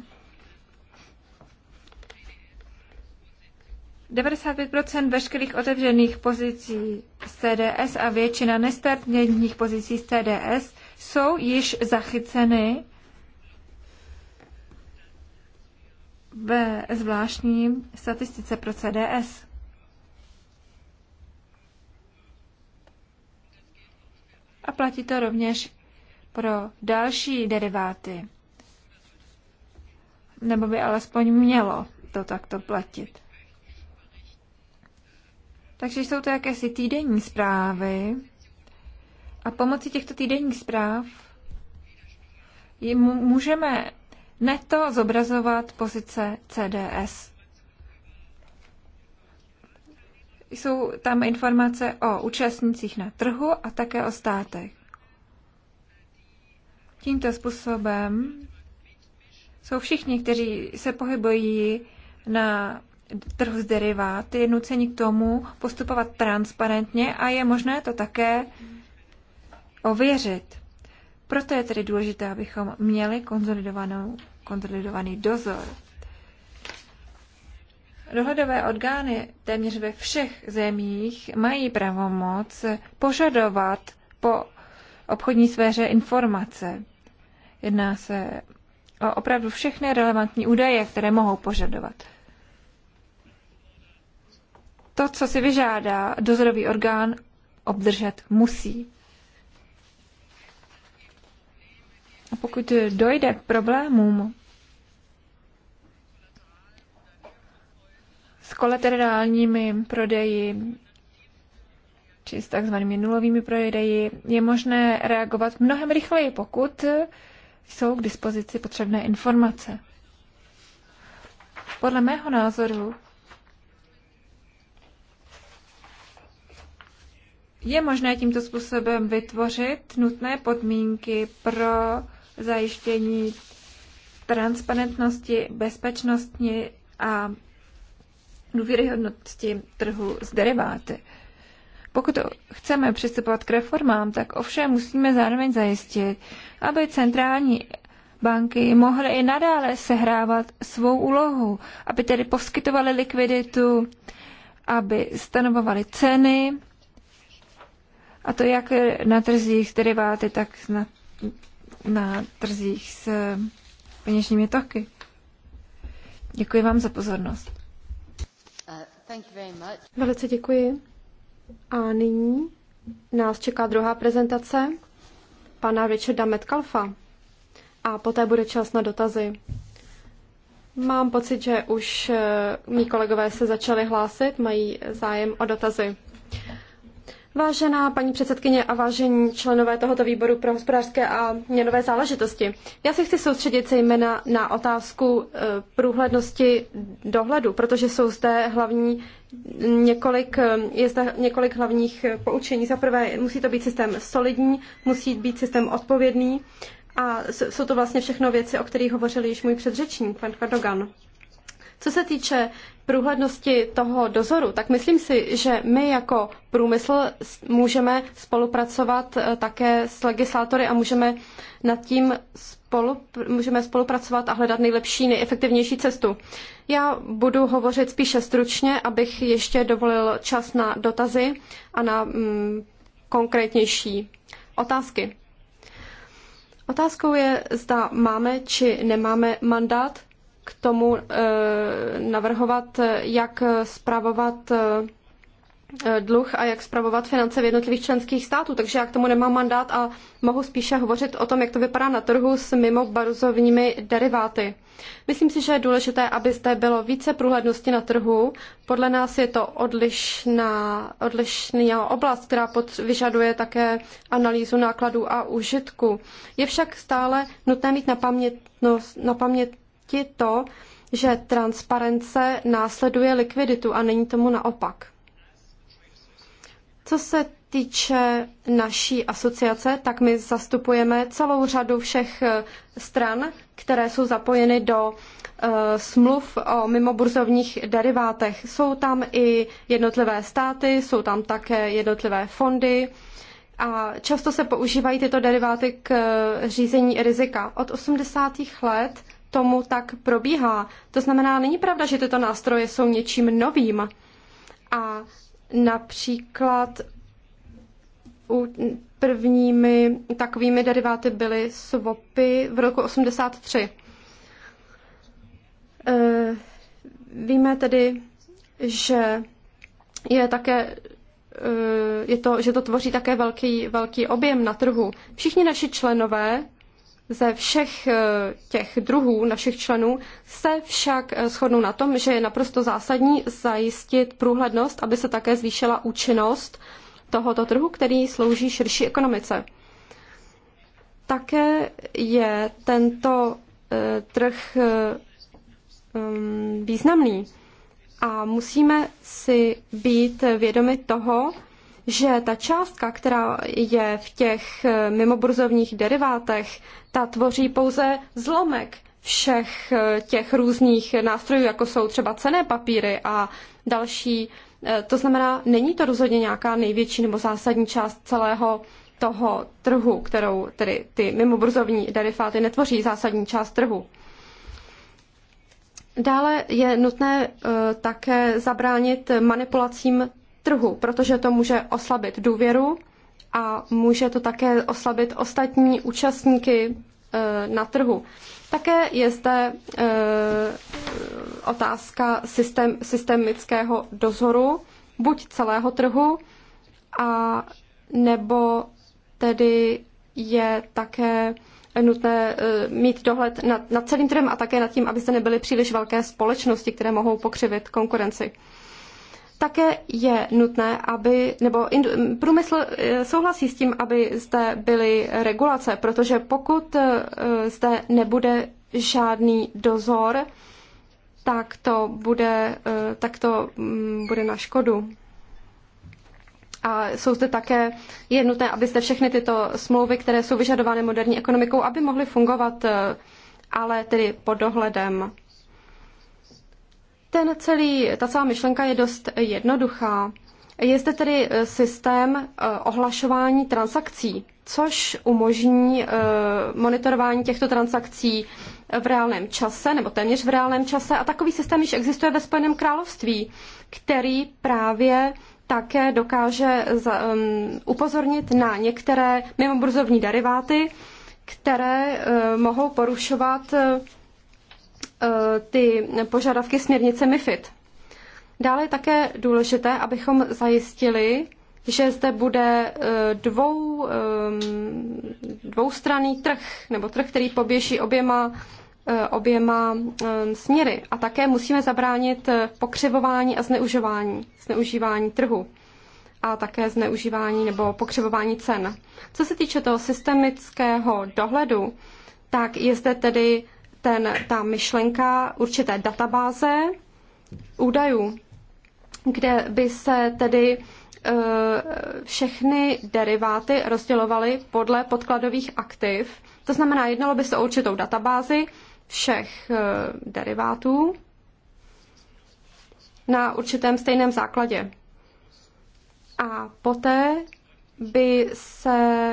95% veškerých otevřených pozicí z CDS a většina nestartněných pozicí z CDS jsou již zachyceny ve zvláštní statistice pro CDS. A platí to rovněž pro další deriváty nebo by alespoň mělo to takto platit. Takže jsou to jakési týdenní zprávy a pomocí těchto týdenních zpráv můžeme neto zobrazovat pozice CDS. Jsou tam informace o účastnících na trhu a také o státech. Tímto způsobem jsou všichni, kteří se pohybují na trhu s deriváty, nuceni k tomu postupovat transparentně a je možné to také ověřit. Proto je tedy důležité, abychom měli konsolidovanou, konsolidovaný dozor. Dohledové orgány téměř ve všech zemích mají pravomoc požadovat po obchodní sféře informace. Jedná se o opravdu všechny relevantní údaje, které mohou požadovat. To, co si vyžádá dozorový orgán, obdržet musí. A pokud dojde k problémům s kolaterálními prodeji či s takzvanými nulovými prodeji, je možné reagovat mnohem rychleji, pokud jsou k dispozici potřebné informace. Podle mého názoru je možné tímto způsobem vytvořit nutné podmínky pro zajištění transparentnosti, bezpečnosti a důvěryhodnosti trhu s deriváty. Pokud chceme přistupovat k reformám, tak ovšem musíme zároveň zajistit, aby centrální banky mohly i nadále sehrávat svou úlohu, aby tedy poskytovaly likviditu, aby stanovovaly ceny, a to jak na trzích s deriváty, tak na, na trzích s peněžními toky. Děkuji vám za pozornost. Uh, Velice děkuji. A nyní nás čeká druhá prezentace pana Richarda Metcalfa. A poté bude čas na dotazy. Mám pocit, že už eh, mý kolegové se začali hlásit, mají zájem o dotazy. Vážená paní předsedkyně a vážení členové tohoto výboru pro hospodářské a měnové záležitosti, já se chci soustředit zejména na otázku e, průhlednosti dohledu, protože jsou zde hlavní několik, e, je zde několik hlavních poučení. Za prvé, musí to být systém solidní, musí být systém odpovědný a jsou to vlastně všechno věci, o kterých hovořil již můj předřečník, pan Kardogan. Co se týče průhlednosti toho dozoru, tak myslím si, že my jako průmysl můžeme spolupracovat eh, také s legislátory a můžeme nad tím spolu, můžeme spolupracovat a hledat nejlepší, nejefektivnější cestu. Já budu hovořit spíše stručně, abych ještě dovolil čas na dotazy a na mm, konkrétnější otázky. Otázkou je, zda máme či nemáme mandát k tomu eh, navrhovat, jak spravovat eh, dluh a jak spravovat finance v jednotlivých členských států, takže já k tomu nemám mandát a mohu spíše hovořit o tom, jak to vypadá na trhu s mimo barzovními deriváty. Myslím si, že je důležité, aby zde bylo více průhlednosti na trhu. Podle nás je to odlišná, odlišná oblast, která pod, vyžaduje také analýzu nákladů a užitku. Je však stále nutné mít na, pamětnost, na, oblasti to, že transparence následuje likviditu a není tomu naopak. Co se týče naší asociace, tak my zastupujeme celou řadu všech eh, stran, které jsou zapojeny do eh, smluv o mimoburzovních derivátech. Jsou tam i jednotlivé státy, jsou tam také jednotlivé fondy a často se používají tyto deriváty k eh, řízení rizika. Od 80. let tomu tak probíhá. To znamená, není pravda, že tyto nástroje jsou něčím novým. A například u prvními takovými deriváty byly swapy v roku 83. E, víme tedy, že je také e, je to, že to tvoří také velký, velký objem na trhu. Všichni naši členové ze všech eh, těch druhů našich členů se však eh, shodnou na tom, že je naprosto zásadní zajistit průhlednost, aby se také zvýšila účinnost tohoto trhu, který slouží širší ekonomice. Také je tento eh, trh mm, významný a musíme si být vědomi toho, že ta částka, která je v těch eh, mimoburzovních derivátech, ta tvoří pouze zlomek všech eh, těch různých nástrojů, jako jsou třeba cené papíry a další. Eh, to znamená, není to rozhodně nějaká největší nebo zásadní část celého toho trhu, kterou tedy ty mimoburzovní deriváty netvoří zásadní část trhu. Dále je nutné také zabránit manipulacím trhu, protože to může oslabit důvěru a může to také oslabit ostatní účastníky eh, na trhu. Také je zde eh, otázka systém, systemického dozoru, buď celého trhu, a nebo tedy je také nutné eh, mít dohled nad, nad celým trhem a také nad tím, aby se nebyly příliš velké společnosti, které mohou pokřivit konkurenci. Také je nutné, aby, nebo průmysl eh, souhlasí s tím, aby zde byly regulace, protože pokud eh, zde nebude žádný dozor, tak to bude, eh, tak to mm, bude na škodu. A jsou zde také, je nutné, aby zde všechny tyto smlouvy, které jsou vyžadovány moderní ekonomikou, aby mohly fungovat, ale tedy pod dohledem. Ten celý, ta celá myšlenka je dost jednoduchá. Je zde tedy eh, systém eh, ohlašování transakcí, což umožní eh, monitorování těchto transakcí v reálném čase, nebo téměř v reálném čase. A takový systém již existuje ve Spojeném království, který právě také dokáže ehm, upozornit na některé mimoburzovní deriváty, které mohou porušovat Eh, ty požadavky směrnice MIFID. Dále je také důležité, abychom zajistili, že zde bude eh, dvou, eh, dvoustranný trh, nebo trh, který poběží oběma, oběma směry. A také musíme zabránit pokřivování a zneužívání, zneužívání trhu a také zneužívání nebo pokřivování cen. Co se týče toho systemického dohledu, tak je zde tedy ten, ta myšlenka určité databáze údajů, kde by se tedy e, všechny deriváty rozdělovaly podle podkladových aktiv. To znamená, jednalo by se o určitou databázi všech e, derivátů na určitém stejném základě. A poté by se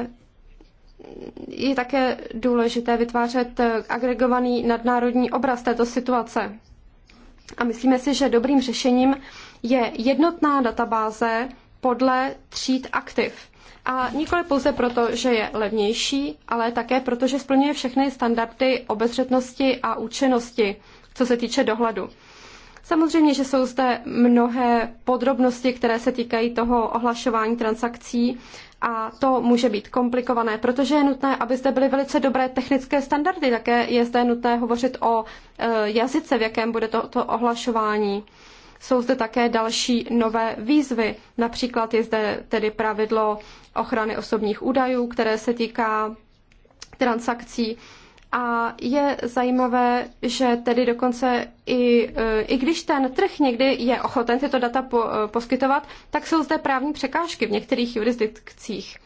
je také důležité vytvářet agregovaný nadnárodní obraz této situace. A myslíme si, že dobrým řešením je jednotná databáze podle tříd aktiv. A nikoli pouze proto, že je levnější, ale také proto, že splňuje všechny standardy obezřetnosti a účinnosti, co se týče dohledu. Samozřejmě, že jsou zde mnohé podrobnosti, které se týkají toho ohlašování transakcí a to může být komplikované, protože je nutné, aby zde byly velice dobré technické standardy. Také je zde nutné hovořit o eh, jazyce, v jakém bude toto to ohlašování. Jsou zde také další nové výzvy. Například je zde tedy pravidlo ochrany osobních údajů, které se týká transakcí. A je zajímavé, že tedy dokonce i, eh, i když ten trh někdy je ochoten tyto data po, eh, poskytovat, tak jsou zde právní překážky v některých jurisdikcích.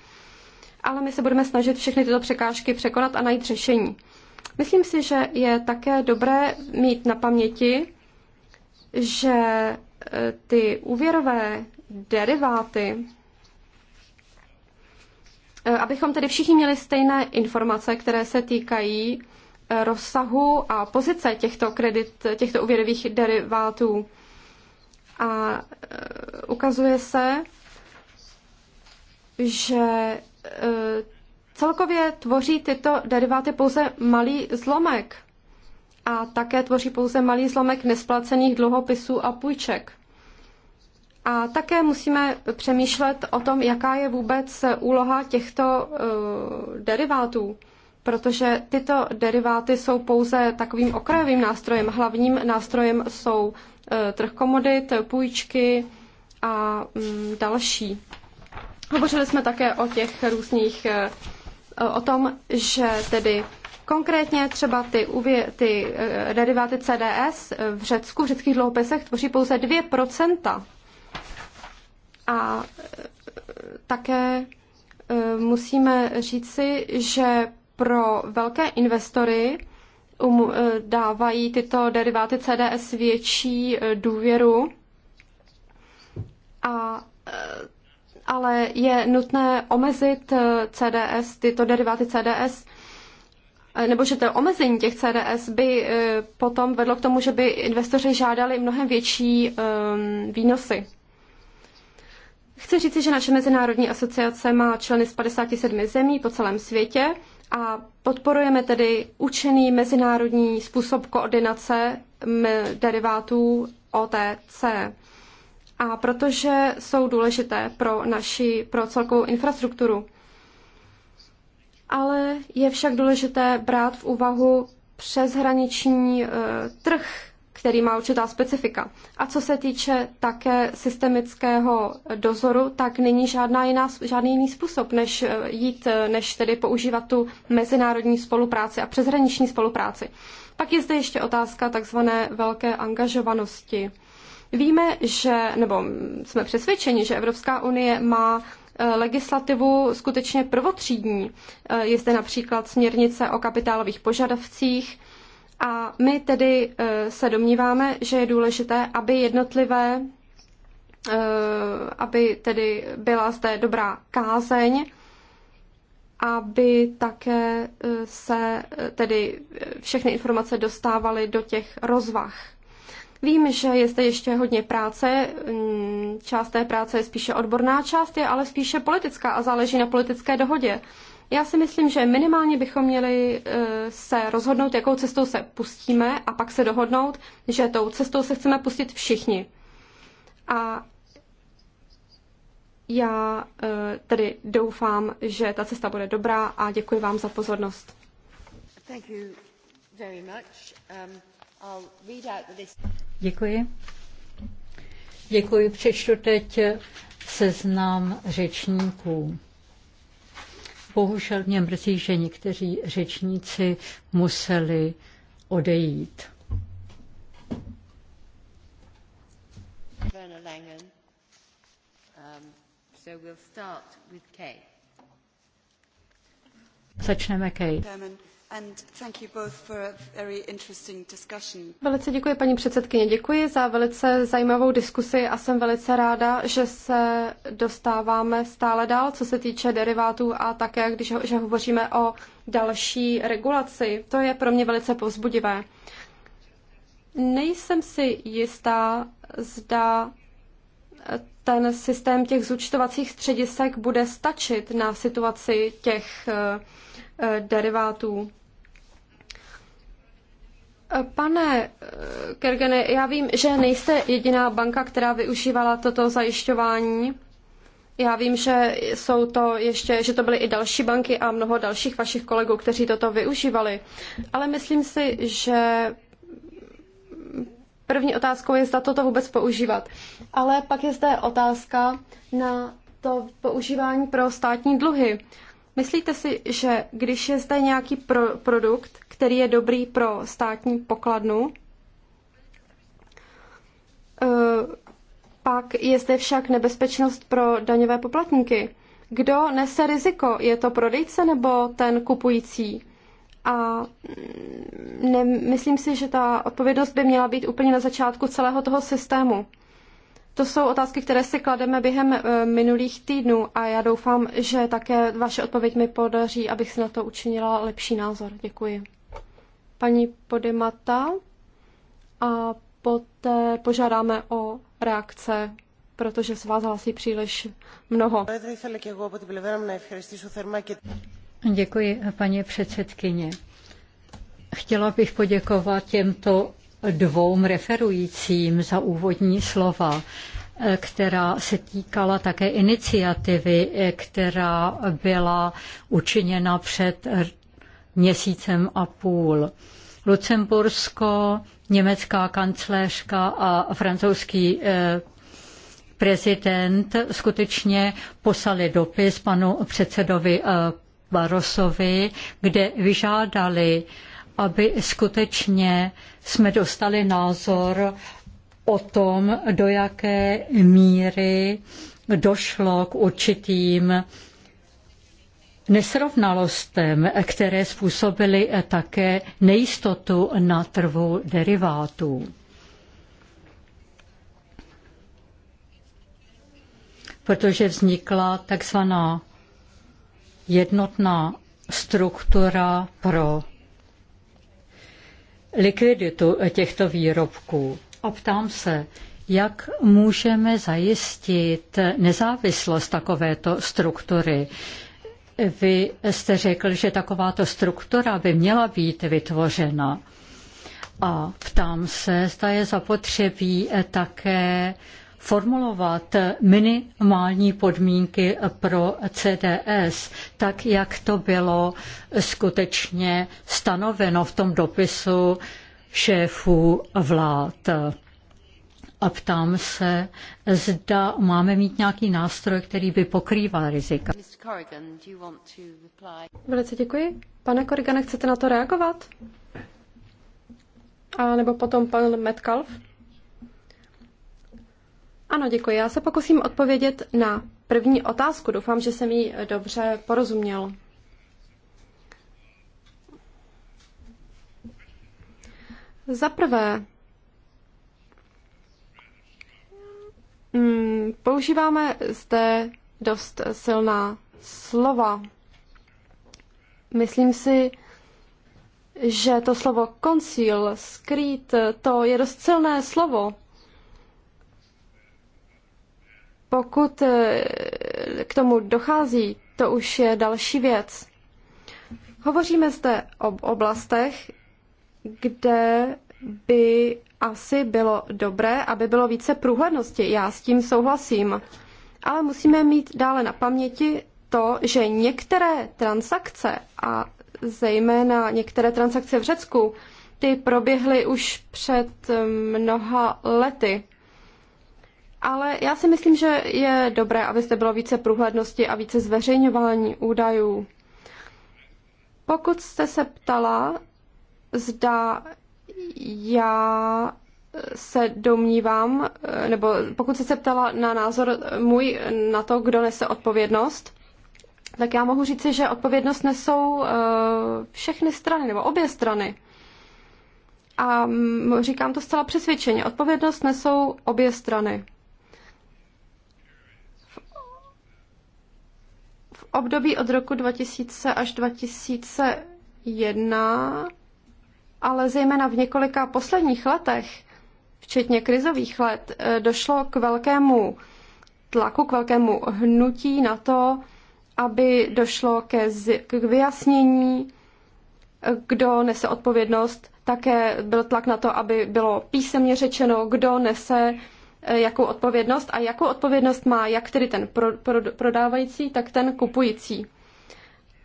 Ale my se budeme snažit všechny tyto překážky překonat a najít řešení. Myslím si, že je také dobré mít na paměti, že eh, ty úvěrové deriváty Eh, abychom tedy všichni měli stejné informace, které se týkají eh, rozsahu a pozice těchto kredit, těchto úvěrových derivátů. A eh, ukazuje se, že celkově tvoří tyto deriváty pouze malý zlomek a také tvoří pouze malý zlomek nesplacených dluhopisů a půjček. A také musíme přemýšlet o tom, jaká je vůbec úloha těchto uh, derivátů, protože tyto deriváty jsou pouze takovým okrajovým nástrojem. Hlavním nástrojem jsou uh, trh komodit, půjčky a um, další. Hovořili jsme také o těch různých, uh, o tom, že tedy Konkrétně třeba ty, uvě, ty uh, deriváty CDS v Řecku, v řeckých dluhopisech tvoří pouze 2 a e, také e, musíme říci, že pro velké investory um, e, dávají tyto deriváty CDS větší důvěru, a, ale je nutné omezit CDS, tyto deriváty CDS, nebo že to omezení těch CDS by potom vedlo k tomu, že by investoři žádali mnohem větší výnosy. Chci říci, že naše mezinárodní asociace má členy z 57 zemí po celém světě a podporujeme tedy učený mezinárodní způsob koordinace derivátů OTC. A protože jsou důležité pro naši, pro celkovou infrastrukturu. Ale je však důležité brát v úvahu přeshraniční e, trh který má určitá specifika. A co se týče také systemického dozoru, tak není žádná jiná, žádný jiný způsob, než eh, jít, eh, než tedy používat tu mezinárodní spolupráci a přeshraniční spolupráci. Pak je zde ještě otázka takzvané velké angažovanosti. Víme, že, nebo jsme přesvědčeni, že Evropská unie má eh, legislativu skutečně prvotřídní. Je zde například směrnice o kapitálových požadavcích, a my tedy eh, se domníváme, že je důležité, aby jednotlivé, eh, aby tedy byla zde dobrá kázeň, aby také eh, se tedy všechny informace dostávaly do těch rozvah. Vím, že je zde ještě hodně práce. Mm, část té práce je spíše odborná, část je ale spíše politická a záleží na politické dohodě. Já si myslím, že minimálně bychom měli eh, se rozhodnout, jakou cestou se pustíme a pak se dohodnout, že tou cestou se chceme pustit všichni. A já eh, tedy doufám, že ta cesta bude dobrá a děkuji vám za pozornost. Um, děkuji. Děkuji. Přečtu teď seznam řečníků. Bohužel mě mrzí, že někteří řečníci museli odejít. Werner Langen. Um, so we'll start with Kate. Začneme, Kate. Velice děkuji, paní předsedkyně. Děkuji za velice zajímavou diskusi a jsem velice ráda, že se dostáváme stále dál, co se týče derivátů a také, když že hovoříme o další regulaci. To je pro mě velice povzbudivé. Nejsem si jistá, zda ten systém těch zúčtovacích středisek bude stačit na situaci těch uh, Eh, derivátů. Eh, pane eh, Kergene, já vím, že nejste jediná banka, která využívala toto zajišťování. Já vím, že jsou to ještě, že to byly i další banky a mnoho dalších vašich kolegů, kteří toto využívali. Ale myslím si, že první otázkou je, zda toto vůbec používat. Ale pak je zde otázka na to používání pro státní dluhy. Myslíte si, že když je zde nějaký pro- produkt, který je dobrý pro státní pokladnu, eh, pak je zde však nebezpečnost pro daňové poplatníky. Kdo nese riziko? Je to prodejce nebo ten kupující? A mm, ne, myslím si, že ta odpovědnost by měla být úplně na začátku celého toho systému. To jsou otázky, které si klademe během eh, minulých týdnů a já doufám, že také vaše odpověď mi podaří, abych si na to učinila lepší názor. Děkuji. Paní Podimata a poté požádáme o reakce, protože se vás hlasí příliš mnoho. Děkuji, paní předsedkyně. Chtěla bych poděkovat těmto dvou referujícím za úvodní slova eh, která se týkala také iniciativy, eh, která byla učiněna před měsícem a půl. Lucembursko, německá kancléřka a francouzský eh, prezident skutečně poslali dopis panu předsedovi Barosovi, kde vyžádali aby skutečně jsme dostali názor o tom, do jaké míry došlo k určitým nesrovnalostem, které způsobily také nejistotu na trhu derivátů. Protože vznikla takzvaná jednotná struktura pro likviditu těchto výrobků. Optám se, jak můžeme zajistit nezávislost takovéto struktury? Vy jste řekl, že takováto struktura by měla být vytvořena. A ptám se, zda je zapotřebí také formulovat minimální podmínky pro CDS, tak jak to bylo skutečně stanoveno v tom dopisu šéfů vlád. A ptám se, zda máme mít nějaký nástroj, který by pokrýval rizika. Velice děkuji. Pane Korigane, chcete na to reagovat? A nebo potom pan Metcalf? Ano, děkuji. Já se pokusím odpovědět na první otázku. Doufám, že jsem ji dobře porozuměl. Za prvé, mm, používáme zde dost silná slova. Myslím si, že to slovo conceal, skrýt, to je dost silné slovo. Pokud eh, k tomu dochází, to už je další věc. Hovoříme zde o oblastech, kde by asi bylo dobré, aby bylo více průhlednosti. Já s tím souhlasím. Ale musíme mít dále na paměti to, že některé transakce a zejména některé transakce v Řecku, ty proběhly už před eh, mnoha lety. Ale já si myslím, že je dobré, aby zde bylo více průhlednosti a více zveřejňování údajů. Pokud jste se ptala, zda já se domnívám, nebo pokud jste se ptala na názor můj na to, kdo nese odpovědnost, tak já mohu říci, že odpovědnost nesou eh, všechny strany, nebo obě strany. A mm, říkám to zcela přesvědčeně, odpovědnost nesou obě strany. období od roku 2000 až 2001, ale zejména v několika posledních letech, včetně krizových let, eh, došlo k velkému tlaku, k velkému hnutí na to, aby došlo ke z, k vyjasnění, eh, kdo nese odpovědnost. Také byl tlak na to, aby bylo písemně řečeno, kdo nese Eh, jakou odpovědnost a jakou odpovědnost má jak tedy ten pro, pro, prodávající, tak ten kupující.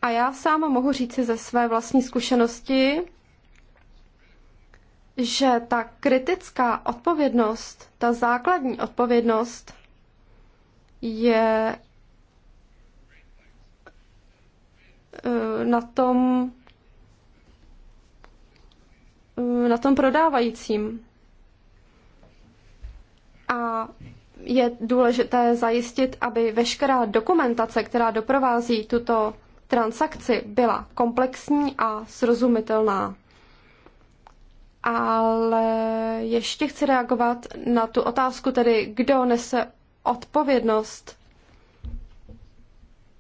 A já sám mohu říci ze své vlastní zkušenosti, že ta kritická odpovědnost, ta základní odpovědnost je eh, na tom, eh, na tom prodávajícím a je důležité zajistit, aby veškerá dokumentace, která doprovází tuto transakci, byla komplexní a srozumitelná. Ale ještě chci reagovat na tu otázku, tedy kdo nese odpovědnost.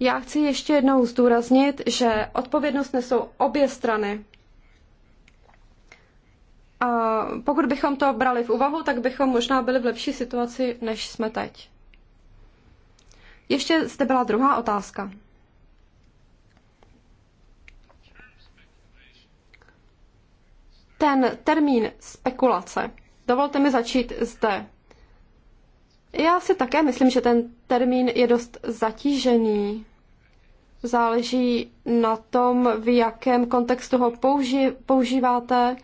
Já chci ještě jednou zdůraznit, že odpovědnost nesou obě strany pokud bychom to brali v úvahu, tak bychom možná byli v lepší situaci, než jsme teď. Ještě zde byla druhá otázka. Ten termín spekulace. Dovolte mi začít zde. Já si také myslím, že ten termín je dost zatížený. Záleží na tom, v jakém kontextu ho použi- používáte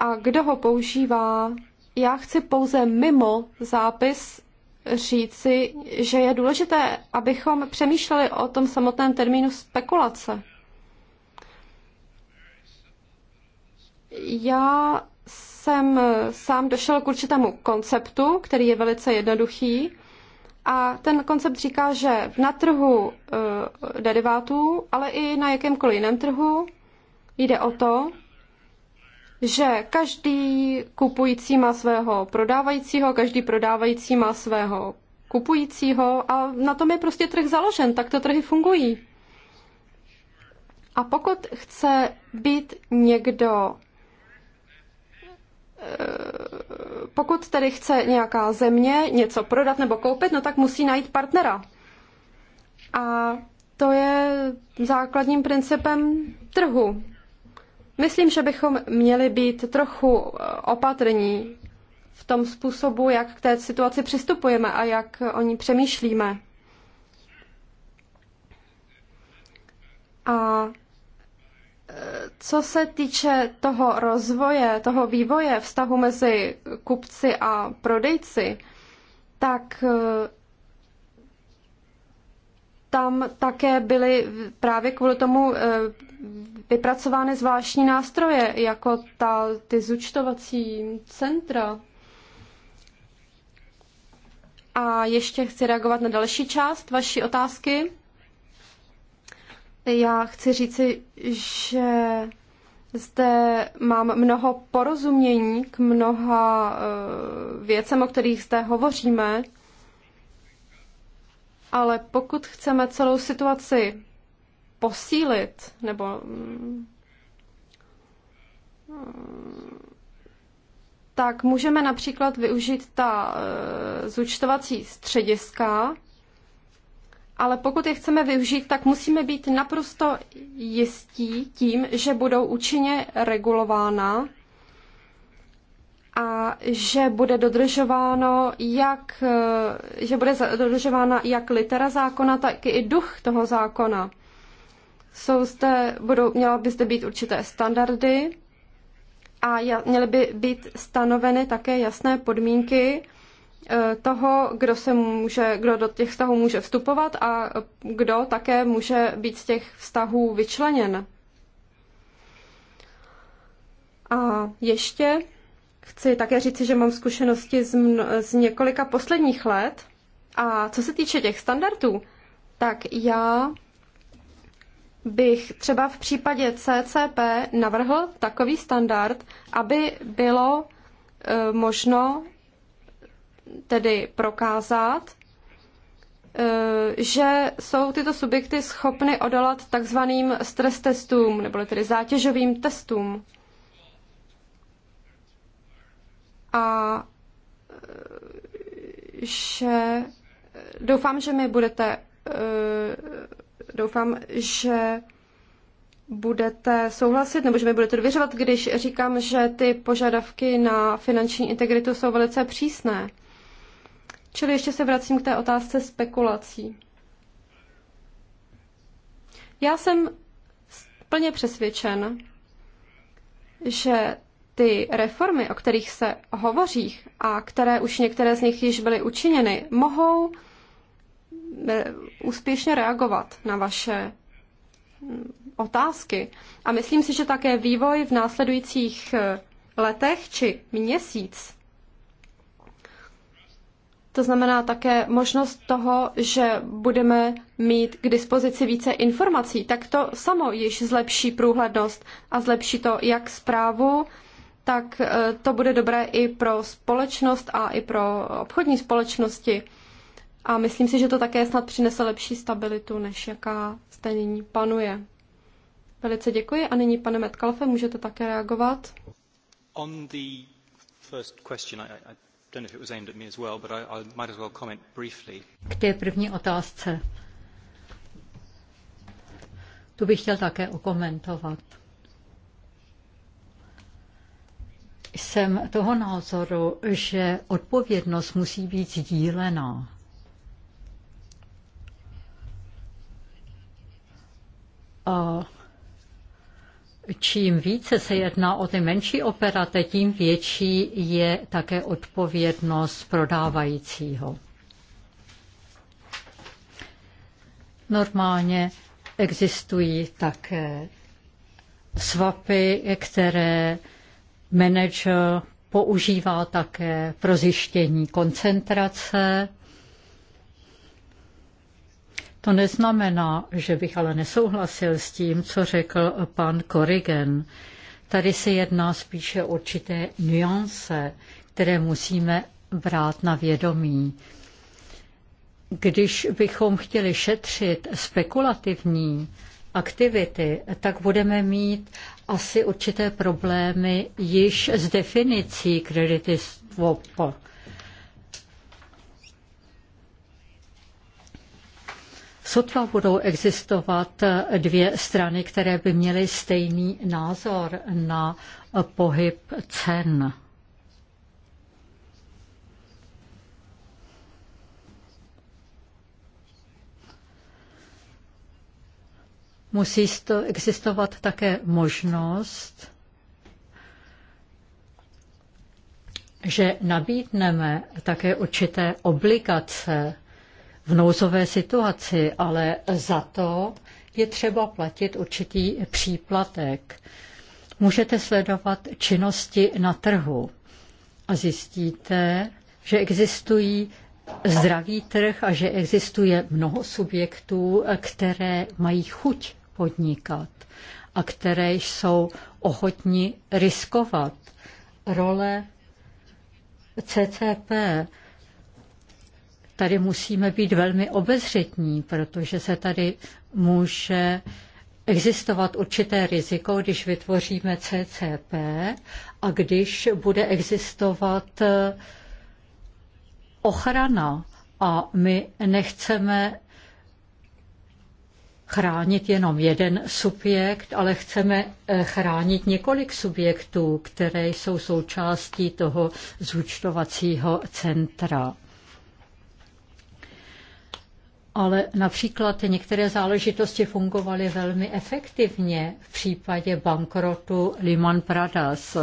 a kdo ho používá. Já chci pouze mimo zápis říci, že je důležité, abychom přemýšleli o tom samotném termínu spekulace. Já jsem sám došel k určitému konceptu, který je velice jednoduchý. A ten koncept říká, že na trhu eh, derivátů, ale i na jakémkoliv jiném trhu jde o to, že každý kupující má svého prodávajícího, každý prodávající má svého kupujícího a na tom je prostě trh založen, tak to trhy fungují. A pokud chce být někdo, eh, pokud tedy chce nějaká země něco prodat nebo koupit, no tak musí najít partnera. A to je základním principem trhu. Myslím, že bychom měli být trochu eh, opatrní v tom způsobu, jak k té situaci přistupujeme a jak o ní přemýšlíme. A eh, co se týče toho rozvoje, toho vývoje vztahu mezi kupci a prodejci, tak eh, tam také byly právě kvůli tomu vypracovány zvláštní nástroje, jako ta, ty zúčtovací centra. A ještě chci reagovat na další část vaší otázky. Já chci říci, že zde mám mnoho porozumění k mnoha eh, věcem, o kterých zde hovoříme, ale pokud chceme celou situaci posílit nebo mm, tak můžeme například využít ta eh, zúčtovací střediska, ale pokud je chceme využít, tak musíme být naprosto jistí tím, že budou účinně regulována a že bude dodržováno jak, eh, že bude dodržována jak litera zákona, tak i duch toho zákona. Jsou zde, budou, měla by zde být určité standardy a měly by být stanoveny také jasné podmínky eh, toho, kdo, se může, kdo do těch vztahů může vstupovat a kdo také může být z těch vztahů vyčleněn. A ještě chci také říci, že mám zkušenosti z, z několika posledních let. A co se týče těch standardů, tak já bych třeba v případě CCP navrhl takový standard, aby bylo e, možno tedy prokázat, e, že jsou tyto subjekty schopny odolat takzvaným stres testům, nebo tedy zátěžovým testům. A e, že doufám, že mi budete doufám, že budete souhlasit, nebo že mi budete důvěřovat, když říkám, že ty požadavky na finanční integritu jsou velice přísné. Čili ještě se vracím k té otázce spekulací. Já jsem plně přesvědčen, že ty reformy, o kterých se hovoří a které už některé z nich již byly učiněny, mohou úspěšně reagovat na vaše mm, otázky. A myslím si, že také vývoj v následujících eh, letech či měsíc. To znamená také možnost toho, že budeme mít k dispozici více informací, tak to samo již zlepší průhlednost a zlepší to jak zprávu, tak eh, to bude dobré i pro společnost a i pro obchodní společnosti. A myslím si, že to také snad přinese lepší stabilitu, než jaká zde nyní panuje. Velice děkuji a nyní, pane Metcalfe, můžete také reagovat. On the first question, I, I K té první otázce. Tu bych chtěl také okomentovat. Jsem toho názoru, že odpovědnost musí být sdílená. A čím více se jedná o ty menší operace, tím větší je také odpovědnost prodávajícího. Normálně existují také svapy, které manager používá také pro zjištění koncentrace to neznamená, že bych ale nesouhlasil s tím, co řekl pan Korigen. Tady se jedná spíše o určité nuance, které musíme brát na vědomí. Když bychom chtěli šetřit spekulativní aktivity, tak budeme mít asi určité problémy již s definicí kredity Sotva budou existovat dvě strany, které by měly stejný názor na pohyb cen. Musí to existovat také možnost, že nabídneme také určité obligace v nouzové situaci, ale za to je třeba platit určitý příplatek. Můžete sledovat činnosti na trhu a zjistíte, že existují zdravý trh a že existuje mnoho subjektů, které mají chuť podnikat a které jsou ochotni riskovat. Role CCP tady musíme být velmi obezřetní, protože se tady může existovat určité riziko, když vytvoříme CCP a když bude existovat eh, ochrana a my nechceme chránit jenom jeden subjekt, ale chceme eh, chránit několik subjektů, které jsou součástí toho zúčtovacího centra ale například některé záležitosti fungovaly velmi efektivně v případě bankrotu Lehman Brothers.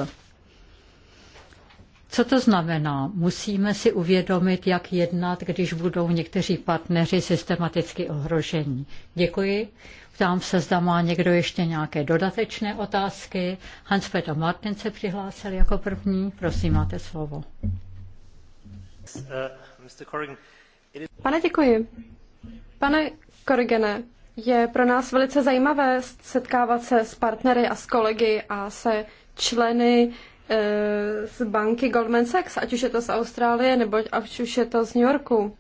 Co to znamená? Musíme si uvědomit, jak jednat, když budou někteří partneři systematicky ohroženi. Děkuji. Ptám se, zda má někdo ještě nějaké dodatečné otázky. Hans-Peter Martin se přihlásil jako první. Prosím, máte slovo. Uh, Pane, děkuji. Pane Korigene, je pro nás velice zajímavé setkávat se s partnery a s kolegy a se členy e, z banky Goldman Sachs, ať už je to z Austrálie nebo ať už je to z New Yorku.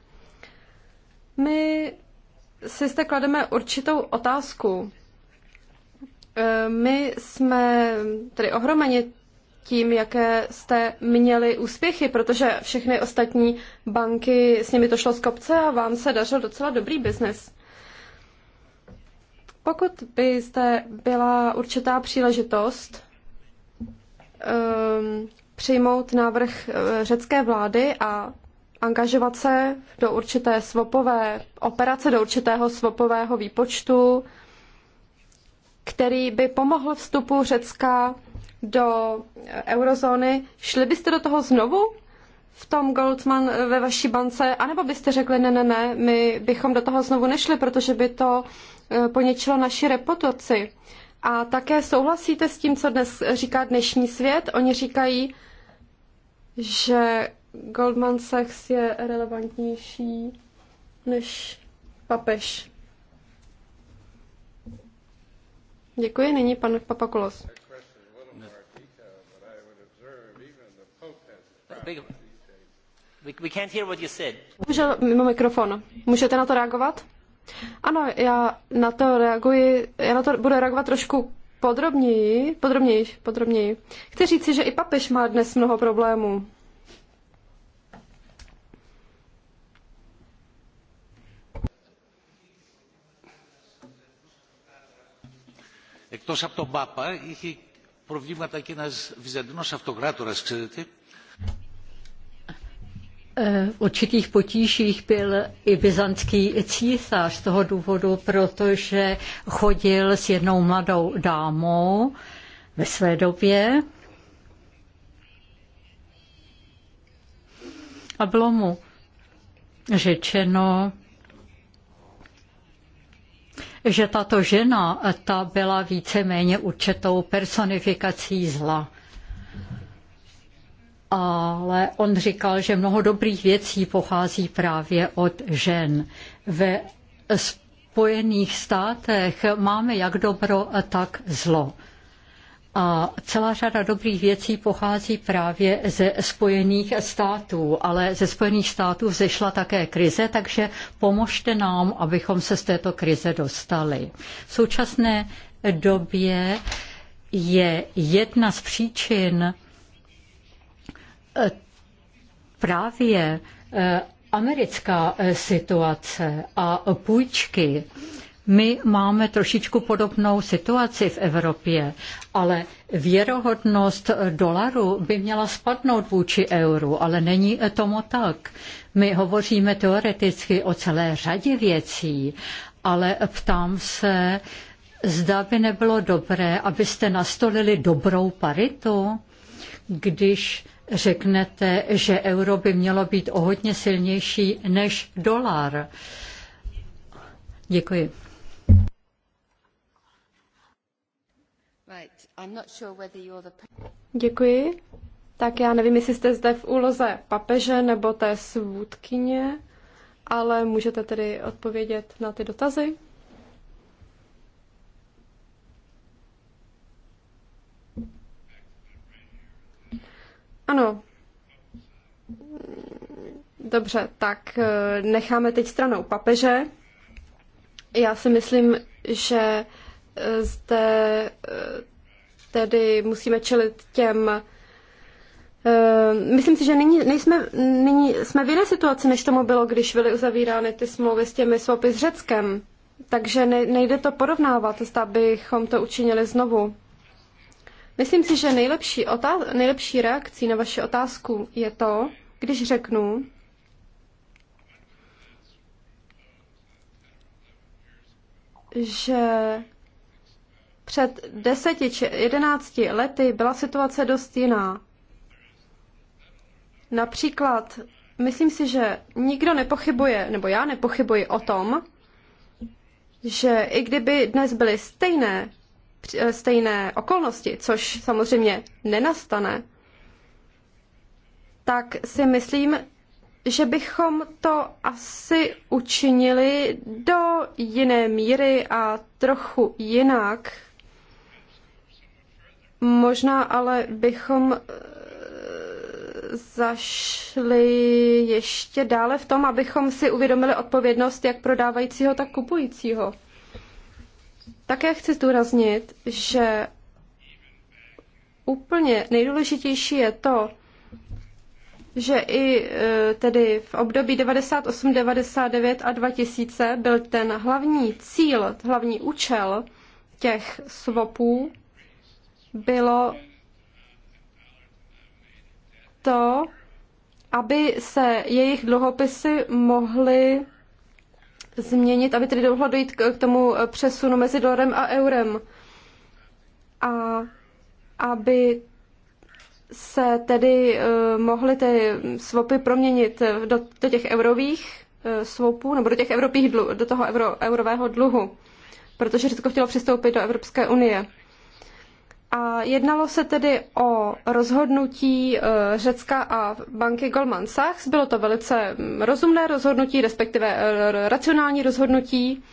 My si zde klademe určitou otázku. E, my jsme tedy ohromeni tím, jaké jste měli úspěchy, protože všechny ostatní banky, s nimi to šlo z kopce a vám se dařil docela dobrý biznis. Pokud byste byla určitá příležitost um, přijmout návrh eh, řecké vlády a angažovat se do určité svopové operace, do určitého svopového výpočtu, který by pomohl vstupu Řecka do eurozóny, šli byste do toho znovu v tom Goldman ve vaší bance, anebo byste řekli, ne, ne, ne, my bychom do toho znovu nešli, protože by to eh, poničilo naši reputaci. A také souhlasíte s tím, co dnes říká dnešní svět? Oni říkají, že Goldman Sachs je relevantnější než papež. Děkuji, nyní pan Papakulos. Může mimo mikrofon. Můžete na to reagovat? Ano, já na to reaguji, já na to budu reagovat trošku podrobněji, podrobněji, podrobněji. Chci říci, že i papež má dnes mnoho problémů. Εκτός από τον Πάπα, είχε προβλήματα και ένας Βυζαντινός αυτοκράτορας, ξέρετε, Eh, v určitých potížích byl i byzantský císař z toho důvodu, protože chodil s jednou mladou dámou ve své době a bylo mu řečeno, že tato žena ta byla víceméně určitou personifikací zla ale on říkal, že mnoho dobrých věcí pochází právě od žen. Ve Spojených státech máme jak dobro, tak zlo. A celá řada dobrých věcí pochází právě ze Spojených států, ale ze Spojených států vzešla také krize, takže pomožte nám, abychom se z této krize dostali. V současné době je jedna z příčin Eh, právě eh, americká eh, situace a půjčky. My máme trošičku podobnou situaci v Evropě, ale věrohodnost dolaru by měla spadnout vůči euru, ale není tomu tak. My hovoříme teoreticky o celé řadě věcí, ale ptám se, zda by nebylo dobré, abyste nastolili dobrou paritu, když řeknete, že euro by mělo být o hodně silnější než dolar. Děkuji. Děkuji. Tak já nevím, jestli jste zde v úloze papeže nebo té svůdkyně, ale můžete tedy odpovědět na ty dotazy. Ano. Dobře, tak eh, necháme teď stranou papeže. Já si myslím, že eh, zde eh, tedy musíme čelit těm Myslím si, že nyní, nejsme, nyní jsme v jiné situaci, než tomu bylo, když byly uzavírány ty smlouvy s těmi swapy s Řeckem. Takže nejde to porovnávat, zda bychom to učinili znovu. Myslím si, že nejlepší, otáz- nejlepší reakcí na vaši otázku je to, když řeknu, že před deseti či jedenácti lety byla situace dost jiná. Například, myslím si, že nikdo nepochybuje, nebo já nepochybuji o tom, že i kdyby dnes byly stejné Eh, stejné okolnosti, což samozřejmě nenastane, tak si myslím, že bychom to asi učinili do jiné míry a trochu jinak. Možná ale bychom eh, zašli ještě dále v tom, abychom si uvědomili odpovědnost jak prodávajícího, tak kupujícího. Také chci zdůraznit, že úplně nejdůležitější je to, že i e, tedy v období 98, 99 a 2000 byl ten hlavní cíl, hlavní účel těch svopů, bylo to, aby se jejich dluhopisy mohly změnit, aby tedy mohla dojít k tomu eh, přesunu mezi dolarem a eurem. A aby se tedy eh, mohly ty svopy proměnit eh, do, do těch eurových svopů nebo do těch evropých dlu, do toho euro, eurového dluhu, protože Řecko chtělo přistoupit do Evropské unie. A jednalo se tedy o rozhodnutí eh, Řecka a banky Goldman Sachs. Bylo to velice mm, rozumné rozhodnutí, respektive eh, racionální rozhodnutí.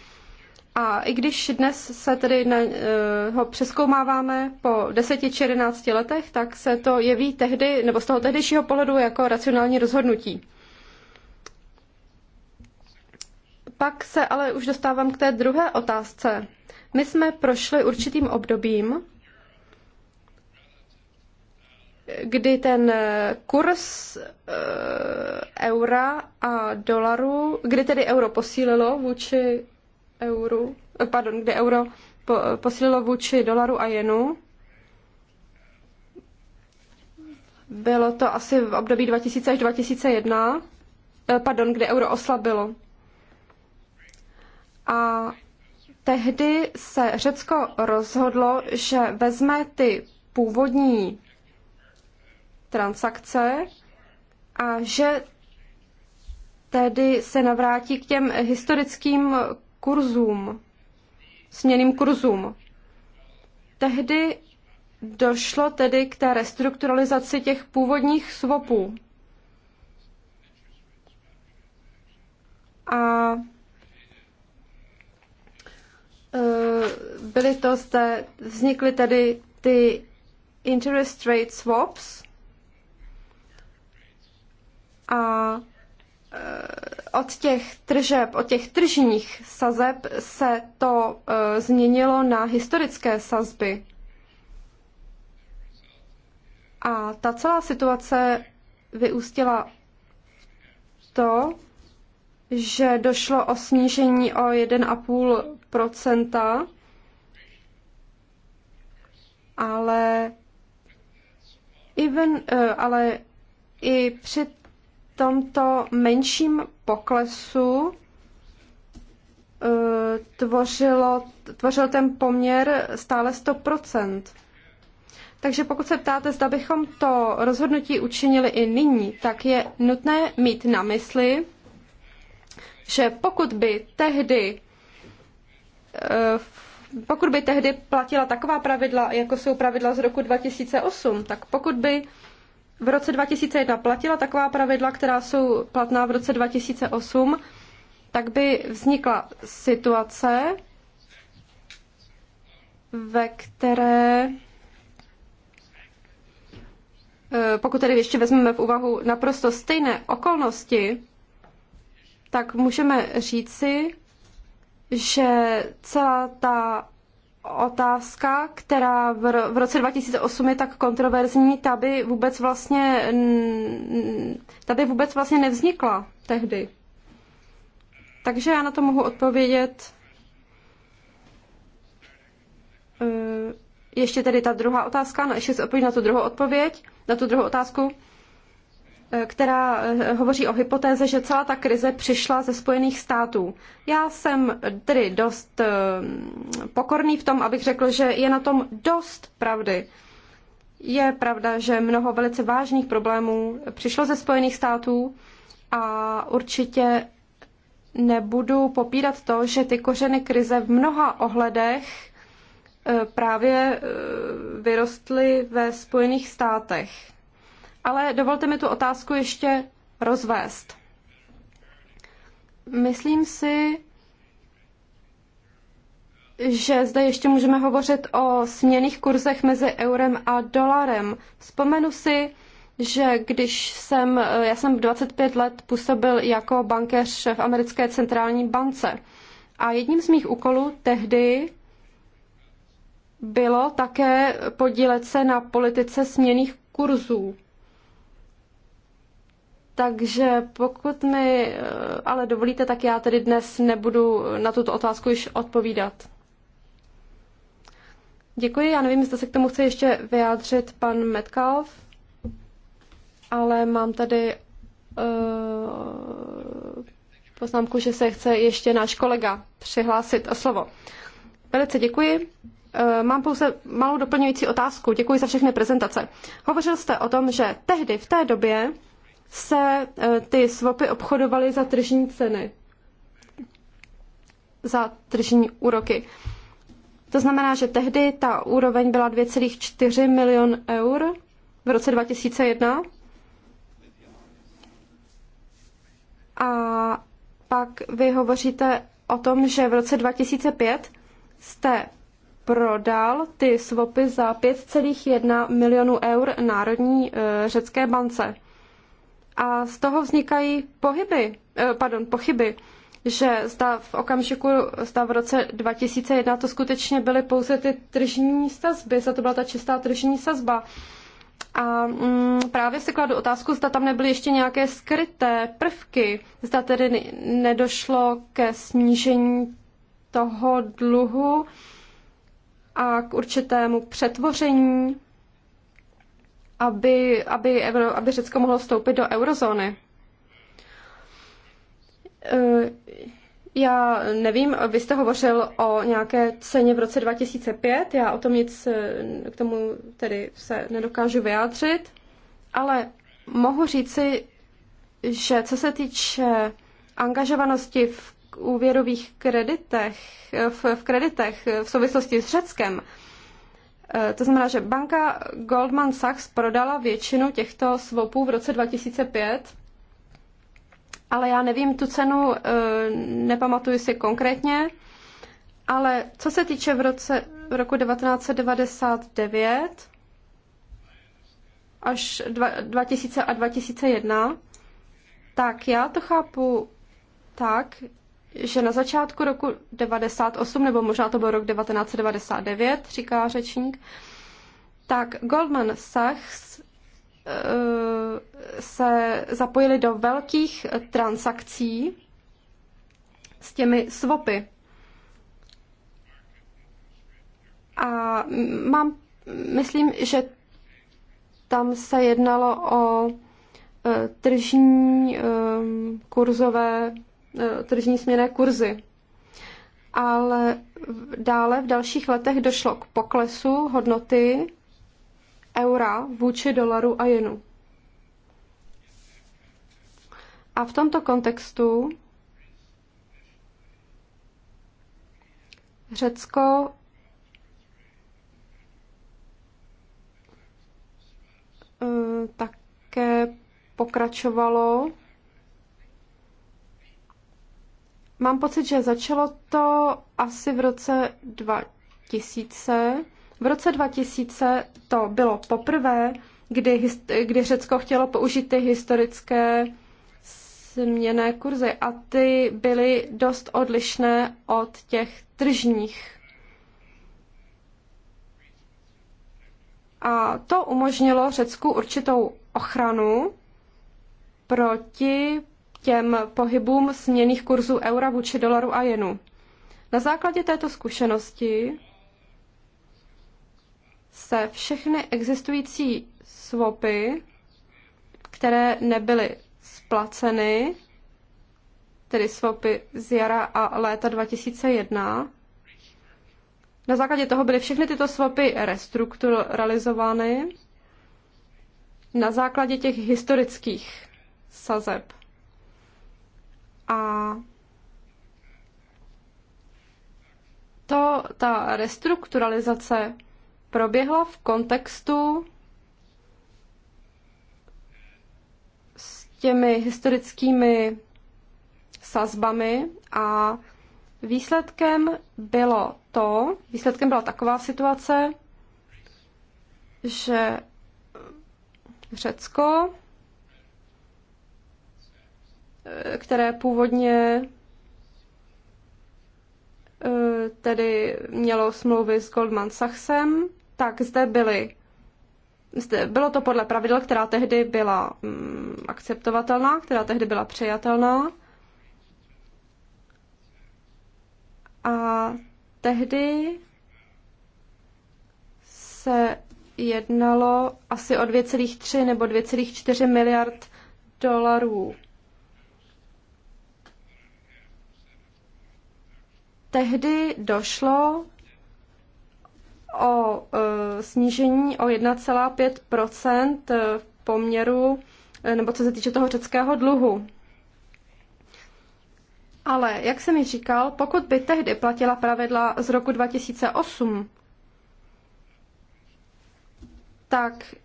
A i když dnes se tedy na, eh, ho přeskoumáváme po 10 či 11 letech, tak se to jeví tehdy, nebo z toho tehdejšího pohledu jako racionální rozhodnutí. Pak se ale už dostávám k té druhé otázce. My jsme prošli určitým obdobím, kdy ten eh, kurz eh, eura a dolaru, kdy tedy euro posílilo vůči euru, eh, pardon, kdy euro po, posílilo vůči dolaru a jenu, bylo to asi v období 2000 až 2001, pardon, kdy euro oslabilo. A tehdy se Řecko rozhodlo, že vezme ty původní transakce a že tedy se navrátí k těm historickým kurzům, směným kurzům. Tehdy došlo tedy k té restrukturalizaci těch původních svopů. A e, byly to zde, vznikly tedy ty interest rate swaps, a eh, od těch tržeb, od těch tržních sazeb se to eh, změnilo na historické sazby. A ta celá situace vyústila to, že došlo o snížení o 1,5 ale, even, ale i eh, při tomto menším poklesu eh, tvořilo, tvořil ten poměr stále 100%. Takže pokud se ptáte, zda bychom to rozhodnutí učinili i nyní, tak je nutné mít na mysli, že pokud by tehdy eh, pokud by tehdy platila taková pravidla, jako jsou pravidla z roku 2008, tak pokud by v roce 2001 platila taková pravidla, která jsou platná v roce 2008, tak by vznikla situace, ve které e, pokud tedy ještě vezmeme v úvahu naprosto stejné okolnosti, tak můžeme říci, že celá ta otázka, která v roce 2008 je tak kontroverzní, ta by vůbec vlastně, tady vůbec vlastně nevznikla tehdy. Takže já na to mohu odpovědět eh, ještě tedy ta druhá otázka, no ještě se na tu druhou odpověď, na tu druhou otázku která eh, hovoří o hypotéze, že celá ta krize přišla ze Spojených států. Já jsem tedy dost eh, pokorný v tom, abych řekl, že je na tom dost pravdy. Je pravda, že mnoho velice vážných problémů přišlo ze Spojených států a určitě nebudu popírat to, že ty kořeny krize v mnoha ohledech eh, právě vyrostly ve Spojených státech ale dovolte mi tu otázku ještě rozvést. Myslím si, že zde ještě můžeme hovořit o směných kurzech mezi eurem a dolarem. Vzpomenu si, že když jsem, já jsem 25 let působil jako bankéř v americké centrální bance a jedním z mých úkolů tehdy bylo také podílet se na politice směných kurzů. Takže pokud mi eh, ale dovolíte, tak já tedy dnes nebudu na tuto otázku již odpovídat. Děkuji, já nevím, jestli se k tomu chce ještě vyjádřit pan Metcalf, ale mám tady uh, poznámku, že se chce ještě náš kolega přihlásit o slovo. Velice děkuji. Eh, mám pouze malou doplňující otázku. Děkuji za všechny prezentace. Hovořil jste o tom, že tehdy, v té době, se eh, ty swapy obchodovaly za tržní ceny, za tržní úroky. To znamená, že tehdy ta úroveň byla 2,4 milion eur v roce 2001. A pak vy hovoříte o tom, že v roce 2005 jste prodal ty svopy za 5,1 milionů eur Národní eh, řecké bance. A z toho vznikají pohyby, eh, pardon, pochyby, že zda v okamžiku, zda v roce 2001 to skutečně byly pouze ty tržní sazby, za to byla ta čistá tržní sazba. A mm, právě si kladu otázku, zda tam nebyly ještě nějaké skryté prvky, zda tedy nedošlo ke snížení toho dluhu a k určitému přetvoření aby, aby, Euro, aby Řecko mohlo vstoupit do eurozóny. E, já nevím, vy jste hovořil o nějaké ceně v roce 2005, já o tom nic e, k tomu tedy se nedokážu vyjádřit, ale mohu říci, že co se týče angažovanosti v úvěrových kreditech, v, v kreditech v souvislosti s Řeckem, Eh, to znamená, že banka Goldman Sachs prodala většinu těchto swapů v roce 2005, ale já nevím tu cenu, eh, nepamatuji si konkrétně, ale co se týče v roce, v roku 1999 až 2000 a 2001, tak já to chápu tak, že na začátku roku 98, nebo možná to byl rok 1999, říká řečník, tak Goldman Sachs eh, se zapojili do velkých transakcí s těmi swapy. A mám, myslím, že tam se jednalo o eh, tržní eh, kurzové Eh, tržní směné kurzy. Ale dále v dalších letech došlo k poklesu hodnoty eura vůči dolaru a jenu. A v tomto kontextu Řecko eh, také pokračovalo Mám pocit, že začalo to asi v roce 2000. V roce 2000 to bylo poprvé, kdy, kdy Řecko chtělo použít ty historické změné kurzy a ty byly dost odlišné od těch tržních. A to umožnilo Řecku určitou ochranu proti těm pohybům směných kurzů eura vůči dolaru a jenu. Na základě této zkušenosti se všechny existující swapy, které nebyly splaceny, tedy swapy z jara a léta 2001, na základě toho byly všechny tyto swapy restrukturalizovány na základě těch historických sazeb. A to, ta restrukturalizace proběhla v kontextu s těmi historickými sazbami a výsledkem bylo to, výsledkem byla taková situace, že Řecko které původně eh, tedy mělo smlouvy s Goldman Sachsem, tak zde byly zde, bylo to podle pravidel, která tehdy byla mm, akceptovatelná, která tehdy byla přijatelná. A tehdy se jednalo asi o 2,3 nebo 2,4 miliard dolarů. tehdy došlo o e, snížení o 1,5 v poměru, e, nebo co se týče toho řeckého dluhu. Ale, jak jsem mi říkal, pokud by tehdy platila pravidla z roku 2008, tak e,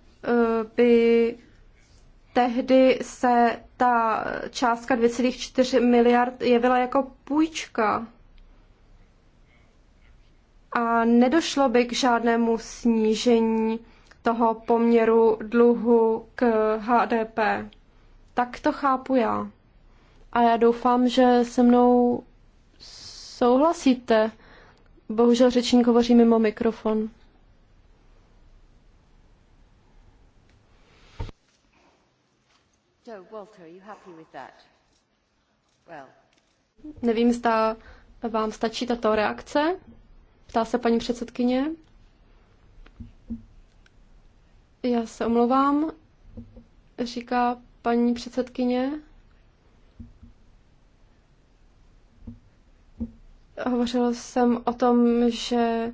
by tehdy se ta částka 2,4 miliard jevila jako půjčka a nedošlo by k žádnému snížení toho poměru dluhu k HDP. Tak to chápu já. A já doufám, že se mnou souhlasíte. Bohužel řečník hovoří mimo mikrofon. So, Walter, you happy with that? Well. Nevím, zda vám stačí tato reakce. Ptá se paní předsedkyně. Já se omlouvám, říká paní předsedkyně. Hovořil jsem o tom, že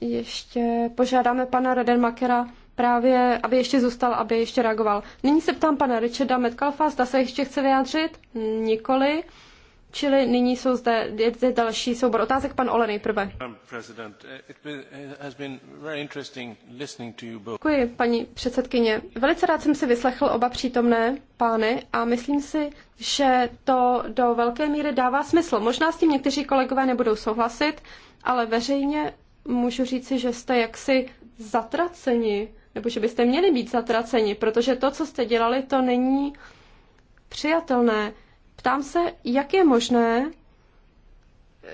ještě požádáme pana Redenmakera právě, aby ještě zůstal, aby ještě reagoval. Nyní se ptám pana Richarda Metcalfa, zda se ještě chce vyjádřit? Nikoli. Čili nyní jsou zde je, další soubor otázek. Pan Ole nejprve. Děkuji, paní předsedkyně. Velice rád jsem si vyslechl oba přítomné pány a myslím si, že to do velké míry dává smysl. Možná s tím někteří kolegové nebudou souhlasit, ale veřejně můžu říci, že jste jaksi zatraceni, nebo že byste měli být zatraceni, protože to, co jste dělali, to není přijatelné. Ptám se, jak je možné, eh,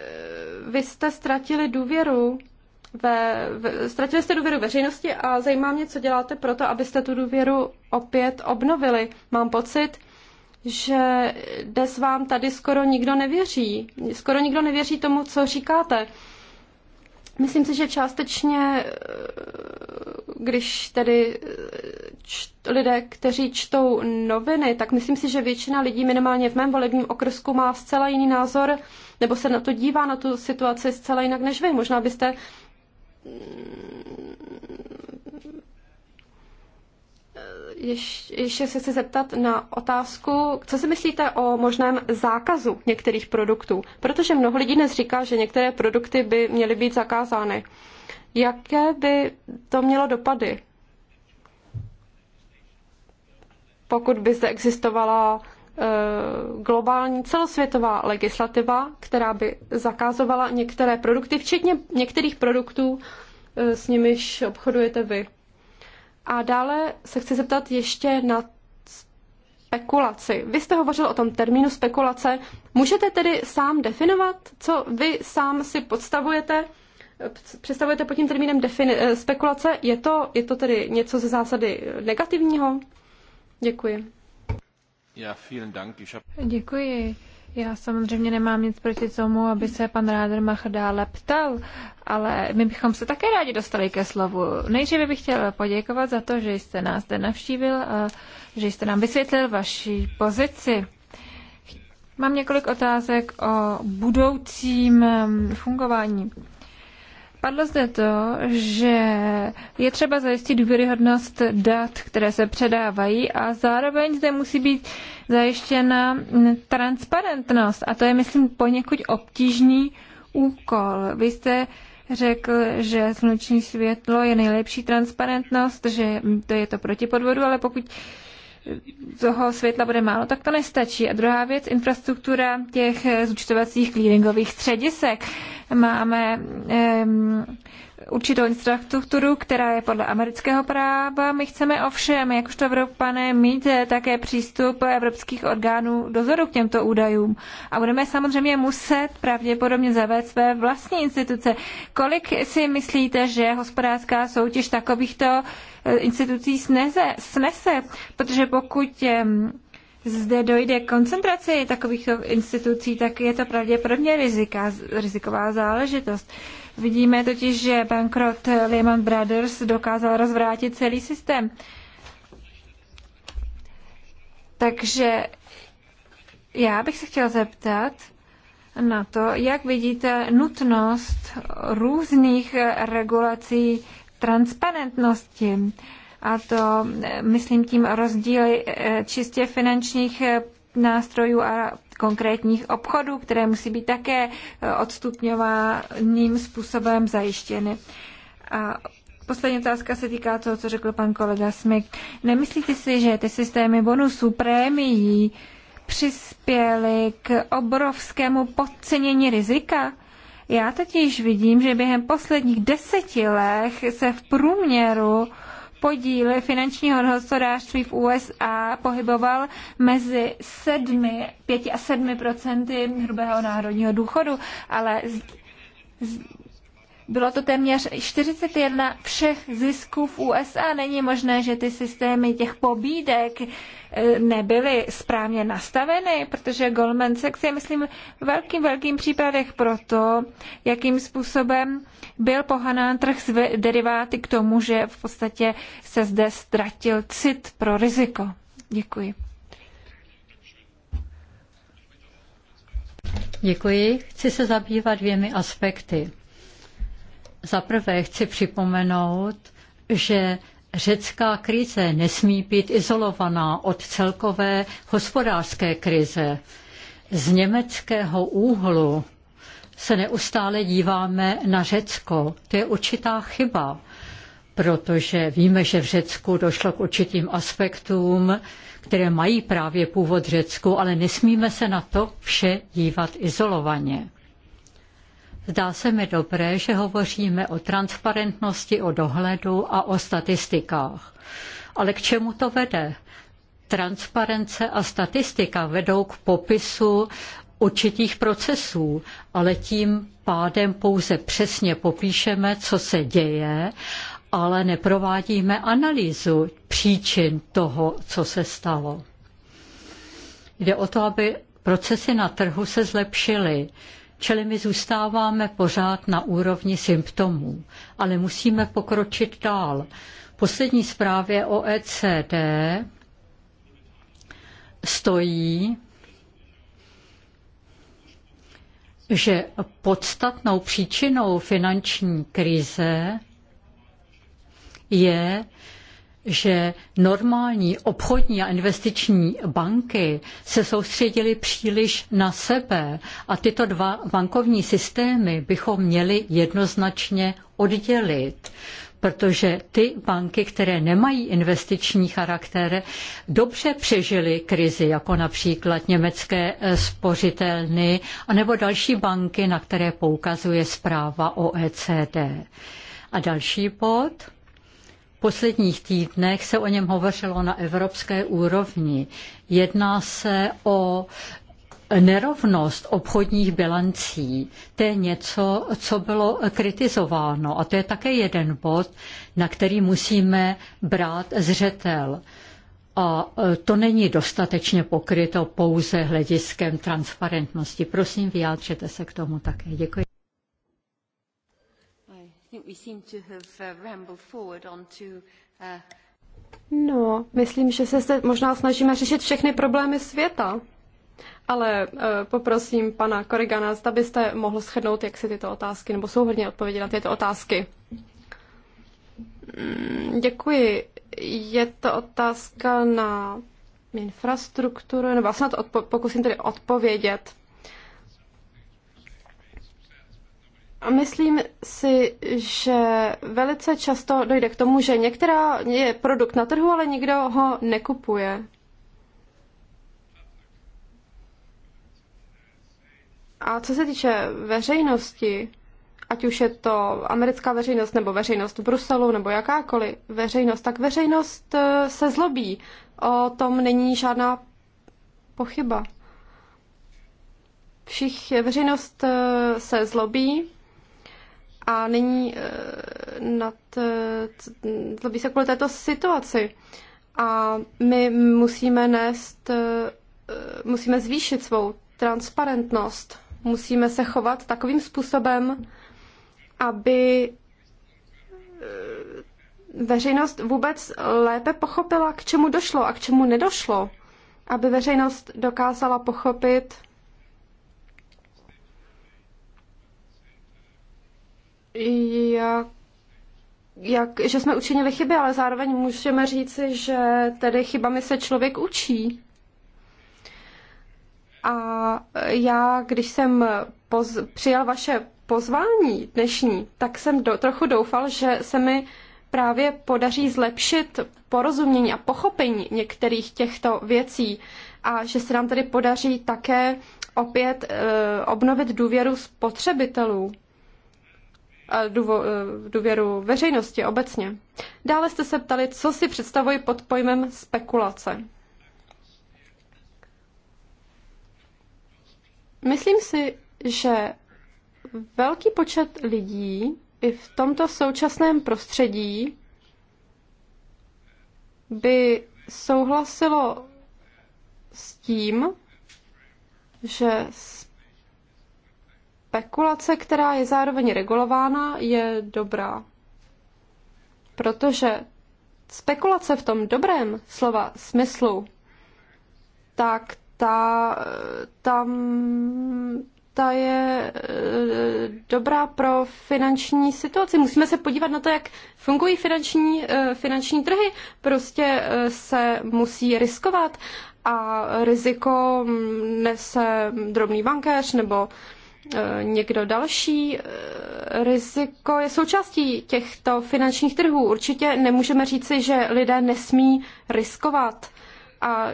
vy jste ztratili důvěru ve, ve, ztratili jste důvěru veřejnosti a zajímá mě, co děláte pro to, abyste tu důvěru opět obnovili. Mám pocit, že dnes vám tady skoro nikdo nevěří. Skoro nikdo nevěří tomu, co říkáte. Myslím si, že částečně eh, když tedy eh, lidé, kteří čtou noviny, tak myslím si, že většina lidí minimálně v mém volebním okrsku má zcela jiný názor, nebo se na to dívá, na tu situaci zcela jinak než vy. Možná byste eh, ještě, ještě se chci zeptat na otázku, co si myslíte o možném zákazu některých produktů? Protože mnoho lidí dnes říká, že některé produkty by měly být zakázány. Jaké by to mělo dopady? Pokud by zde existovala eh, globální celosvětová legislativa, která by zakázovala některé produkty, včetně některých produktů, eh, s nimiž obchodujete vy. A dále se chci zeptat ještě na spekulaci. Vy jste hovořil o tom termínu spekulace. Můžete tedy sám definovat, co vy sám si podstavujete Eh, představujete pod tím termínem defini- eh, spekulace? Je to, je to tedy něco ze zásady negativního? Děkuji. Ja, vielen Dank. Děkuji. Já samozřejmě nemám nic proti tomu, aby se pan Rádermach dále ptal, ale my bychom se také rádi dostali ke slovu. Nejdříve bych chtěl poděkovat za to, že jste nás zde navštívil a že jste nám vysvětlil vaši pozici. Mám několik otázek o budoucím fungování Padlo zde to, že je třeba zajistit důvěryhodnost dat, které se předávají a zároveň zde musí být zajištěna transparentnost a to je, myslím, poněkud obtížný úkol. Vy jste řekl, že sluneční světlo je nejlepší transparentnost, že to je to proti podvodu, ale pokud toho světla bude málo, tak to nestačí. A druhá věc, infrastruktura těch zúčtovacích clearingových středisek Máme um, určitou infrastrukturu, která je podle amerického práva. My chceme ovšem, jakožto Evropané, mít eh, také přístup evropských orgánů dozoru k těmto údajům. A budeme samozřejmě muset pravděpodobně zavést své vlastní instituce. Kolik si myslíte, že hospodářská soutěž takovýchto eh, institucí sneze, snese? Protože pokud um, zde dojde k koncentraci takovýchto institucí, tak je to pravděpodobně rizika, riziková záležitost. Vidíme totiž, že bankrot Lehman Brothers dokázal rozvrátit celý systém. Takže já bych se chtěla zeptat na to, jak vidíte nutnost různých regulací transparentnosti. Uh, a to eh, myslím tím rozdíly eh, čistě finančních eh, nástrojů a konkrétních obchodů, které musí být také odstupňováním způsobem zajištěny. A Poslední otázka se týká toho, co řekl pan kolega Smik. Nemyslíte si, že ty systémy bonusů, prémií přispěly k obrovskému podcenění rizika? Já totiž vidím, že během posledních deseti let se v průměru podíl finančního hospodářství v USA pohyboval mezi 7, 5 a 7 procenty hrubého národního důchodu, ale z, z, bylo to téměř 41 všech zisků v USA. Není možné, že ty systémy těch pobídek eh, nebyly správně nastaveny, protože Goldman Sachs je, myslím, velkým, velkým případech pro to, jakým způsobem byl pohanán trh s deriváty k tomu, že v podstatě se zde ztratil cit pro riziko. Děkuji. Děkuji. Chci se zabývat dvěmi aspekty. Za prvé chci připomenout, že řecká krize nesmí být izolovaná od celkové hospodářské krize. Z německého úhlu se neustále díváme na Řecko. To je určitá chyba, protože víme, že v Řecku došlo k určitým aspektům, které mají právě původ Řecku, ale nesmíme se na to vše dívat izolovaně. Zdá se mi dobré, že hovoříme o transparentnosti, o dohledu a o statistikách. Ale k čemu to vede? Transparence a statistika vedou k popisu určitých procesů, ale tím pádem pouze přesně popíšeme, co se děje, ale neprovádíme analýzu příčin toho, co se stalo. Jde o to, aby procesy na trhu se zlepšily. Čili my zůstáváme pořád na úrovni symptomů, ale musíme pokročit dál. V poslední zprávě OECD stojí, že podstatnou příčinou finanční krize je že normální obchodní a investiční banky se soustředily příliš na sebe a tyto dva bankovní systémy bychom měli jednoznačně oddělit protože ty banky, které nemají investiční charakter, dobře přežily krizi, jako například německé eh, spořitelny, anebo další banky, na které poukazuje zpráva OECD. A další bod – posledních týdnech se o něm hovořilo na evropské úrovni. Jedná se o nerovnost obchodních bilancí, to je něco, co bylo kritizováno a to je také jeden bod, na který musíme brát zřetel. A to není dostatečně pokryto pouze hlediskem transparentnosti. Prosím, vyjádřete se k tomu také. Děkuji. Uh, uh, no, myslím, že se možná snažíme řešit všechny problémy světa. Ale uh, poprosím pana Korigana, zda byste mohl shrnout, jak si tyto otázky, nebo souhrně odpovědět na tyto otázky. Mm, děkuji. Je to otázka na infrastrukturu, nebo snad odpo- pokusím tedy odpovědět. A myslím si, že velice často dojde k tomu, že některá je produkt na trhu, ale nikdo ho nekupuje. A co se týče veřejnosti, ať už je to americká veřejnost nebo veřejnost v Bruselu nebo jakákoliv veřejnost, tak veřejnost eh, se zlobí. O tom není žádná pochyba. Všich eh, veřejnost eh, se zlobí a nyní eh, nad, zlobí eh, se kvůli této situaci. A my musíme nést, eh, musíme zvýšit svou transparentnost. Musíme se chovat takovým způsobem, aby veřejnost vůbec lépe pochopila, k čemu došlo a k čemu nedošlo. Aby veřejnost dokázala pochopit, jak jak, že jsme učinili chyby, ale zároveň můžeme říci, že tedy chybami se člověk učí. A já, když jsem poz, přijal vaše pozvání dnešní, tak jsem do, trochu doufal, že se mi právě podaří zlepšit porozumění a pochopení některých těchto věcí a že se nám tedy podaří také opět e, obnovit důvěru spotřebitelů a eh, důvěru veřejnosti obecně. Dále jste se ptali, co si představuji pod pojmem spekulace. Myslím si, že velký počet lidí i v tomto současném prostředí by souhlasilo s tím, že spekulace, která je zároveň regulována, je dobrá. Protože spekulace v tom dobrém slova smyslu, tak ta, tam, ta je eh, dobrá pro finanční situaci. Musíme se podívat na to, jak fungují finanční, eh, finanční trhy. Prostě eh, se musí riskovat a riziko mm, nese drobný bankéř nebo Eh, někdo další. Eh, riziko je součástí těchto finančních trhů. Určitě nemůžeme říci, že lidé nesmí riskovat a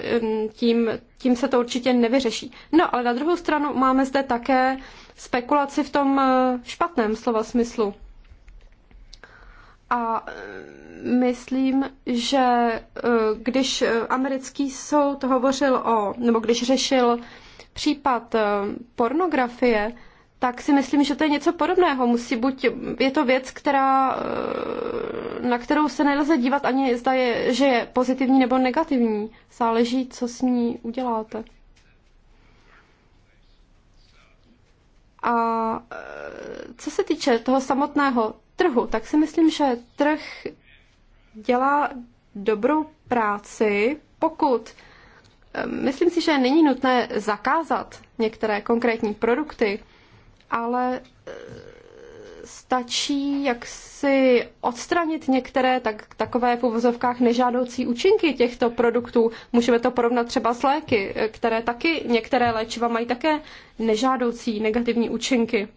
tím, tím se to určitě nevyřeší. No, ale na druhou stranu máme zde také spekulaci v tom eh, špatném slova smyslu. A myslím, že když americký soud hovořil o, nebo když řešil případ eh, pornografie, tak si myslím, že to je něco podobného. Musí buď, je to věc, která, eh, na kterou se nelze dívat ani zda je, že je pozitivní nebo negativní. Záleží, co s ní uděláte. A eh, co se týče toho samotného trhu, tak si myslím, že trh dělá dobrou práci, pokud Myslím si, že není nutné zakázat některé konkrétní produkty, ale e, stačí jak si odstranit některé tak, takové v uvozovkách nežádoucí účinky těchto produktů. Můžeme to porovnat třeba s léky, e, které taky, některé léčiva mají také nežádoucí negativní účinky.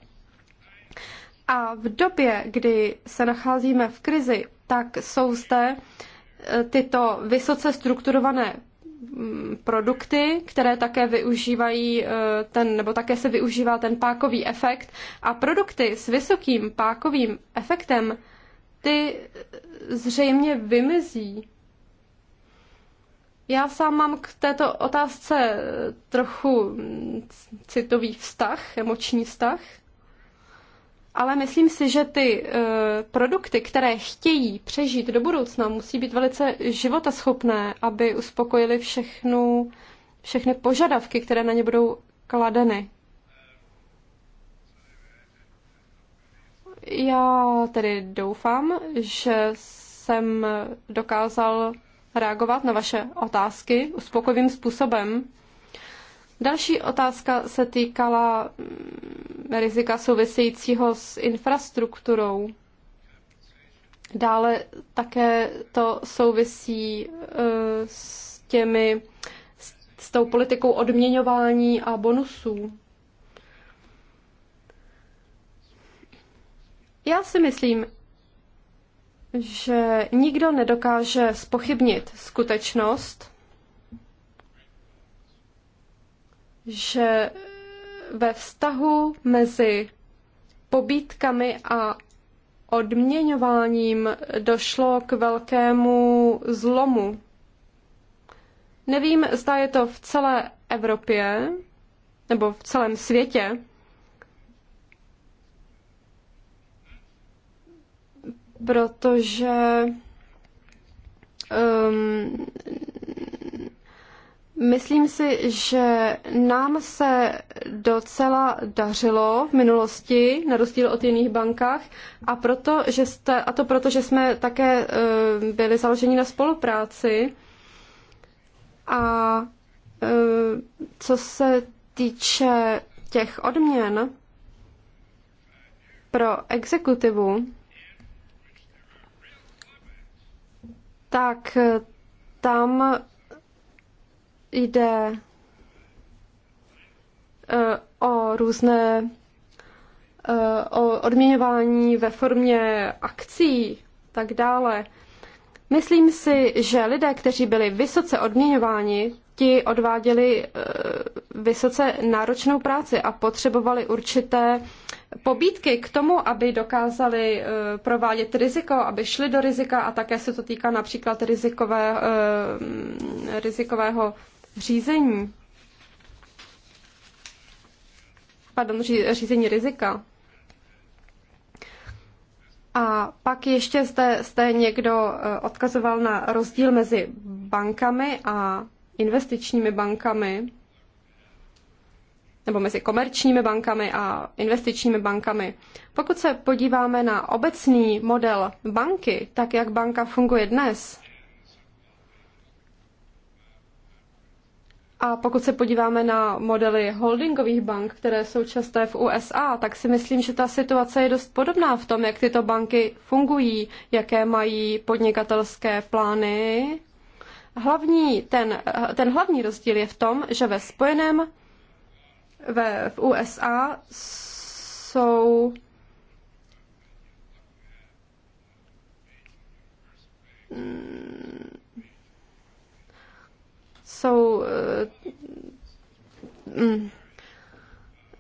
A v době, kdy se nacházíme v krizi, tak jsou zde e, tyto vysoce strukturované Mm, produkty, které také využívají eh, ten, nebo také se využívá ten pákový efekt a produkty s vysokým pákovým efektem ty zřejmě vymizí. Já sám mám k této otázce trochu mm, citový vztah, emoční vztah ale myslím si, že ty eh, produkty, které chtějí přežít do budoucna, musí být velice životaschopné, aby uspokojili všechnu, všechny požadavky, které na ně budou kladeny. Já tedy doufám, že jsem dokázal reagovat na vaše otázky uspokojivým způsobem. Další otázka se týkala mm, rizika souvisejícího s infrastrukturou. Dále také to souvisí eh, s těmi, s tou politikou odměňování a bonusů. Já si myslím, že nikdo nedokáže spochybnit skutečnost, že ve vztahu mezi pobítkami a odměňováním došlo k velkému zlomu. Nevím, zda je to v celé Evropě nebo v celém světě. Protože um, Myslím si, že nám se docela dařilo v minulosti, na rozdíl od jiných bankách, a, proto, že jste, a to proto, že jsme také eh, byli založeni na spolupráci. A eh, co se týče těch odměn pro exekutivu, tak eh, tam jde e, o různé e, o odměňování ve formě akcí, tak dále. Myslím si, že lidé, kteří byli vysoce odměňováni, ti odváděli e, vysoce náročnou práci a potřebovali určité pobídky k tomu, aby dokázali provádět riziko, aby šli do rizika a také se to týká například rizikové, rizikového řízení. Pardon, řízení rizika. A pak ještě jste, jste někdo eh, odkazoval na rozdíl mezi bankami a investičními bankami, nebo mezi komerčními bankami a investičními bankami. Pokud se podíváme na obecný model banky, tak jak banka funguje dnes, A pokud se podíváme na modely holdingových bank, které jsou časté v USA, tak si myslím, že ta situace je dost podobná v tom, jak tyto banky fungují, jaké mají podnikatelské plány. Hlavní, ten, ten hlavní rozdíl je v tom, že ve Spojeném, ve, v USA jsou Hmm. jsou eh, mm,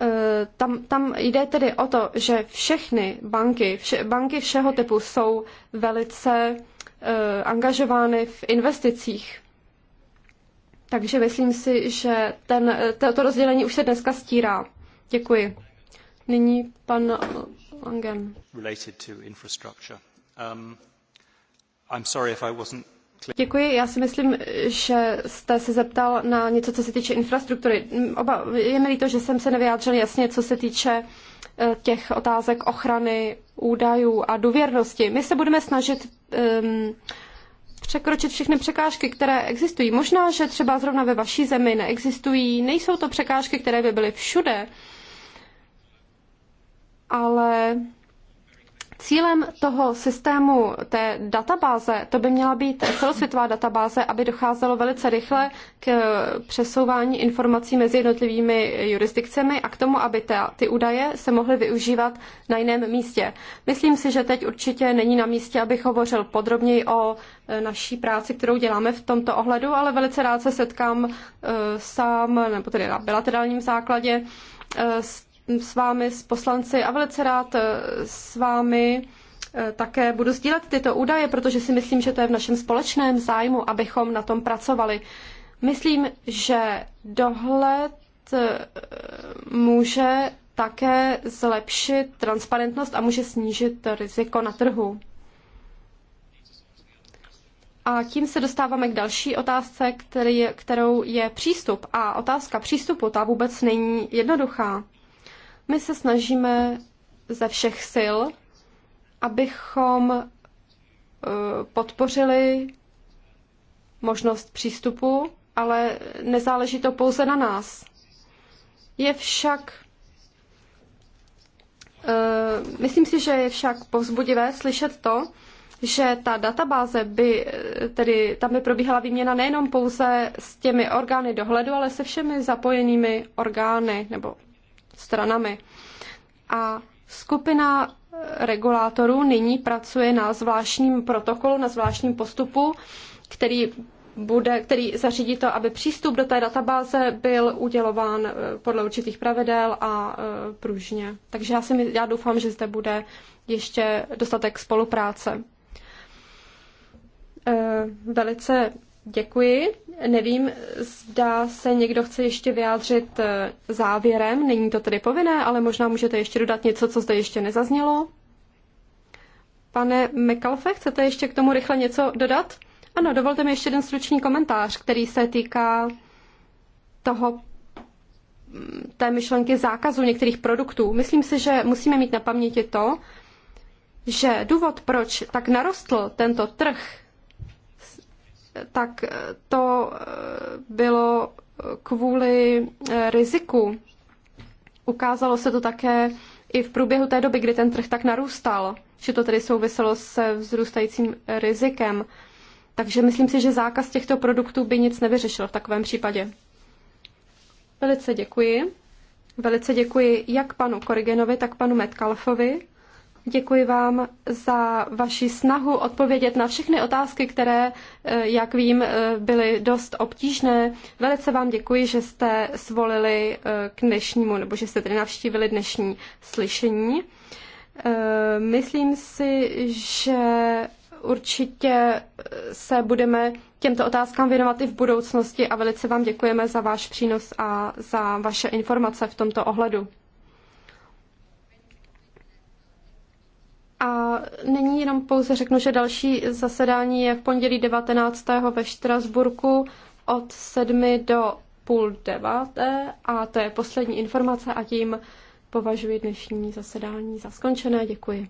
eh, tam, tam jde tedy o to, že všechny banky, vše, banky všeho typu jsou velice eh, angažovány v investicích. Takže myslím si, že ten, to rozdělení už se dneska stírá. Děkuji. Nyní pan Langen. Related to infrastructure. Um, I'm sorry if I wasn't Děkuji. Já si myslím, že jste se zeptal na něco, co se týče infrastruktury. Oba, je mi líto, že jsem se nevyjádřil jasně, co se týče eh, těch otázek ochrany údajů a důvěrnosti. My se budeme snažit um, překročit všechny překážky, které existují. Možná, že třeba zrovna ve vaší zemi neexistují, nejsou to překážky, které by byly všude, ale Cílem toho systému, té databáze, to by měla být celosvětová databáze, aby docházelo velice rychle k přesouvání informací mezi jednotlivými jurisdikcemi a k tomu, aby ta, ty údaje se mohly využívat na jiném místě. Myslím si, že teď určitě není na místě, abych hovořil podrobněji o e, naší práci, kterou děláme v tomto ohledu, ale velice rád se setkám e, sám, nebo tedy na bilaterálním základě, e, s s vámi, s poslanci a velice rád eh, s vámi eh, také budu sdílet tyto údaje, protože si myslím, že to je v našem společném zájmu, abychom na tom pracovali. Myslím, že dohled eh, může také zlepšit transparentnost a může snížit riziko na trhu. A tím se dostáváme k další otázce, který, kterou je přístup. A otázka přístupu ta vůbec není jednoduchá. My se snažíme ze všech sil, abychom eh, podpořili možnost přístupu, ale nezáleží to pouze na nás. Je však eh, Myslím si, že je však povzbudivé slyšet to, že ta databáze by, eh, tedy tam by probíhala výměna nejenom pouze s těmi orgány dohledu, ale se všemi zapojenými orgány nebo stranami. A skupina regulátorů nyní pracuje na zvláštním protokolu, na zvláštním postupu, který bude, který zařídí to, aby přístup do té databáze byl udělován eh, podle určitých pravidel a eh, pružně. Takže já, si, já doufám, že zde bude ještě dostatek spolupráce. Eh, velice Děkuji. Nevím, zda se někdo chce ještě vyjádřit eh, závěrem. Není to tedy povinné, ale možná můžete ještě dodat něco, co zde ještě nezaznělo. Pane Mekalfe, chcete ještě k tomu rychle něco dodat? Ano, dovolte mi ještě jeden stručný komentář, který se týká toho mm, té myšlenky zákazu některých produktů. Myslím si, že musíme mít na paměti to, že důvod, proč tak narostl tento trh tak to eh, bylo kvůli eh, riziku. Ukázalo se to také i v průběhu té doby, kdy ten trh tak narůstal, že to tedy souviselo se vzrůstajícím rizikem. Takže myslím si, že zákaz těchto produktů by nic nevyřešil v takovém případě. Velice děkuji. Velice děkuji jak panu Korigenovi, tak panu Metcalfovi Děkuji vám za vaši snahu odpovědět na všechny otázky, které, eh, jak vím, eh, byly dost obtížné. Velice vám děkuji, že jste svolili eh, k dnešnímu, nebo že jste tedy navštívili dnešní slyšení. Myslím si, že určitě se budeme těmto otázkám věnovat i v budoucnosti a velice vám děkujeme za váš přínos a za vaše informace v tomto ohledu. A nyní jenom pouze řeknu, že další zasedání je v pondělí 19. ve Štrasburku od 7 do půl deváté a to je poslední informace a tím považuji dnešní zasedání za skončené. Děkuji.